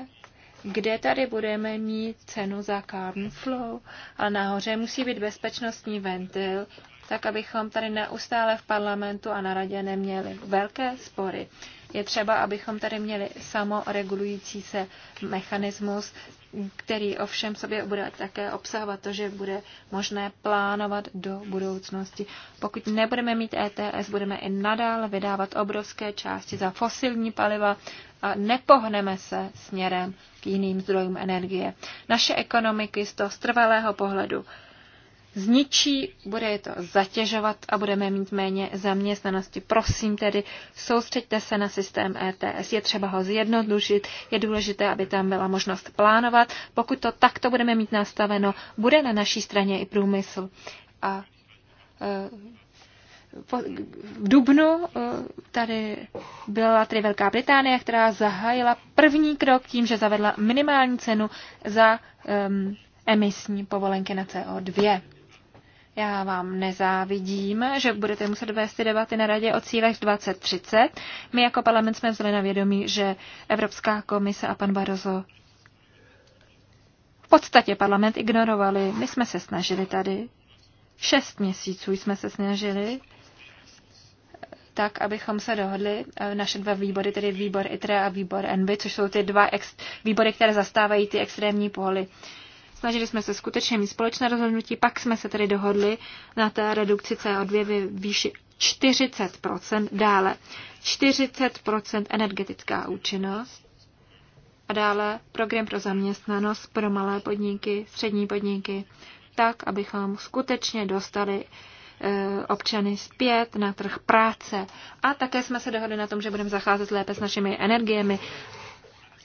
kde tady budeme mít cenu za carbon flow, ale nahoře musí být bezpečnostní ventil tak abychom tady neustále v parlamentu a na radě neměli velké spory. Je třeba, abychom tady měli samoregulující se mechanismus, který ovšem sobě bude také obsahovat to, že bude možné plánovat do budoucnosti. Pokud nebudeme mít ETS, budeme i nadále vydávat obrovské části za fosilní paliva a nepohneme se směrem k jiným zdrojům energie. Naše ekonomiky z toho strvalého pohledu zničí, bude je to zatěžovat a budeme mít méně zaměstnanosti. Prosím tedy, soustřeďte se na systém ETS. Je třeba ho zjednodušit, je důležité, aby tam byla možnost plánovat. Pokud to takto budeme mít nastaveno, bude na naší straně i průmysl. A eh, v Dubnu eh, tady byla tady Velká Británie, která zahájila první krok tím, že zavedla minimální cenu za um, emisní povolenky na CO2. Já vám nezávidím, že budete muset vést ty debaty na radě o cílech 2030. My jako parlament jsme vzali na vědomí, že Evropská komise a pan Barozo v podstatě parlament ignorovali. My jsme se snažili tady. Šest měsíců jsme se snažili tak, abychom se dohodli, naše dva výbory, tedy výbor ITRE a výbor ENVY, což jsou ty dva ex- výbory, které zastávají ty extrémní póly. Snažili jsme se skutečně mít společné rozhodnutí, pak jsme se tedy dohodli na té redukci CO2 výši 40 dále 40 energetická účinnost a dále program pro zaměstnanost pro malé podniky, střední podniky, tak, abychom skutečně dostali e, občany zpět na trh práce. A také jsme se dohodli na tom, že budeme zacházet lépe s našimi energiemi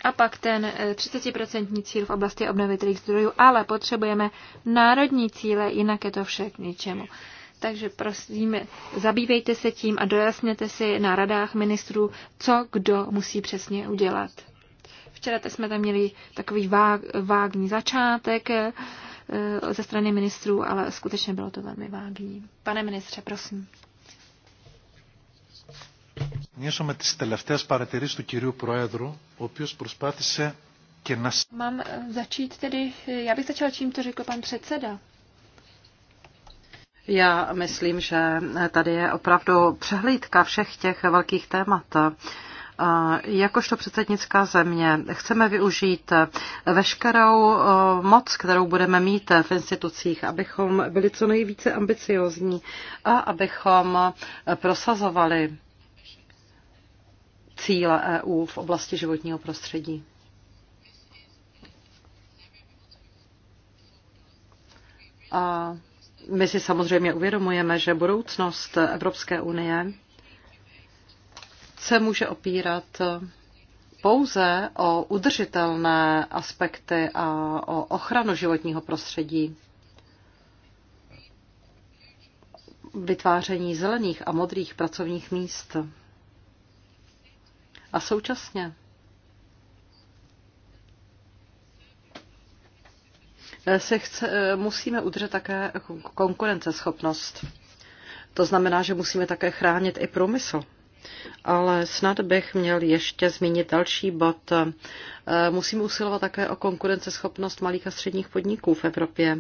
a pak ten 30% eh, cíl v oblasti obnovitelných zdrojů, ale potřebujeme národní cíle, jinak je to vše k ničemu. Takže prosím, zabývejte se tím a dojasněte si na radách ministrů, co kdo musí přesně udělat. Včera jsme tam měli takový vág, vágní začátek eh, ze strany ministrů, ale skutečně bylo to velmi vágní. Pane ministře, prosím. Mám začít tedy, já bych začal čím to řekl pan předseda. Já myslím, že tady je opravdu přehlídka všech těch velkých témat. Jakožto předsednická země chceme využít veškerou moc, kterou budeme mít v institucích, abychom byli co nejvíce ambiciozní a abychom prosazovali cíle EU v oblasti životního prostředí. A my si samozřejmě uvědomujeme, že budoucnost Evropské unie se může opírat pouze o udržitelné aspekty a o ochranu životního prostředí. Vytváření zelených a modrých pracovních míst. A současně se chce, musíme udržet také konkurenceschopnost. To znamená, že musíme také chránit i průmysl. Ale snad bych měl ještě zmínit další bod. Musíme usilovat také o konkurenceschopnost malých a středních podniků v Evropě.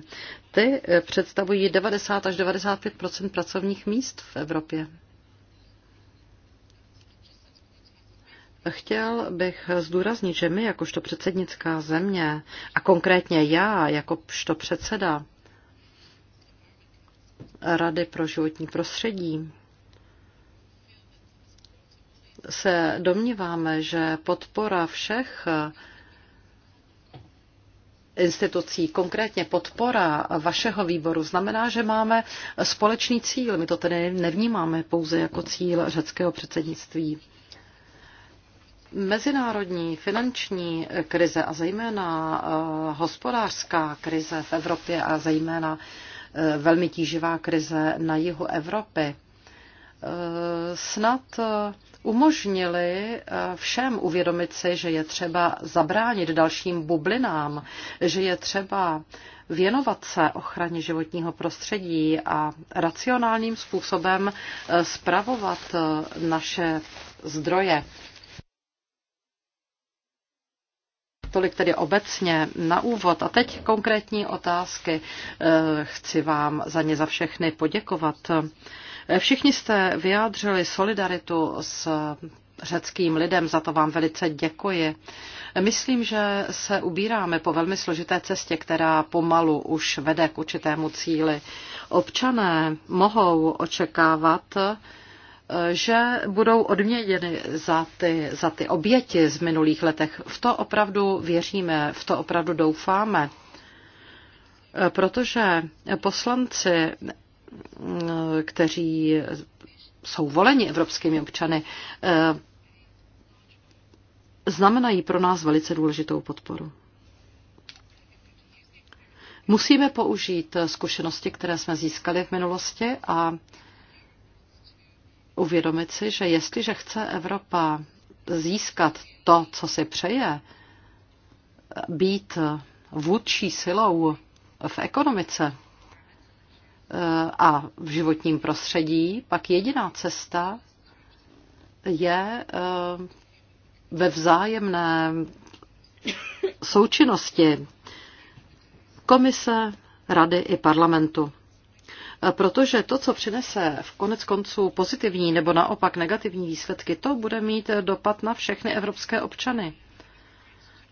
Ty představují 90 až 95 pracovních míst v Evropě. Chtěl bych zdůraznit, že my, jakožto předsednická země, a konkrétně já, jakožto předseda Rady pro životní prostředí, se domníváme, že podpora všech institucí, konkrétně podpora vašeho výboru, znamená, že máme společný cíl. My to tedy nevnímáme pouze jako cíl řeckého předsednictví. Mezinárodní finanční krize a zejména eh, hospodářská krize v Evropě a zejména eh, velmi tíživá krize na jihu Evropy eh, snad umožnili všem uvědomit si, že je třeba zabránit dalším bublinám, že je třeba věnovat se ochraně životního prostředí a racionálním způsobem spravovat naše zdroje. Tolik tedy obecně na úvod. A teď konkrétní otázky. Eh, chci vám za ně za všechny poděkovat. Eh, všichni jste vyjádřili solidaritu s řeckým lidem, za to vám velice děkuji. Eh, myslím, že se ubíráme po velmi složité cestě, která pomalu už vede k určitému cíli. Občané mohou očekávat, že budou odměněny za ty, za ty oběti z minulých letech. V to opravdu věříme, v to opravdu doufáme, protože poslanci, kteří jsou voleni evropskými občany, znamenají pro nás velice důležitou podporu. Musíme použít zkušenosti, které jsme získali v minulosti a uvědomit si, že jestliže chce Evropa získat to, co si přeje, být vůdčí silou v ekonomice eh, a v životním prostředí, pak jediná cesta je eh, ve vzájemné součinnosti komise, rady i parlamentu protože to, co přinese v konec konců pozitivní nebo naopak negativní výsledky, to bude mít dopad na všechny evropské občany.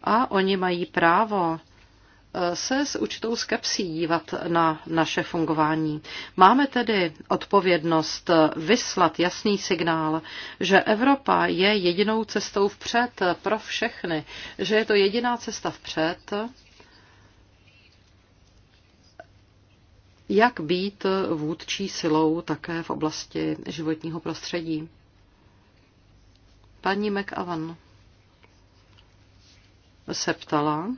A oni mají právo eh, se s určitou skepsí dívat na naše fungování. Máme tedy odpovědnost eh, vyslat jasný signál, že Evropa je jedinou cestou vpřed eh, pro všechny, že je to jediná cesta vpřed, jak být vůdčí silou také v oblasti životního prostředí. Paní McAvan se ptala,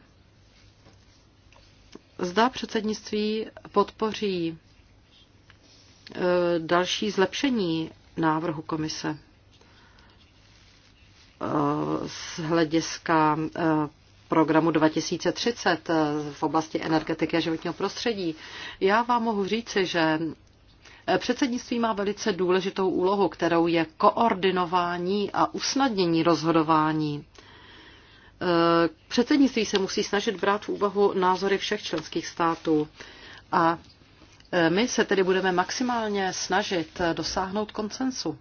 zda předsednictví podpoří e, další zlepšení návrhu komise e, z hlediska e, programu 2030 eh, v oblasti energetiky a životního prostředí. Já vám mohu říci, že eh, Předsednictví má velice důležitou úlohu, kterou je koordinování a usnadnění rozhodování. Eh, předsednictví se musí snažit brát v úvahu názory všech členských států a my se tedy budeme maximálně snažit dosáhnout koncensu.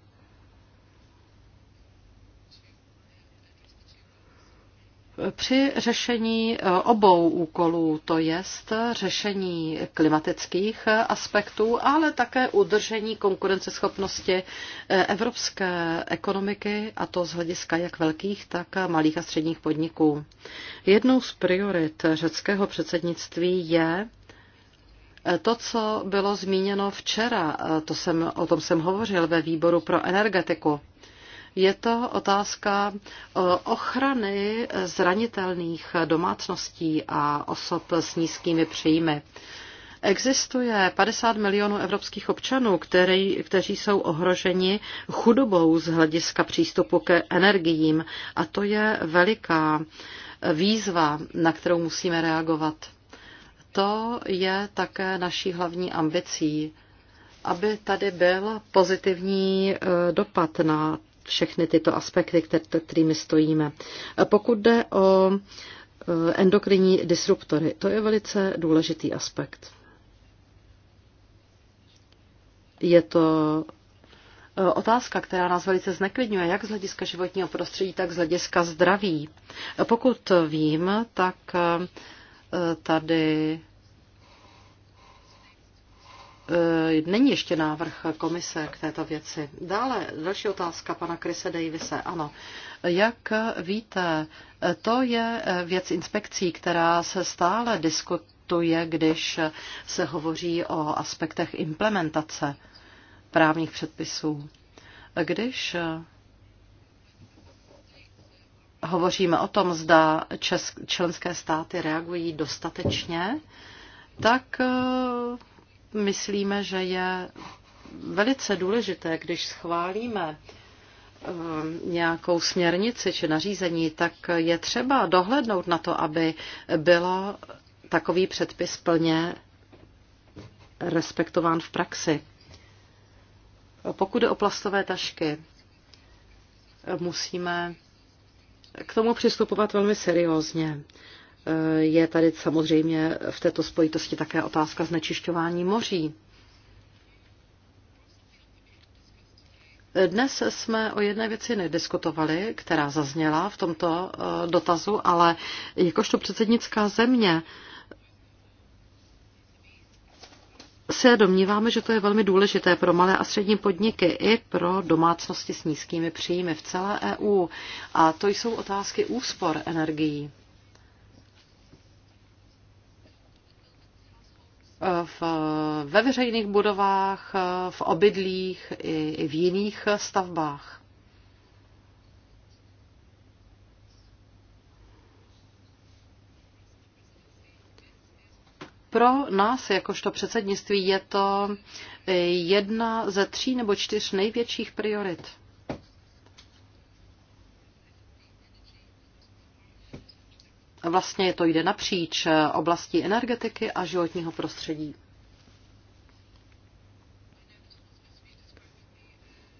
Při řešení eh, obou úkolů, to jest řešení klimatických aspektů, ale také udržení konkurenceschopnosti eh, evropské ekonomiky, a to z hlediska jak velkých, tak malých a středních podniků. Jednou z priorit řeckého předsednictví je eh, to, co bylo zmíněno včera, to jsem, o tom jsem hovořil ve výboru pro energetiku, je to otázka eh, ochrany zranitelných domácností a osob s nízkými příjmy. Existuje 50 milionů evropských občanů, který, kteří jsou ohroženi chudobou z hlediska přístupu ke energiím a to je veliká výzva, na kterou musíme reagovat. To je také naší hlavní ambicí, aby tady byl pozitivní eh, dopad na všechny tyto aspekty, kterými stojíme. Pokud jde o e, endokrinní disruptory, to je velice důležitý aspekt. Je to e, otázka, která nás velice zneklidňuje, jak z hlediska životního prostředí, tak z hlediska zdraví. Pokud vím, tak e, tady E, není ještě návrh komise k této věci. Dále další otázka pana Krise Davise. Ano, jak víte, to je věc inspekcí, která se stále diskutuje, když se hovoří o aspektech implementace právních předpisů. Když hovoříme o tom, zda česk, členské státy reagují dostatečně, tak myslíme, že je velice důležité, když schválíme eh, nějakou směrnici či nařízení, tak je třeba dohlednout na to, aby bylo takový předpis plně respektován v praxi. Pokud je o plastové tašky, musíme k tomu přistupovat velmi seriózně. Je tady samozřejmě v této spojitosti také otázka znečišťování moří. Dnes jsme o jedné věci nediskutovali, která zazněla v tomto eh, dotazu, ale jakožto předsednická země se domníváme, že to je velmi důležité pro malé a střední podniky i pro domácnosti s nízkými příjmy v celé EU. A to jsou otázky úspor energií. v, ve veřejných budovách, v obydlích i, i v jiných stavbách. Pro nás, jakožto předsednictví, je to jedna ze tří nebo čtyř největších priorit. Vlastně to jde napříč oblasti energetiky a životního prostředí.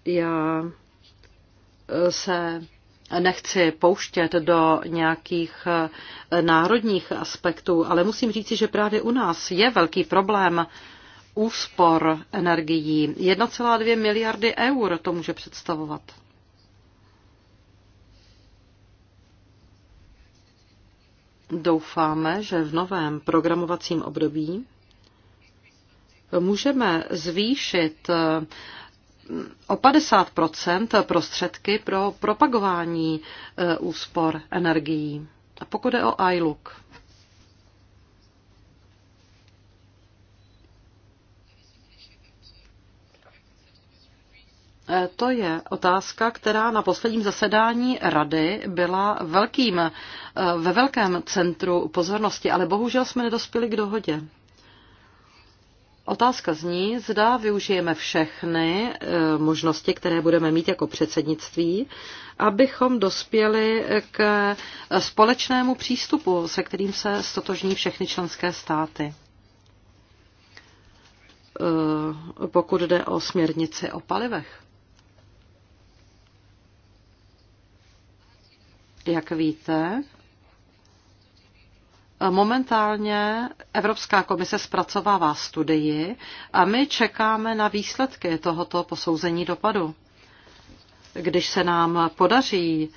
Já eh, se nechci pouštět do nějakých eh, národních aspektů, ale musím říci, že právě u nás je velký problém úspor energií. 1,2 miliardy eur to může představovat. Doufáme, že v novém programovacím období můžeme zvýšit eh, o 50 prostředky pro propagování eh, úspor energií. A pokud je o iLook, E, to je otázka, která na posledním zasedání rady byla velkým, e, ve velkém centru pozornosti, ale bohužel jsme nedospěli k dohodě. Otázka zní, zda využijeme všechny e, možnosti, které budeme mít jako předsednictví, abychom dospěli k společnému přístupu, se kterým se stotožní všechny členské státy. Pokud jde o směrnici o palivech. Jak víte, momentálně Evropská komise zpracovává studii a my čekáme na výsledky tohoto posouzení dopadu. Když se nám podaří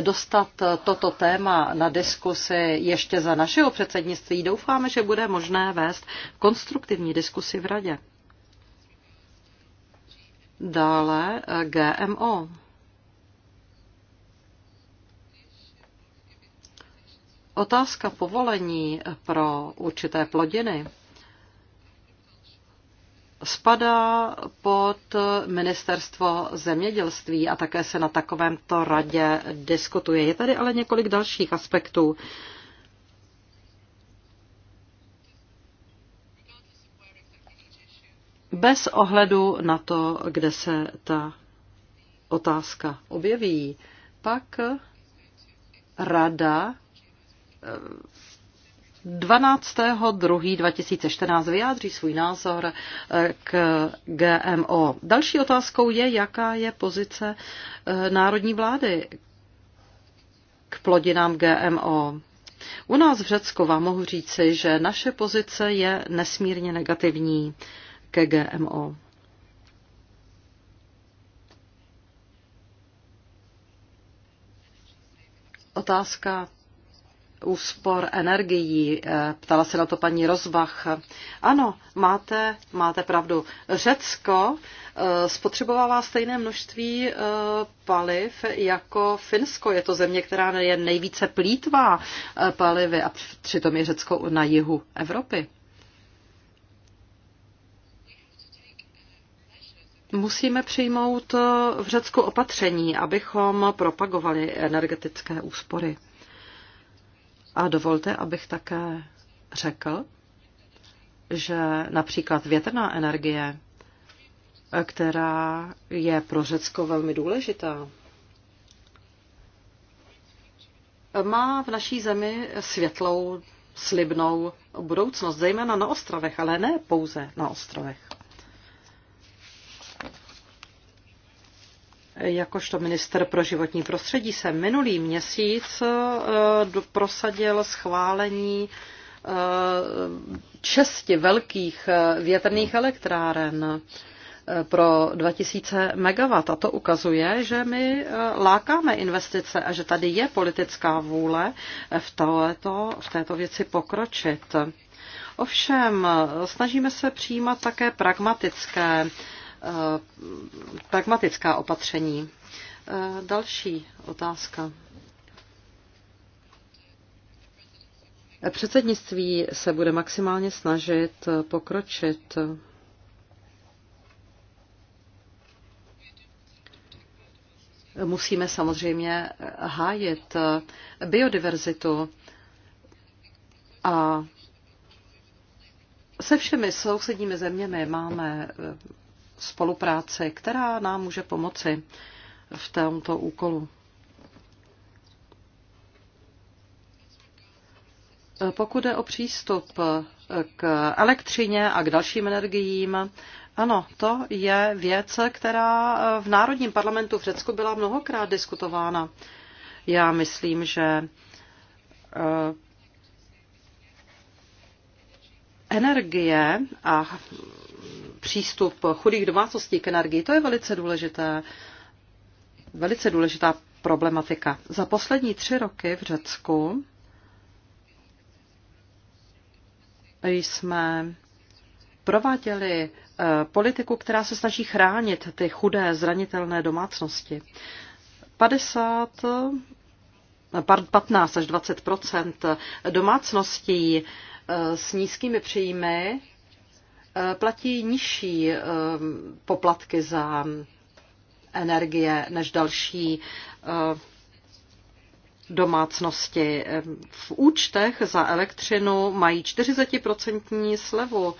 dostat toto téma na diskusi ještě za našeho předsednictví, doufáme, že bude možné vést konstruktivní diskusi v Radě. Dále GMO. Otázka povolení pro určité plodiny spadá pod ministerstvo zemědělství a také se na takovémto radě diskutuje. Je tady ale několik dalších aspektů. Bez ohledu na to, kde se ta otázka objeví, pak rada 12.2.2014 vyjádří svůj názor eh, k GMO. Další otázkou je, jaká je pozice eh, národní vlády k plodinám GMO. U nás v Řecku vám mohu říci, že naše pozice je nesmírně negativní ke GMO. Otázka úspor energií. Eh, ptala se na to paní Rozbach. Ano, máte, máte pravdu. Řecko eh, spotřebovává stejné množství eh, paliv jako Finsko. Je to země, která je nejvíce plítvá palivy a přitom je Řecko na jihu Evropy. Musíme přijmout v Řecku opatření, abychom propagovali energetické úspory. A dovolte, abych také řekl, že například větrná energie, která je pro Řecko velmi důležitá, má v naší zemi světlou, slibnou budoucnost, zejména na ostrovech, ale ne pouze na ostrovech. Jakožto minister pro životní prostředí jsem minulý měsíc eh, prosadil schválení česti eh, velkých eh, větrných elektráren pro 2000 MW. A to ukazuje, že my lákáme investice a že tady je politická vůle v, této, v této věci pokročit. Ovšem, snažíme se přijímat také pragmatické Eh, pragmatická opatření. Eh, další otázka. Předsednictví se bude maximálně snažit pokročit musíme samozřejmě hájit biodiverzitu a se všemi sousedními zeměmi máme spolupráci, která nám může pomoci v tomto úkolu. Pokud je o přístup k elektřině a k dalším energiím, ano, to je věc, která v Národním parlamentu v Řecku byla mnohokrát diskutována. Já myslím, že energie a přístup chudých domácností k energii, to je velice důležité, velice důležitá problematika. Za poslední tři roky v Řecku jsme prováděli eh, politiku, která se snaží chránit ty chudé, zranitelné domácnosti. 50 15 eh, až 20 domácností Eh, s nízkými příjmy eh, platí nižší eh, poplatky za energie než další domácnosti. V účtech za elektřinu mají 40% slevu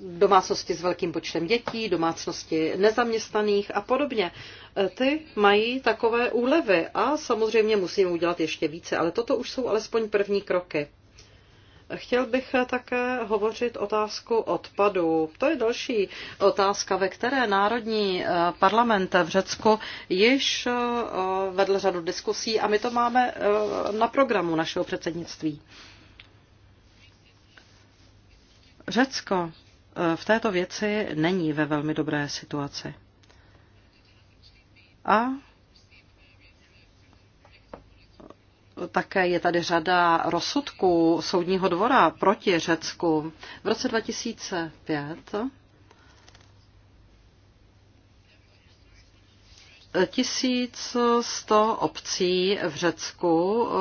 domácnosti s velkým počtem dětí, domácnosti nezaměstnaných a podobně. E, ty mají takové úlevy a samozřejmě musíme udělat ještě více, ale toto už jsou alespoň první kroky. Chtěl bych také hovořit otázku odpadu. To je další otázka, ve které Národní e, parlament v Řecku již e, vedl řadu diskusí a my to máme na programu našeho předsednictví. Řecko v této věci není ve velmi dobré situaci. A také je tady řada rozsudků soudního dvora proti Řecku. V roce 2005 1100 obcí v Řecku eh,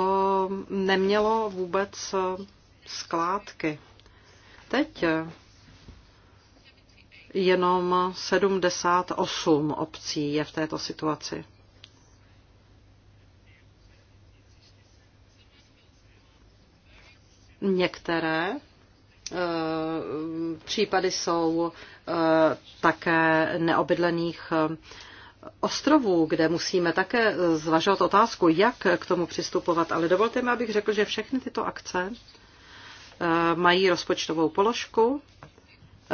nemělo vůbec skládky. Teď jenom 78 obcí je v této situaci. Některé eh, případy jsou eh, také neobydlených eh, ostrovů, kde musíme také zvažovat otázku, jak k tomu přistupovat. Ale dovolte mi, abych řekl, že všechny tyto akce mají rozpočtovou položku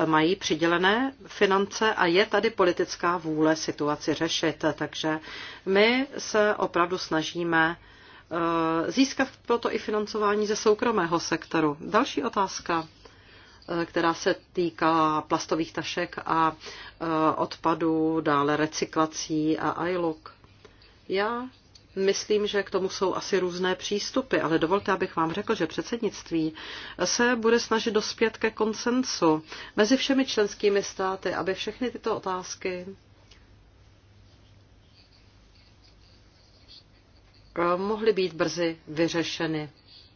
mají přidělené finance a je tady politická vůle situaci řešit. Takže my se opravdu snažíme eh, získat proto i financování ze soukromého sektoru. Další otázka eh, která se týká plastových tašek a eh, odpadů, dále recyklací a iLook. Já Myslím, že k tomu jsou asi různé přístupy, ale dovolte, abych vám řekl, že předsednictví se bude snažit dospět ke konsensu mezi všemi členskými státy, aby všechny tyto otázky eh, mohly být brzy vyřešeny.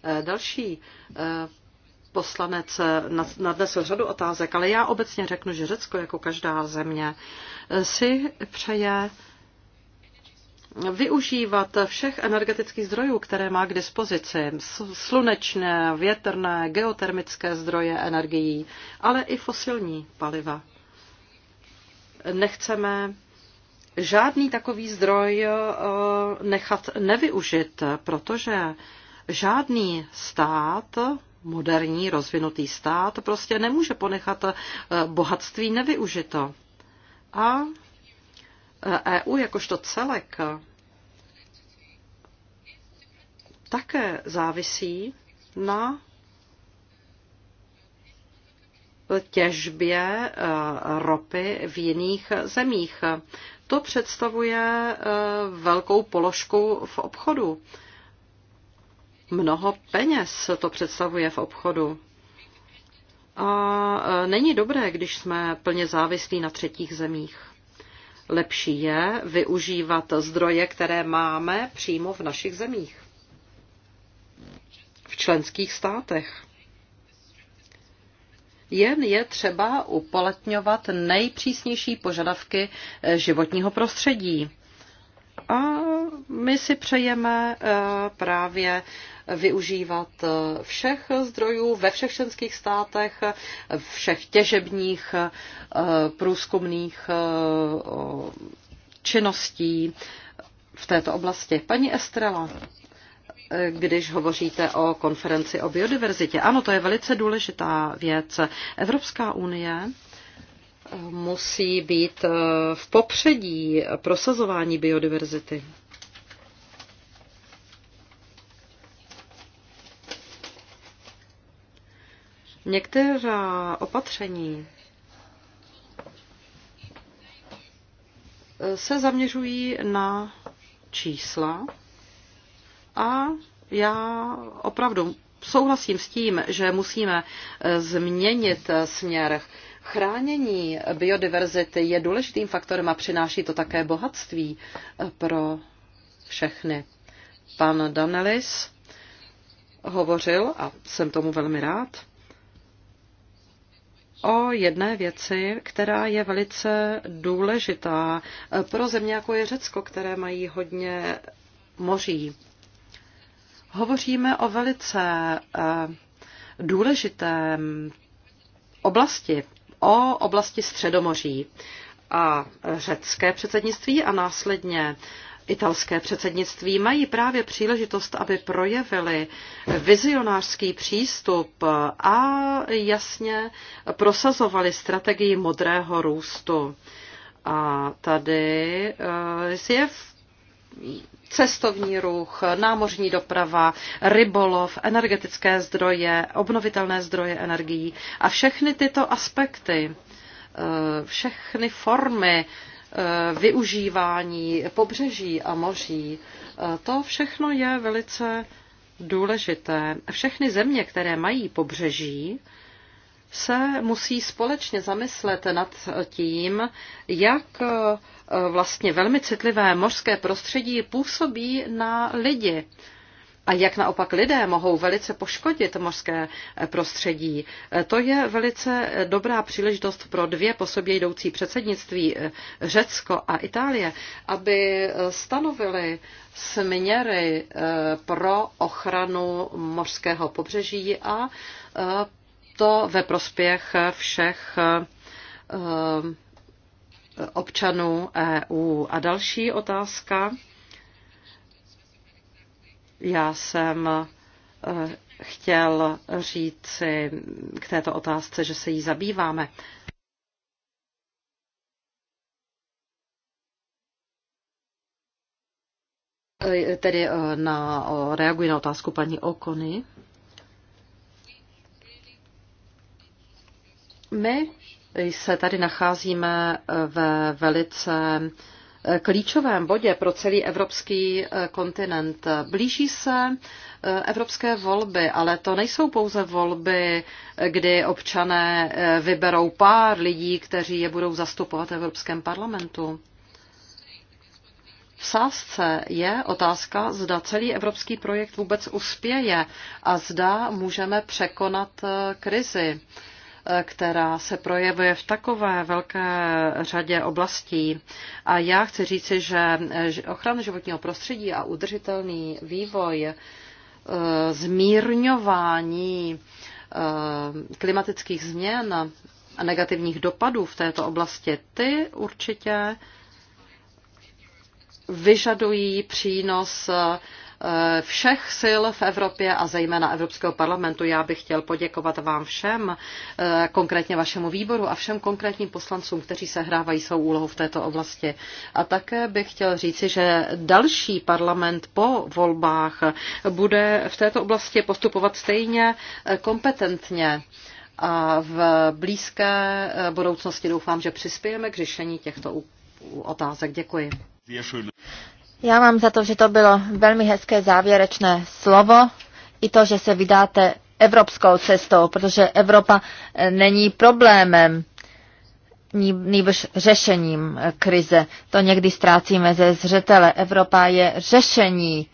Eh, další eh, poslanec nadnesl řadu otázek, ale já obecně řeknu, že Řecko jako každá země si přeje využívat všech energetických zdrojů, které má k dispozici, slunečné, větrné, geotermické zdroje energií, ale i fosilní paliva. Nechceme žádný takový zdroj eh, nechat nevyužit, protože žádný stát, moderní rozvinutý stát, prostě nemůže ponechat eh, bohatství nevyužito. A EU e jakožto celek také závisí na těžbě e, ropy v jiných zemích. To představuje e, velkou položku v obchodu. Mnoho peněz to představuje v obchodu. A není dobré, když jsme plně závislí na třetích zemích lepší je využívat zdroje, které máme přímo v našich zemích, v členských státech. Jen je třeba uplatňovat nejpřísnější požadavky eh, životního prostředí. A my si přejeme eh, právě využívat všech zdrojů ve všech členských státech, všech těžebních eh, průzkumných eh, činností v této oblasti. Paní Estrela, eh, když hovoříte o konferenci o biodiverzitě, ano, to je velice důležitá věc. Evropská unie musí být v popředí prosazování biodiverzity. Některá opatření se zaměřují na čísla a já opravdu souhlasím s tím, že musíme eh, změnit eh, směr. Chránění biodiverzity je důležitým faktorem a přináší to také bohatství eh, pro všechny. Pan Danelis hovořil, a jsem tomu velmi rád, o jedné věci, která je velice důležitá pro země, jako je Řecko, které mají hodně moří. Hovoříme o velice eh, důležité oblasti, o oblasti Středomoří a řecké předsednictví a následně italské předsednictví mají právě příležitost, aby projevili vizionářský přístup a jasně prosazovali strategii modrého růstu. A tady eh, je cestovní ruch, námořní doprava, rybolov, energetické zdroje, obnovitelné zdroje energií a všechny tyto aspekty, eh, všechny formy Eh, využívání pobřeží a moří. Eh, to všechno je velice důležité. Všechny země, které mají pobřeží, se musí společně zamyslet nad tím, jak eh, vlastně velmi citlivé mořské prostředí působí na lidi a jak naopak lidé mohou velice poškodit mořské eh, prostředí. Eh, to je velice eh, dobrá příležitost pro dvě po sobě jdoucí předsednictví Řecko a Itálie, aby stanovili směry pro ochranu mořského pobřeží a to ve prospěch všech občanů EU. A další otázka já jsem eh, chtěl říci k této otázce, že se jí zabýváme. Eh, tedy eh, na, reaguji na otázku paní Okony. My se tady nacházíme ve velice klíčovém bodě pro celý evropský eh, kontinent. Blíží se eh, evropské volby, ale to nejsou pouze volby, eh, kdy občané vyberou pár lidí, kteří je budou zastupovat v Evropském parlamentu. V sázce je otázka, zda celý evropský projekt vůbec uspěje a zda můžeme překonat krizi která se projevuje v takové velké řadě oblastí. A já chci říci, že ochrana životního prostředí a udržitelný vývoj, eh, zmírňování eh, klimatických změn a negativních dopadů v této oblasti, ty určitě vyžadují přínos eh, Eh, všech sil v Evropě a zejména Evropského parlamentu. Já bych chtěl poděkovat vám všem, eh, konkrétně vašemu výboru a všem konkrétním poslancům, kteří se hrávají svou úlohu v této oblasti. A také bych chtěl říci, že další parlament po volbách bude v této oblasti postupovat stejně eh, kompetentně. A v blízké budoucnosti doufám, že přispějeme k řešení těchto otázek. Děkuji. Já mám za to, že to bylo velmi hezké závěrečné slovo i to, že se vydáte evropskou cestou, protože Evropa eh, není problémem, nýbrž řešením eh, krize. To někdy ztrácíme ze zřetele. Evropa je řešení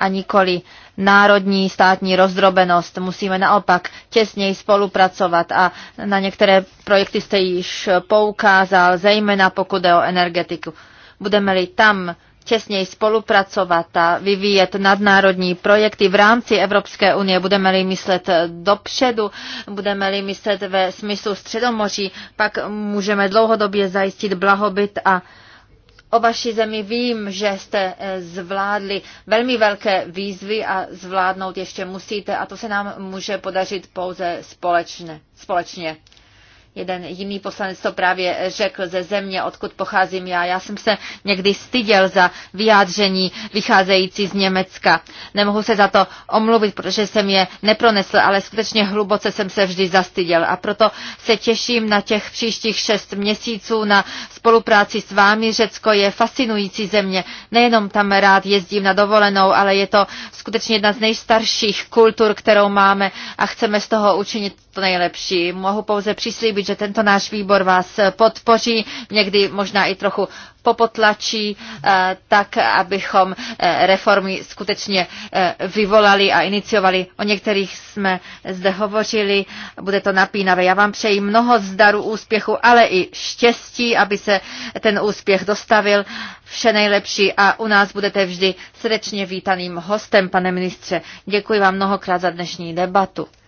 a nikoli národní státní rozdrobenost. Musíme naopak těsněji spolupracovat a na některé projekty jste již poukázal, zejména pokud jde o energetiku. Budeme-li tam těsněji spolupracovat a vyvíjet nadnárodní projekty v rámci Evropské unie. Budeme-li myslet dopředu, budeme-li myslet ve smyslu středomoří, pak můžeme dlouhodobě zajistit blahobyt a O vaší zemi vím, že jste eh, zvládli velmi velké výzvy a zvládnout ještě musíte a to se nám může podařit pouze společně. společně. Jeden jiný poslanec to právě řekl ze země, odkud pocházím já. Já jsem se někdy styděl za vyjádření vycházející z Německa. Nemohu se za to omluvit, protože jsem je nepronesl, ale skutečně hluboce jsem se vždy zastyděl. A proto se těším na těch příštích šest měsíců na spolupráci s vámi. Řecko je fascinující země. Nejenom tam rád jezdím na dovolenou, ale je to skutečně jedna z nejstarších kultur, kterou máme a chceme z toho učinit to nejlepší. Mohu pouze přislíbit, slíbit, že tento náš výbor vás podpoří, někdy možná i trochu popotlačí, eh, tak abychom eh, reformy skutečně eh, vyvolali a iniciovali. O některých jsme zde hovořili, bude to napínavé. Já vám přeji mnoho zdaru, úspěchu, ale i štěstí, aby se ten úspěch dostavil. Vše nejlepší a u nás budete vždy srdečně vítaným hostem, pane ministře. Děkuji vám mnohokrát za dnešní debatu.